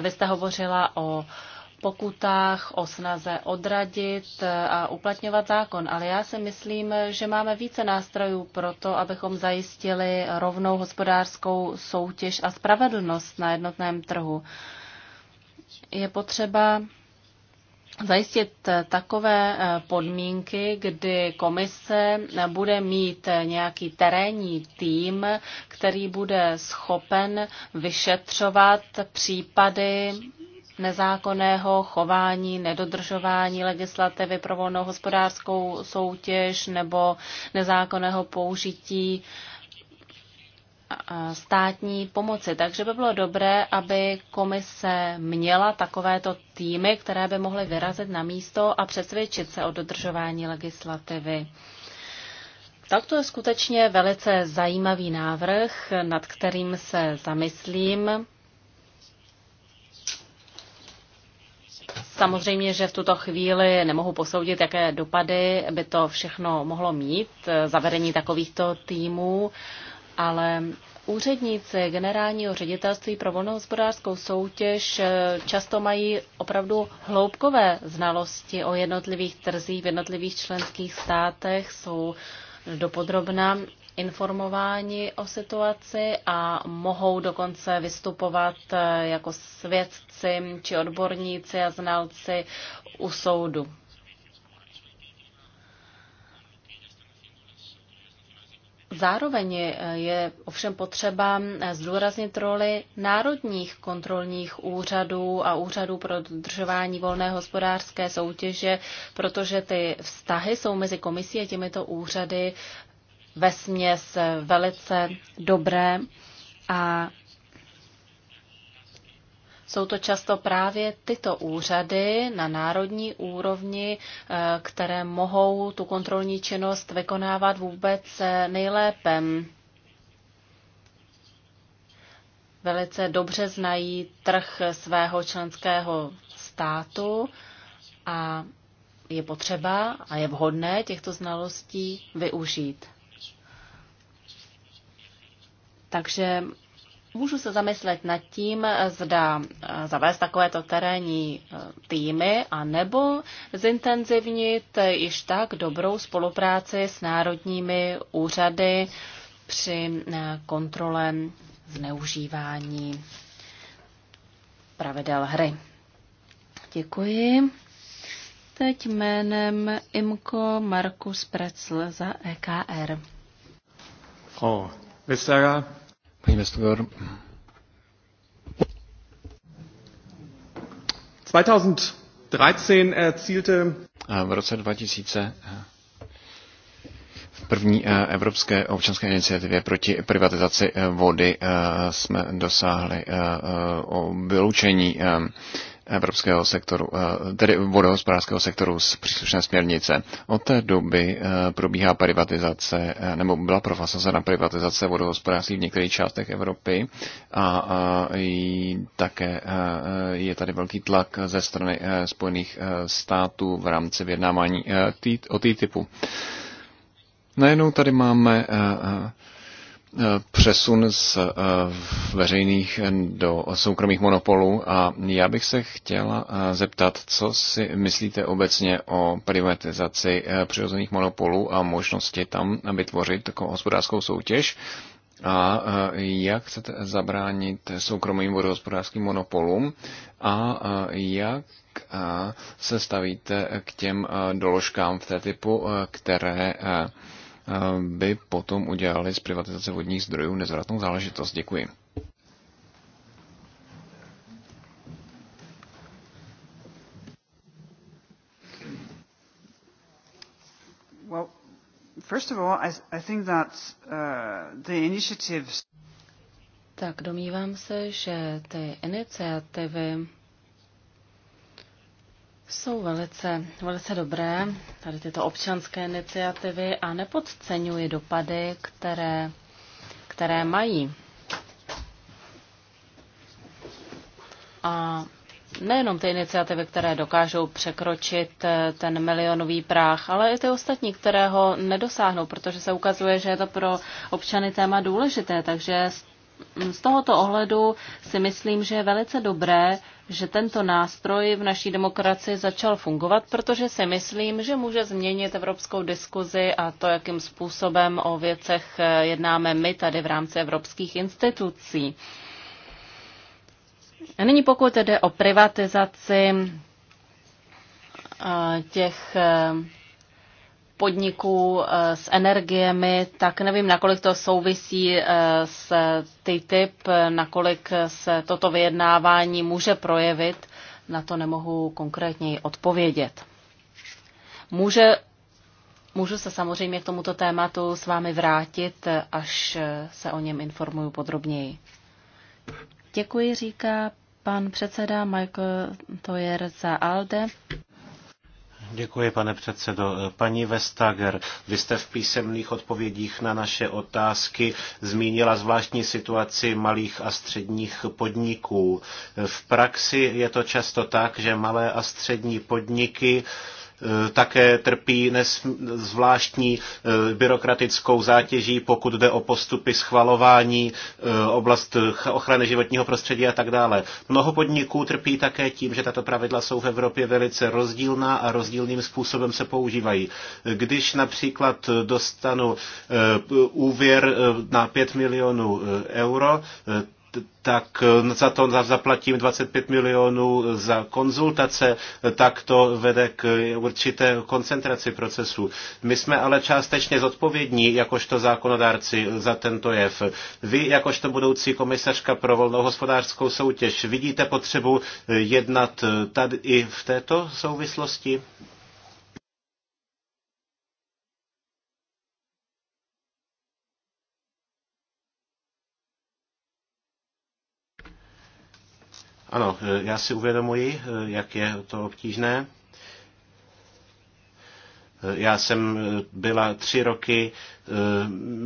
[SPEAKER 2] Vy jste hovořila o pokutách, o snaze odradit a uplatňovat zákon. Ale já si myslím, že máme více nástrojů pro to, abychom zajistili rovnou hospodářskou soutěž a spravedlnost na jednotném trhu. Je potřeba zajistit takové eh, podmínky, kdy komise eh, bude mít eh, nějaký terénní tým, který bude schopen vyšetřovat případy nezákonného chování, nedodržování legislativy pro volnou hospodářskou soutěž nebo nezákonného použití uh, státní pomoci. Takže by bylo dobré, aby komise měla takovéto týmy, které by mohly vyrazit na místo a přesvědčit se o dodržování legislativy. Tak to je skutečně velice zajímavý návrh, nad kterým se zamyslím. Samozřejmě, že v tuto chvíli nemohu posoudit, jaké dopady by to všechno mohlo mít, zavedení takovýchto týmů ale úředníci generálního ředitelství pro volnou hospodářskou soutěž eh, často mají opravdu hloubkové znalosti o jednotlivých trzích v jednotlivých členských státech, jsou dopodrobna informováni o situaci a mohou dokonce vystupovat eh, jako svědci či odborníci a znalci u soudu. Zároveň je ovšem potřeba zdůraznit roli národních kontrolních úřadů a úřadů pro dodržování volné hospodářské soutěže, protože ty vztahy jsou mezi komisí a těmito úřady ve směs velice dobré a jsou to často právě tyto úřady na národní úrovni, eh, které mohou tu kontrolní činnost vykonávat vůbec eh, nejlépe. Velice dobře znají trh svého členského státu a je potřeba a je vhodné těchto znalostí využít. Takže Můžu se zamyslet nad tím, zda eh, zavést takovéto terénní eh, týmy a nebo zintenzivnit již tak dobrou spolupráci s národními úřady při eh, kontrole zneužívání pravidel hry. Děkuji. Teď jménem Imko Markus Precl za EKR.
[SPEAKER 3] Oh, Vestager, Paní
[SPEAKER 2] 2013 erzielte
[SPEAKER 3] v roce 2000 eh, v první eh, evropské občanské iniciativě proti privatizaci eh, vody jsme dosáhli o vyloučení evropského sektoru, eh, tedy vodohospodářského sektoru z příslušné směrnice. Od té doby eh, probíhá privatizace, eh, nebo byla profasazena privatizace vodohospodářství v některých částech Evropy a také je tady velký tlak ze strany Spojených států v rámci vyjednávání o typu. Najednou tady máme Eh, přesun z eh, veřejných do soukromých monopolů a já bych se chtěla eh, zeptat, co si myslíte obecně o privatizaci přirozených monopolů a možnosti tam vytvořit takovou hospodářskou soutěž a jak chcete zabránit soukromým vodohospodářským monopolům a jak se stavíte k těm doložkám v té typu, které Eh, by potom udělali z privatizace vodních zdrojů nezvratnou záležitost. Děkuji. Well, first of all, I, I think that uh, the initiatives.
[SPEAKER 2] Tak domnívám se, že ty iniciativy jsou velice, velice dobré, tady tyto občanské iniciativy a nepodceňuji dopady, které, které mají. A nejenom ty iniciativy, které dokážou překročit eh, ten milionový práh, ale i ty ostatní, které ho nedosáhnou, protože se ukazuje, že je to pro občany téma důležité, takže z tohoto ohledu si myslím, že je velice dobré, že tento nástroj v naší demokracii začal fungovat, protože si myslím, že může změnit evropskou diskuzi a to, jakým způsobem o věcech eh, jednáme my tady v rámci evropských institucí. A nyní pokud jde o privatizaci eh, těch eh, podniků eh, s energiemi, tak nevím, nakolik to souvisí eh, s TTIP, nakolik se toto vyjednávání může projevit, na to nemohu konkrétněji odpovědět. Může, můžu se samozřejmě k tomuto tématu s vámi vrátit, až se o něm informuju podrobněji. Děkuji, říká pan předseda Michael Toyer za ALDE.
[SPEAKER 1] Děkuji, pane předsedo. Eh, paní Vestager, vy jste v písemných odpovědích na naše otázky zmínila zvláštní situaci malých a středních podniků. Eh, v praxi je to často tak, že malé a střední podniky Eh, také trpí zvláštní eh, byrokratickou zátěží, pokud jde o postupy schvalování, eh, oblast ochrany životního prostředí a tak dále. Mnoho podniků trpí také tím, že tato pravidla jsou v Evropě velice rozdílná a rozdílným způsobem se používají. Když například dostanu úvěr na 5 milionů euro, tak eh, za to zaplatím 25 milionů za konzultace, tak to vede k určité koncentraci procesu. My jsme ale částečně zodpovědní jakožto zákonodárci za tento jev. Vy, jakožto budoucí komisařka pro volnou hospodářskou soutěž, vidíte potřebu eh, jednat eh, tady i v této souvislosti? Ano, e, já si uvědomuji, e, jak je to obtížné. E, já jsem byla tři roky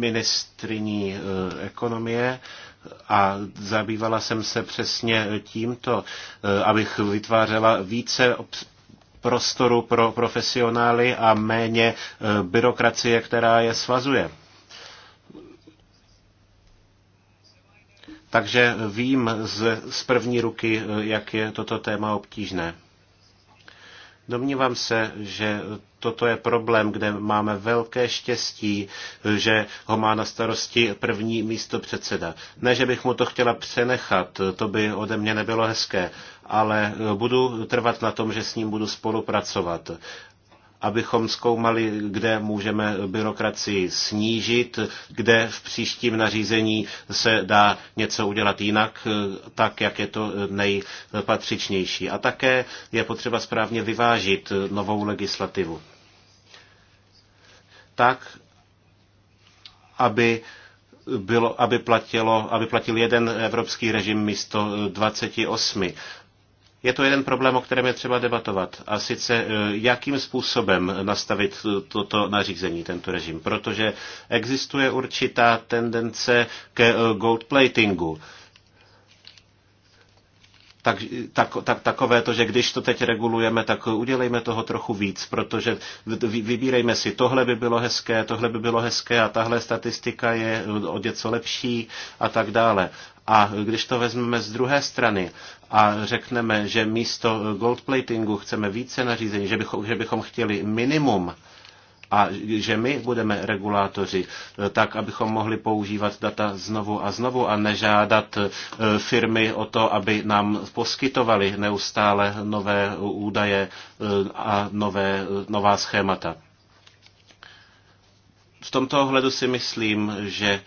[SPEAKER 1] ministriní ekonomie a zabývala jsem se přesně tímto, abych vytvářela více prostoru pro profesionály a méně byrokracie, která je svazuje. Takže vím z, z první ruky, jak je toto téma obtížné. Domnívám se, že toto je problém, kde máme velké štěstí, že ho má na starosti první místo předseda. Ne, že bych mu to chtěla přenechat, to by ode mě nebylo hezké, ale budu trvat na tom, že s ním budu spolupracovat abychom zkoumali, kde můžeme byrokracii snížit, kde v příštím nařízení se dá něco udělat jinak, tak, jak je to nejpatřičnější. A také je potřeba správně vyvážit novou legislativu. Tak, aby bylo, aby, platilo, aby platil jeden evropský režim místo 28 je to jeden problém, o kterém je třeba debatovat. A sice, eh, jakým způsobem nastavit toto nařízení, tento režim. Protože existuje určitá tendence ke eh, gold platingu. Tak, tak, tak, takové to, že když to teď regulujeme, tak udělejme toho trochu víc, protože vybírejme si, tohle by bylo hezké, tohle by bylo hezké a tahle statistika je o něco lepší a tak dále. A když to vezmeme z druhé strany a řekneme, že místo goldplatingu chceme více nařízení, že bychom, že bychom chtěli minimum, a že my budeme regulátoři, tak abychom mohli používat data znovu a znovu a nežádat eh, firmy o to, aby nám poskytovali neustále nové údaje eh, a nové, eh, nová schémata. V tomto ohledu si myslím, že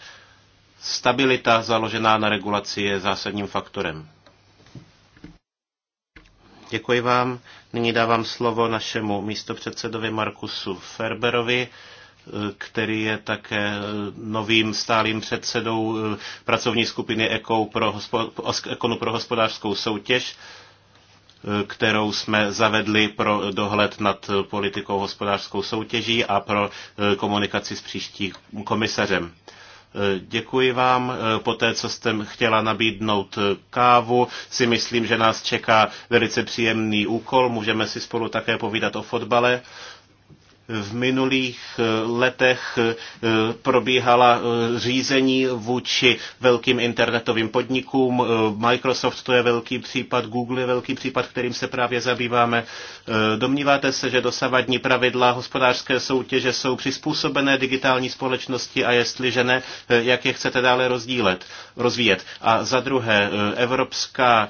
[SPEAKER 1] Stabilita založená na regulaci je zásadním faktorem. Děkuji vám. Nyní dávám slovo našemu místopředsedovi Markusu Ferberovi, který je také novým stálým předsedou eh, pracovní skupiny ECO pro, ECONu pro hospodářskou soutěž, eh, kterou jsme zavedli pro dohled nad politikou hospodářskou soutěží a pro eh, komunikaci s příštím komisařem. Děkuji vám. Eh, po té, co jste chtěla nabídnout eh, kávu, si myslím, že nás čeká velice příjemný úkol. Můžeme si spolu také povídat o fotbale. V minulých eh, letech eh, probíhala eh, řízení vůči velkým internetovým podnikům. Microsoft to je velký případ, Google je velký případ, kterým se právě zabýváme. Domníváte se, že dosavadní pravidla hospodářské soutěže jsou přizpůsobené digitální společnosti a jestliže ne, jak je chcete dále rozdílet, rozvíjet? A za druhé, Evropská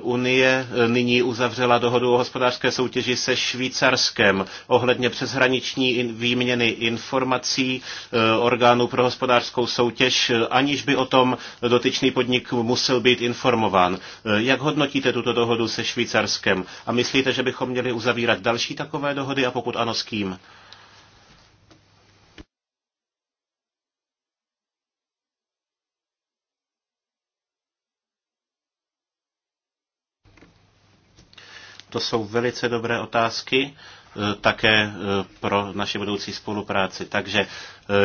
[SPEAKER 1] unie nyní uzavřela dohodu o hospodářské soutěži se Švýcarskem ohledně přeshraniční přeshraniční výměny informací e, orgánů pro hospodářskou soutěž, aniž by o tom dotyčný podnik musel být informován. E, jak hodnotíte tuto dohodu se Švýcarskem? A myslíte, že bychom měli uzavírat další takové dohody a pokud ano, s kým? To jsou velice dobré otázky E, také e, pro naši budoucí spolupráci. Takže e,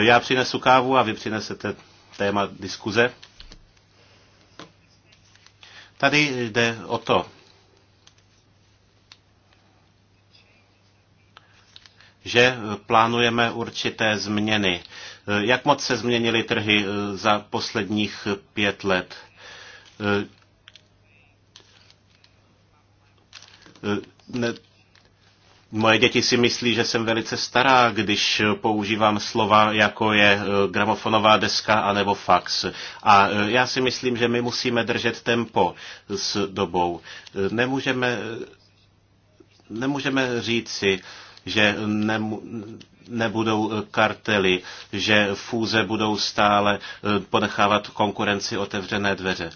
[SPEAKER 1] já přinesu kávu a vy přinesete téma diskuze. Tady jde o to, že plánujeme určité změny. Jak moc se změnily trhy za posledních pět let? Ne, Moje děti si myslí, že jsem velice stará, když používám slova, jako je eh, gramofonová deska anebo fax. A eh, já si myslím, že my musíme držet tempo s dobou. Eh, nemůžeme, nemůžeme říci, že nemu, nebudou kartely, že fúze budou stále ponechávat konkurenci otevřené dveře.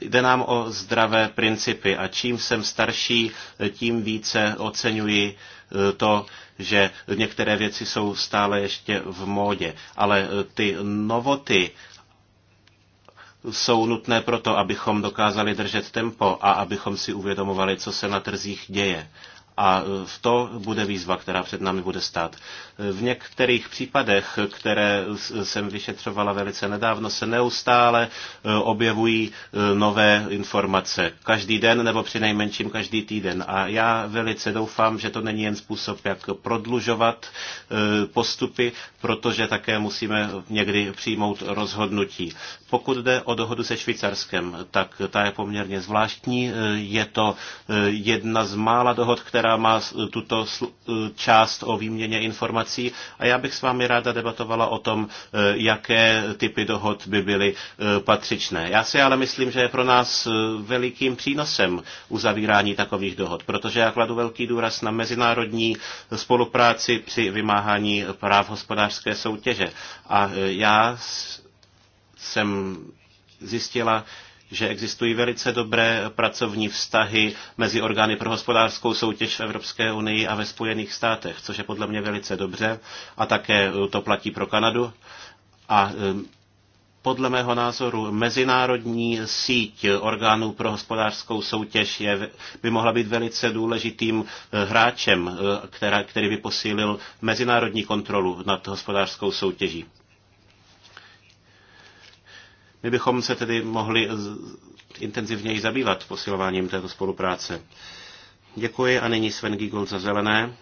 [SPEAKER 1] Jde nám o zdravé principy a čím jsem starší, tím více oceňuji e, to, že některé věci jsou stále ještě v módě. Ale e, ty novoty jsou nutné proto, abychom dokázali držet tempo a abychom si uvědomovali, co se na trzích děje. A e, to bude výzva, která před námi bude stát. E, v některých případech, které jsem vyšetřovala velice nedávno, se neustále e, objevují nové informace. Každý den nebo při nejmenším každý týden. A já velice doufám, že to není jen způsob, jak prodlužovat postupy, protože také musíme někdy přijmout rozhodnutí. Pokud jde o dohodu se Švýcarskem, tak ta je poměrně zvláštní. Je to jedna z mála dohod, která která má tuto část o výměně informací a já bych s vámi ráda debatovala o tom, eh, jaké typy dohod by byly eh, patřičné. Já si ale myslím, že je pro nás eh, velikým přínosem uzavírání takových dohod, protože já kladu velký důraz na mezinárodní spolupráci při vymáhání práv hospodářské soutěže. A já jsem zjistila, že existují velice dobré pracovní vztahy mezi orgány pro hospodářskou soutěž v Evropské unii a ve Spojených státech, což je podle mě velice dobře a také eh, to platí pro Kanadu. A eh, podle mého názoru mezinárodní síť orgánů pro hospodářskou soutěž je, by mohla být velice důležitým eh, hráčem, která, který by posílil mezinárodní kontrolu nad hospodářskou soutěží. My bychom se tedy mohli intenzivněji zabývat posilováním této spolupráce. Děkuji a nyní Sven Giegold za zelené.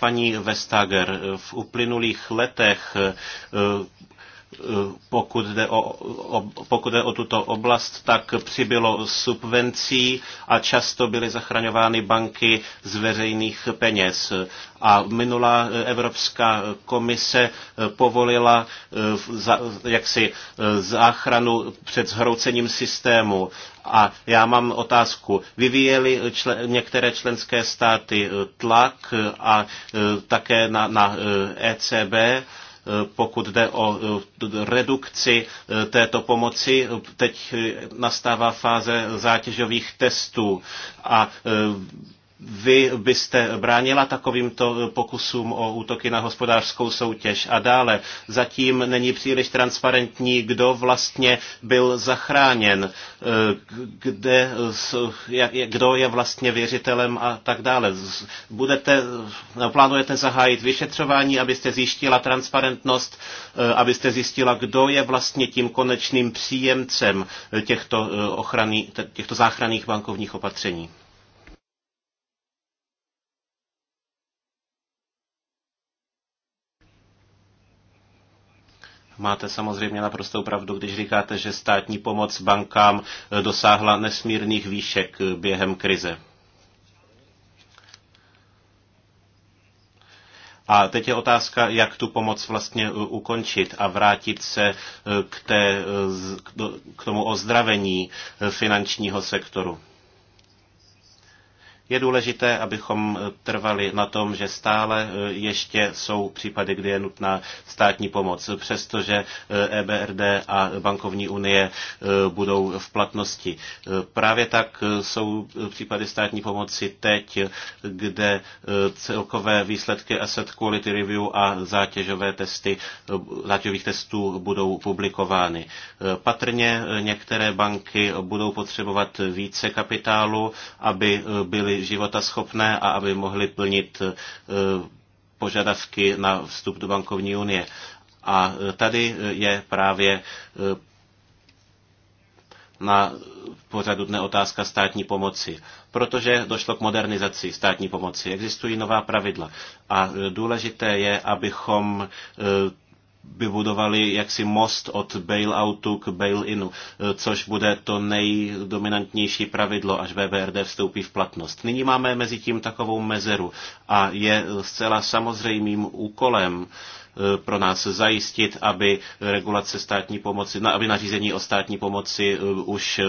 [SPEAKER 1] Paní Vestager, v uplynulých letech eh, pokud jde o, o, pokud jde o tuto oblast, tak přibylo subvencí a často byly zachraňovány banky z veřejných peněz. A minulá Evropská komise povolila eh, jaksi eh, záchranu před zhroucením systému. A já mám otázku. Vyvíjeli člen, některé členské státy eh, tlak a také na, na ECB? E Eh, pokud jde o eh, redukci eh, této pomoci. Teď nastává fáze zátěžových testů a vy byste bránila takovýmto pokusům o útoky na hospodářskou soutěž a dále. Zatím není příliš transparentní, kdo vlastně byl zachráněn, eh, kde, kdo je vlastně věřitelem a tak dále. Budete, no, plánujete zahájit vyšetřování, abyste zjištila transparentnost, eh, abyste zjistila, kdo je vlastně tím konečným příjemcem eh, těchto, ochrany, těchto záchranných bankovních opatření. Máte samozřejmě naprostou pravdu, když říkáte, že státní pomoc bankám dosáhla nesmírných výšek během krize. A teď je otázka, jak tu pomoc vlastně e, ukončit a vrátit se e, k, té, e, k tomu ozdravení finančního sektoru. Je důležité, abychom eh, trvali na tom, že stále eh, ještě jsou případy, kdy je nutná státní pomoc, přestože EBRD eh, e a bankovní unie budou v platnosti. Právě tak jsou případy státní pomoci teď, kde celkové výsledky asset quality review a zátěžové testy, zátěžových testů budou publikovány. Patrně některé banky budou potřebovat více kapitálu, aby byly života schopné a aby mohli plnit eh, požadavky na vstup do bankovní unie. A eh, tady eh, je právě na pořadu dne otázka státní pomoci, protože došlo k modernizaci státní pomoci. Existují nová pravidla a důležité je, abychom vybudovali jaksi most od bailoutu k bail-inu, eh, což bude to nejdominantnější pravidlo, až BBRD vstoupí v platnost. Nyní máme mezi tím takovou mezeru a je eh, zcela samozřejmým úkolem eh, pro nás zajistit, aby regulace státní pomoci, aby nařízení o státní pomoci už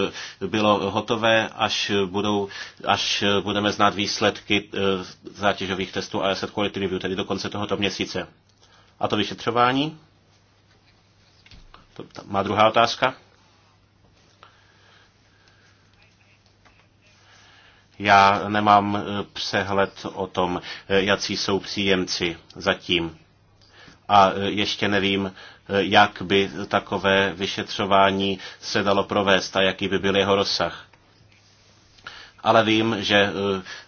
[SPEAKER 1] bylo hotové, až, budou, až budeme znát výsledky zátěžových testů a asset quality review, tedy do konce tohoto měsíce. A to vyšetřování? To má druhá otázka. Já nemám e, přehled o tom, e, jaký jsou příjemci zatím. A e, ještě nevím, jak by takové vyšetřování se dalo provést a jaký by byl jeho rozsah ale vím, že eh,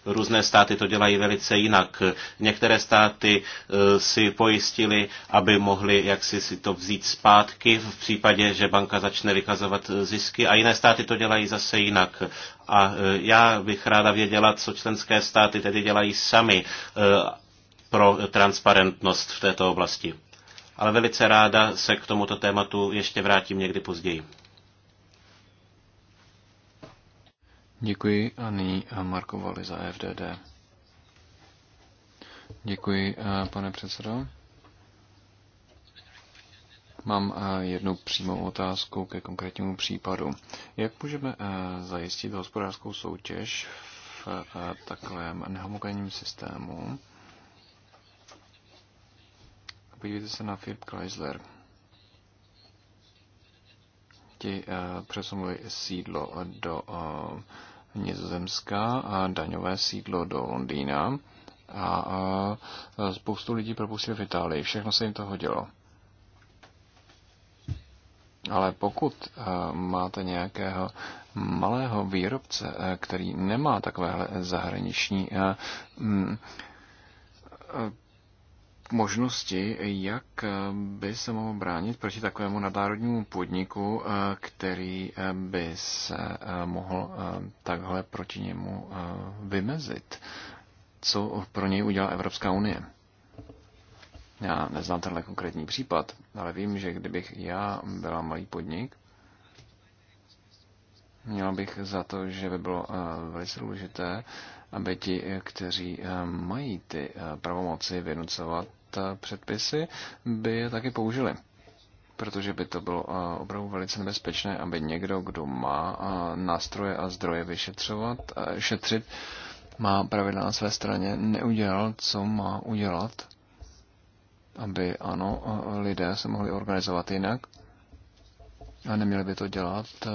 [SPEAKER 1] různé státy to dělají velice jinak. Některé státy eh, si pojistili, aby mohli jaksi si to vzít zpátky v případě, že banka začne vykazovat eh, zisky a jiné státy to dělají zase jinak. A já bych ráda věděla, co členské státy tedy dělají sami pro transparentnost v této oblasti. Ale velice ráda se k tomuto tématu ještě vrátím někdy později.
[SPEAKER 3] Děkuji a nyní eh, Marko Vali za FDD. Děkuji, eh, pane předsedo. Mám eh, jednu přímou otázku ke konkrétnímu případu. Jak můžeme zajistit hospodářskou soutěž v takovém nehomogenním systému? Podívejte se na Philip Chrysler oblasti eh, přesunuli sídlo do eh, Nizozemska a daňové sídlo do Londýna a eh, spoustu lidí propustili v Itálii. Všechno se jim to hodilo. Ale pokud máte nějakého malého výrobce, který nemá takovéhle zahraniční mm, možnosti, jak eh, by se mohl bránit proti takovému nadárodnímu podniku, eh, který eh, by se mohl takhle proti němu vymezit. Co pro něj udělá Evropská unie? Já neznám tenhle konkrétní případ, ale vím, že kdybych já byla malý podnik, měla bych za to, že by bylo velice důležité aby ti, kteří eh, mají ty eh, pravomoci vynucovat eh, předpisy, by je taky použili. Protože by to bylo opravdu velice nebezpečné, aby někdo, kdo má nástroje a zdroje vyšetřovat, šetřit, má pravidla na své straně, neudělal, co má udělat, aby ano, lidé se mohli organizovat jinak, a neměli by to dělat eh,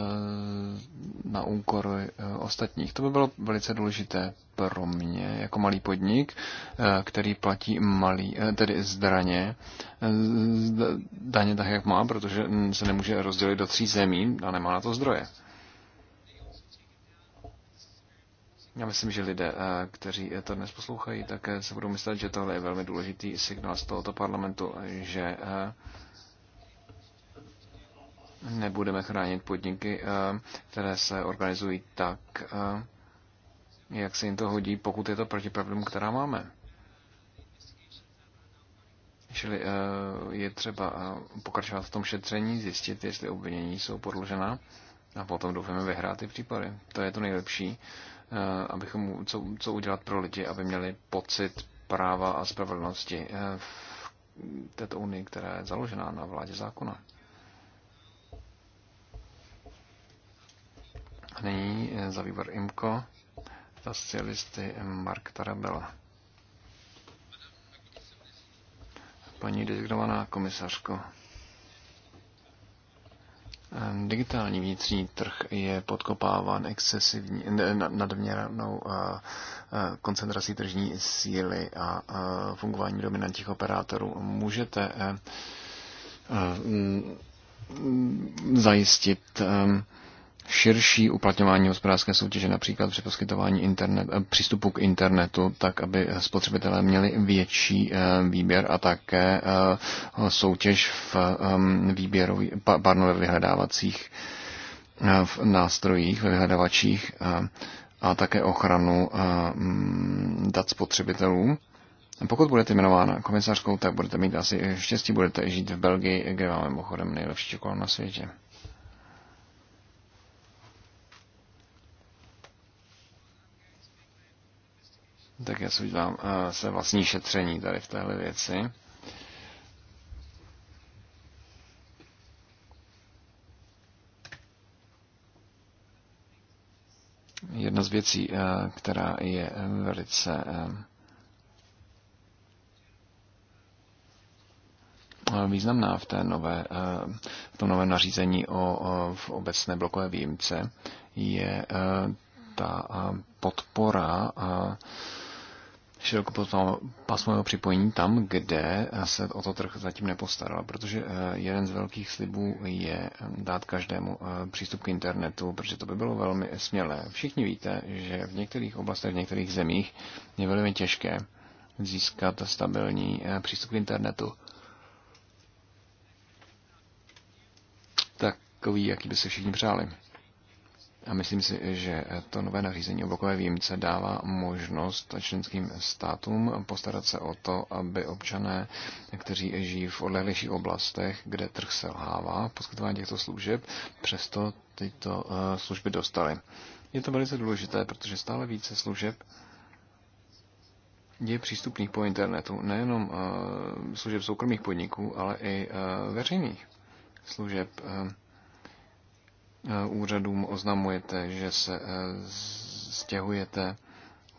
[SPEAKER 3] na úkor eh, ostatních. To by bylo velice důležité pro mě jako malý podnik, eh, který platí malý, tedy zdraně, daně tak, jak má, protože se nemůže rozdělit do tří zemí a nemá na to zdroje. Já myslím, že lidé, kteří to dnes poslouchají, tak se budou myslet, že tohle je velmi důležitý signál z tohoto parlamentu, že nebudeme chránit podniky, eh, které se organizují tak, eh, jak se jim to hodí, pokud je to proti problém, která máme. Čili eh, je třeba pokračovat v tom šetření, zjistit, jestli obvinění jsou podložena a potom doufáme vyhrát ty případy. To je to nejlepší, abychom, co, co udělat pro lidi, aby měli pocit práva a spravedlnosti v této unii, která je založená na vládě zákona. A nyní eh, za výbor IMCO za socialisty eh, Mark Tarabella. Paní designovaná komisařko, eh, Digitální vnitřní trh je podkopáván excesivní, nadměrnou koncentrací tržní síly a fungování dominantních operátorů. Můžete zajistit širší uplatňování hospodářské soutěže, například při poskytování internet, eh, přístupu k internetu, tak aby spotřebitelé měli větší eh, výběr a také eh, soutěž v ehm, výběrových, pardon, ve vyhledávacích v nástrojích, ve vyhledavačích a také ochranu mm, dat spotřebitelů. Pokud budete jmenována komisařkou, tak budete mít asi štěstí, budete žít v Belgii, kde máme mimochodem nejlepší čokoládu na světě. tak já si udělám eh, se vlastní šetření tady v téhle věci. Jedna z věcí, eh, která je velice eh, významná v, té nové, v tom novém nařízení o v obecné blokové výjimce, je ta podpora širokopasmového připojení tam, kde se o to trh zatím nepostaral, protože eh, jeden z velkých slibů je eh, dát každému eh, přístup k internetu, protože to by bylo velmi smělé. Všichni víte, že v některých oblastech, v některých zemích je velmi těžké získat stabilní přístup k internetu. Takový, jaký by se všichni přáli. A myslím si, že to nové nařízení o blokové výjimce dává možnost členským státům postarat se o to, aby občané, kteří žijí v odlehlejších oblastech, kde trh selhává poskytování těchto služeb, přesto tyto eh, služby dostali. Je to velice důležité, protože stále více služeb je přístupných po internetu, nejenom eh, služeb soukromých podniků, ale i eh, veřejných služeb Eh, úřadům oznamujete, že se eh, stěhujete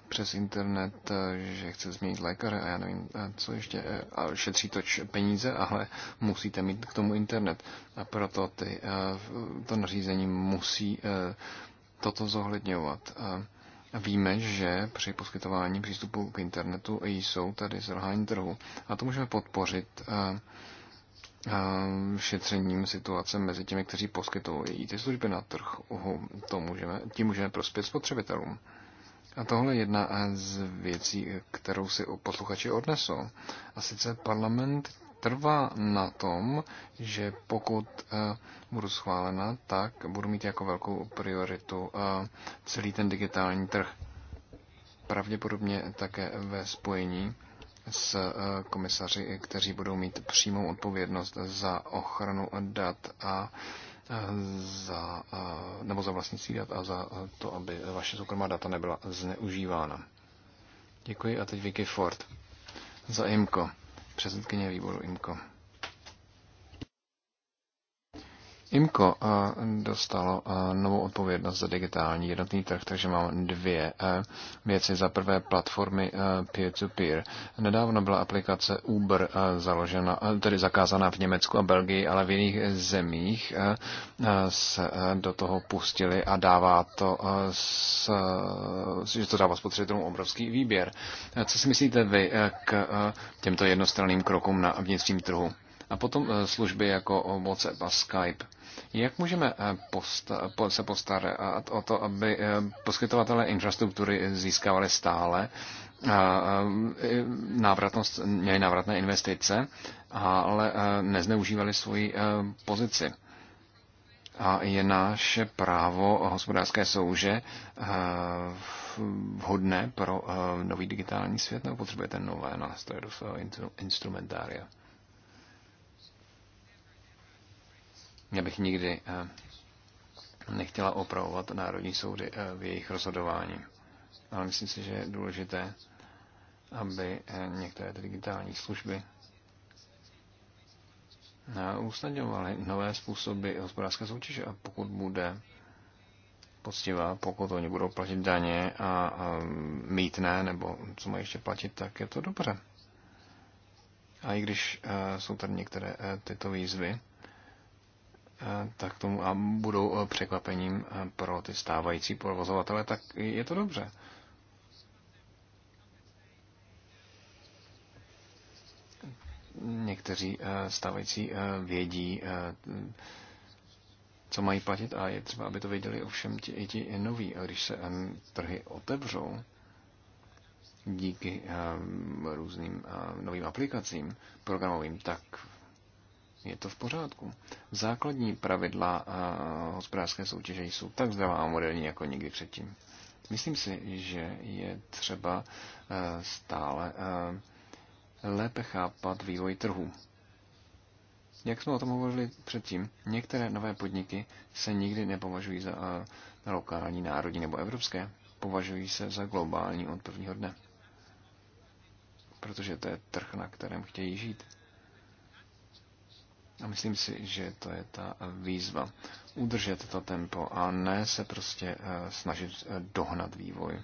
[SPEAKER 3] přes internet, eh, že chce změnit lékaře a já nevím, co ještě, a šetří to peníze, ale musíte mít k tomu internet. A proto ty, to nařízení musí toto zohledňovat. Víme, že při poskytování přístupu k internetu jsou tady zrhání trhu a to můžeme podpořit šetřením situace mezi těmi, kteří poskytují ty služby na trhu. To můžeme, tím můžeme prospět spotřebitelům. A tohle je jedna z věcí, kterou si posluchači odnesou. A sice parlament trvá na tom, že pokud eh, budu schválena, tak budu mít jako velkou prioritu eh, celý ten digitální trh. Pravděpodobně také ve spojení s eh, komisaři, kteří budou mít přímou odpovědnost za ochranu dat a eh, za, eh, nebo za vlastnictví dat a za to, aby vaše soukromá data nebyla zneužívána. Děkuji a teď Vicky Ford za IMCO, předsedkyně výboru IMCO. IMCO eh, dostalo eh, novou odpovědnost za digitální jednotný trh, takže mám dvě eh, věci. Za prvé platformy peer-to-peer. -peer. Nedávno byla aplikace Uber založena, tedy zakázaná v Německu a Belgii, ale v jiných zemích se do toho pustili a dává to, že to dává spotřebitelům obrovský výběr. Co si myslíte vy k těmto jednostranným krokům na vnitřním trhu? A potom eh, služby jako WhatsApp a Skype. Jak můžeme eh, posta- eh, se postarat o to, aby poskytovatelé infrastruktury získávali stále návratnost, měli návratné investice, ale nezneužívali svoji pozici? a je náš právo hospodářské souže vhodné pro nový digitální svět, nebo potřebujete nové nástroje do svého instrumentária? Já bych nikdy eh, nechtěla opravovat národní soudy eh, v jejich rozhodování. Ale myslím si, že je důležité, aby eh, některé digitální služby usnadňovaly nové způsoby hospodářské soutěže a pokud bude poctivá, pokud oni budou platit daně a, mít mítné, nebo co mají ještě platit, tak je to dobře. A i když jsou tady některé tyto výzvy, Eh, tak tomu a budou eh, překvapením eh, pro ty stávající provozovatele, tak je to dobře. Někteří stávající vědí, co mají platit a je třeba, aby to věděli ovšem ti, i ti noví. A když se trhy otevřou díky různým novým aplikacím programovým, tak je to v pořádku. Základní pravidla eh, hospodářské soutěže jsou tak zdravá a moderní jako nikdy předtím. Myslím si, že je třeba eh, stále eh, lépe chápat vývoj trhu. Jak jsme o tom hovořili předtím, některé nové podniky se nikdy nepovažují za lokální, národní nebo evropské. Považují se za globální od prvního dne. Protože to je trh, na kterém chtějí žít. A myslím si, že to je ta výzva. Udržet to tempo a ne se prostě eh, snažit eh, dohnat vývoj.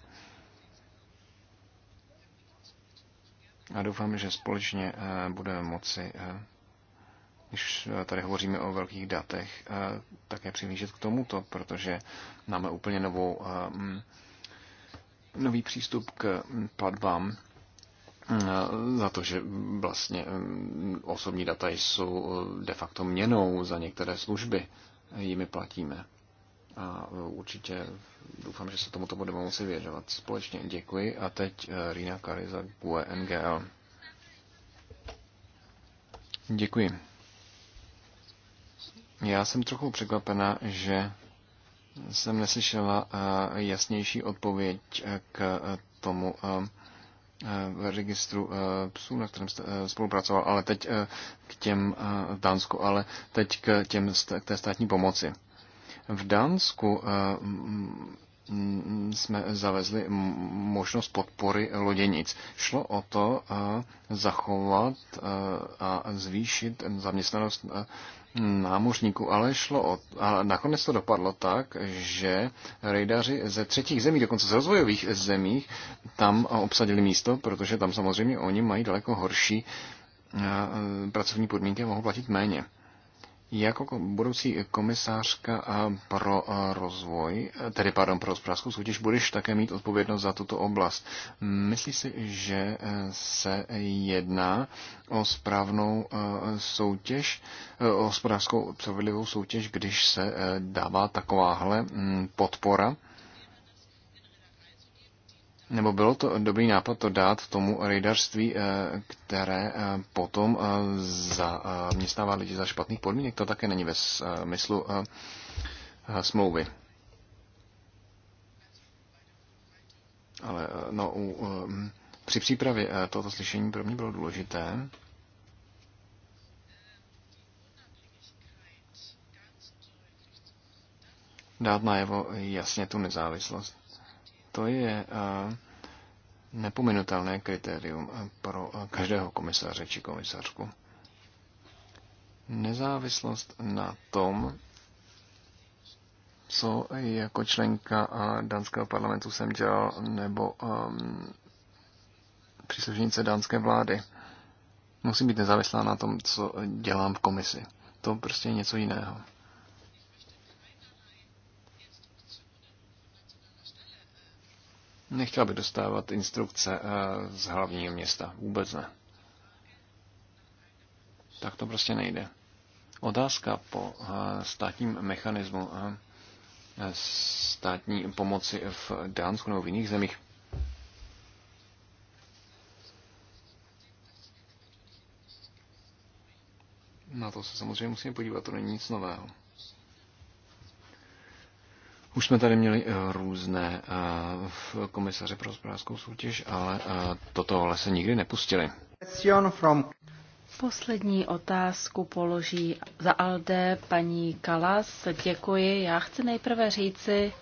[SPEAKER 3] A doufám, že společně eh, budeme moci, když tady hovoříme o velkých datech, také přihlížet k tomuto, protože máme úplně novou, mm, nový přístup k platbám Mm, za to, že vlastně mm, osobní data jsou eh, de facto měnou za některé služby, jimi platíme. A eh, určitě doufám, že se tomuto budeme moci věřovat společně. Děkuji. A teď eh, Rina Kary za Děkuji. Já jsem trochu překvapena, že jsem neslyšela jasnější odpověď k tomu, Eh, v registru eh, psů, na kterém jste eh, spolupracoval, ale teď k těm v Dánsku, ale teď k, těm, k té státní pomoci. V Dánsku jsme zavezli možnost podpory loděnic. Šlo o to zachovat a zvýšit zaměstnanost námořníků, ale šlo o, ale nakonec to dopadlo tak, že rejdaři ze třetích zemí, dokonce z rozvojových zemí, tam obsadili místo, protože tam samozřejmě oni mají daleko horší pracovní podmínky a mohou platit méně. Jako budoucí komisářka eh, pro eh, rozvoj, eh, tedy pardon, pro hospodářskou soutěž, budeš také mít odpovědnost za tuto oblast. Myslíš si, že se jedná o správnou soutěž, o hospodářskou spravedlivou soutěž, když se dává takováhle mm, podpora? nebo bylo to dobrý nápad to dát tomu rejdařství, eh, které eh, potom eh, zaměstnává lidi za špatných podmínek. To také není ve smyslu smlouvy. Ale no, u, při přípravě tohoto slyšení pro mě bylo důležité, dát najevo jasně tu nezávislost to je eh, nepominutelné kritérium eh, pro eh, každého komisaře či komisařku. Nezávislost na tom, co jako členka dánského parlamentu jsem dělal, nebo um, příslušnice dánské vlády. Musím být nezávislá na tom, co dělám v komisi. To prostě je něco jiného. Nechtěla by dostávat instrukce eh, z hlavního města. Vůbec ne. Tak to prostě nejde. Otázka po eh, státním mechanismu eh, státní pomoci v Dánsku nebo v jiných zemích. Na to se samozřejmě musíme podívat, to není nic nového. Už jsme tady měli eh, různé eh, komisaře pro hospodářskou soutěž, ale eh, toto se nikdy nepustili.
[SPEAKER 2] Poslední otázku položí za Alde paní Kalas. Děkuji. Já chci nejprve říci,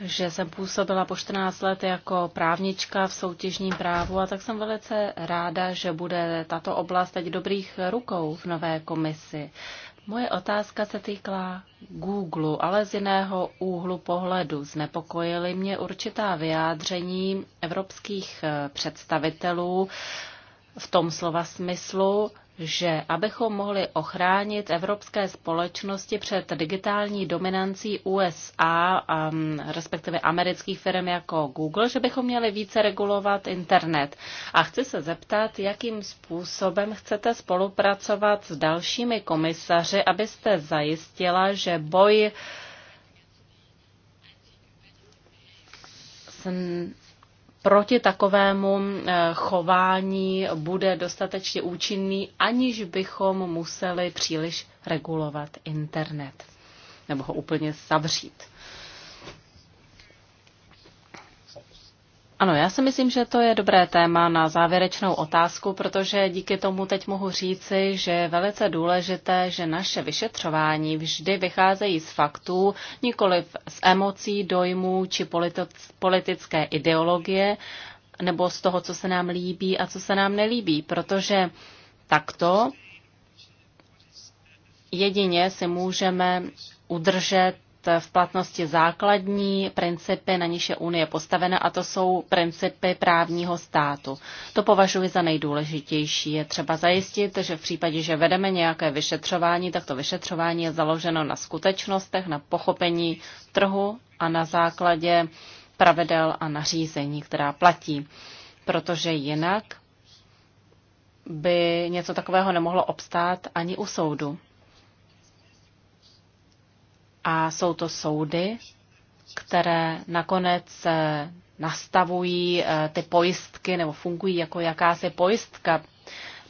[SPEAKER 2] že jsem působila po 14 let jako právnička v soutěžním právu a tak jsem velice ráda, že bude tato oblast teď dobrých rukou v nové komisi. Moje otázka se týkala Google, ale z jiného úhlu pohledu. Znepokojily mě určitá vyjádření evropských eh, představitelů v tom slova smyslu, že abychom mohli ochránit evropské společnosti před digitální dominancí USA, um, mm, respektive amerických firm jako Google, že bychom měli více regulovat internet. A chci se zeptat, jakým způsobem chcete spolupracovat s dalšími komisaři, abyste zajistila, že boj s proti takovému eh, chování bude dostatečně účinný, aniž bychom museli příliš regulovat internet nebo ho úplně zavřít. Ano, já si myslím, že to je dobré téma na závěrečnou otázku, protože díky tomu teď mohu říci, že je velice důležité, že naše vyšetřování vždy vycházejí z faktů, nikoli z emocí, dojmů či politické ideologie, nebo z toho, co se nám líbí a co se nám nelíbí, protože takto jedině si můžeme udržet v platnosti základní principy, na níž je Unie postavena, a to jsou principy právního státu. To považuji za nejdůležitější. Je třeba zajistit, že v případě, že vedeme nějaké vyšetřování, tak to vyšetřování je založeno na skutečnostech, na pochopení trhu a na základě pravidel a nařízení, která platí. Protože jinak by něco takového nemohlo obstát ani u soudu a jsou to soudy, které nakonec eh, nastavují eh, ty pojistky nebo fungují jako jakási pojistka,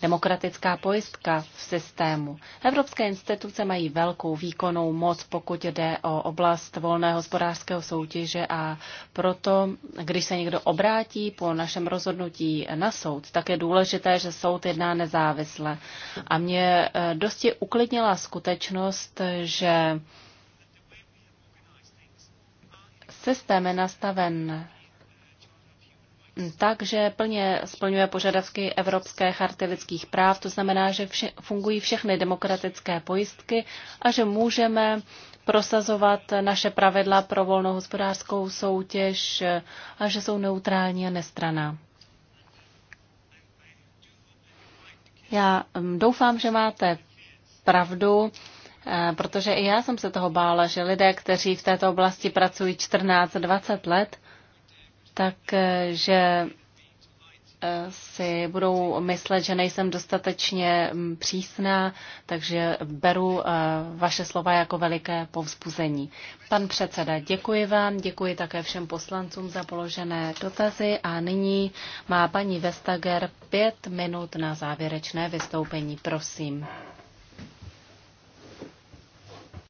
[SPEAKER 2] demokratická pojistka v systému. Evropské instituce mají velkou výkonnou moc, pokud jde o oblast volné hospodářského soutěže a proto, když se někdo obrátí po našem rozhodnutí na soud, tak je důležité, že soud jedná nezávisle. A mě eh, dosti uklidnila skutečnost, že Systém je nastaven tak, že plně splňuje požadavky Evropské charty lidských práv, to znamená, že vše, fungují všechny demokratické pojistky a že můžeme prosazovat naše pravidla pro volnou hospodářskou soutěž a že jsou neutrální a nestraná. Já mm, doufám, že máte pravdu Eh, protože i já jsem se toho bála, že lidé, kteří v této oblasti pracují 14-20 let, takže eh, eh, si budou myslet, že nejsem dostatečně mm, přísná, takže beru vaše slova jako veliké povzbuzení. Pan předseda, děkuji vám, děkuji také všem poslancům za položené dotazy a nyní má paní Vestager pět minut na závěrečné vystoupení. Prosím.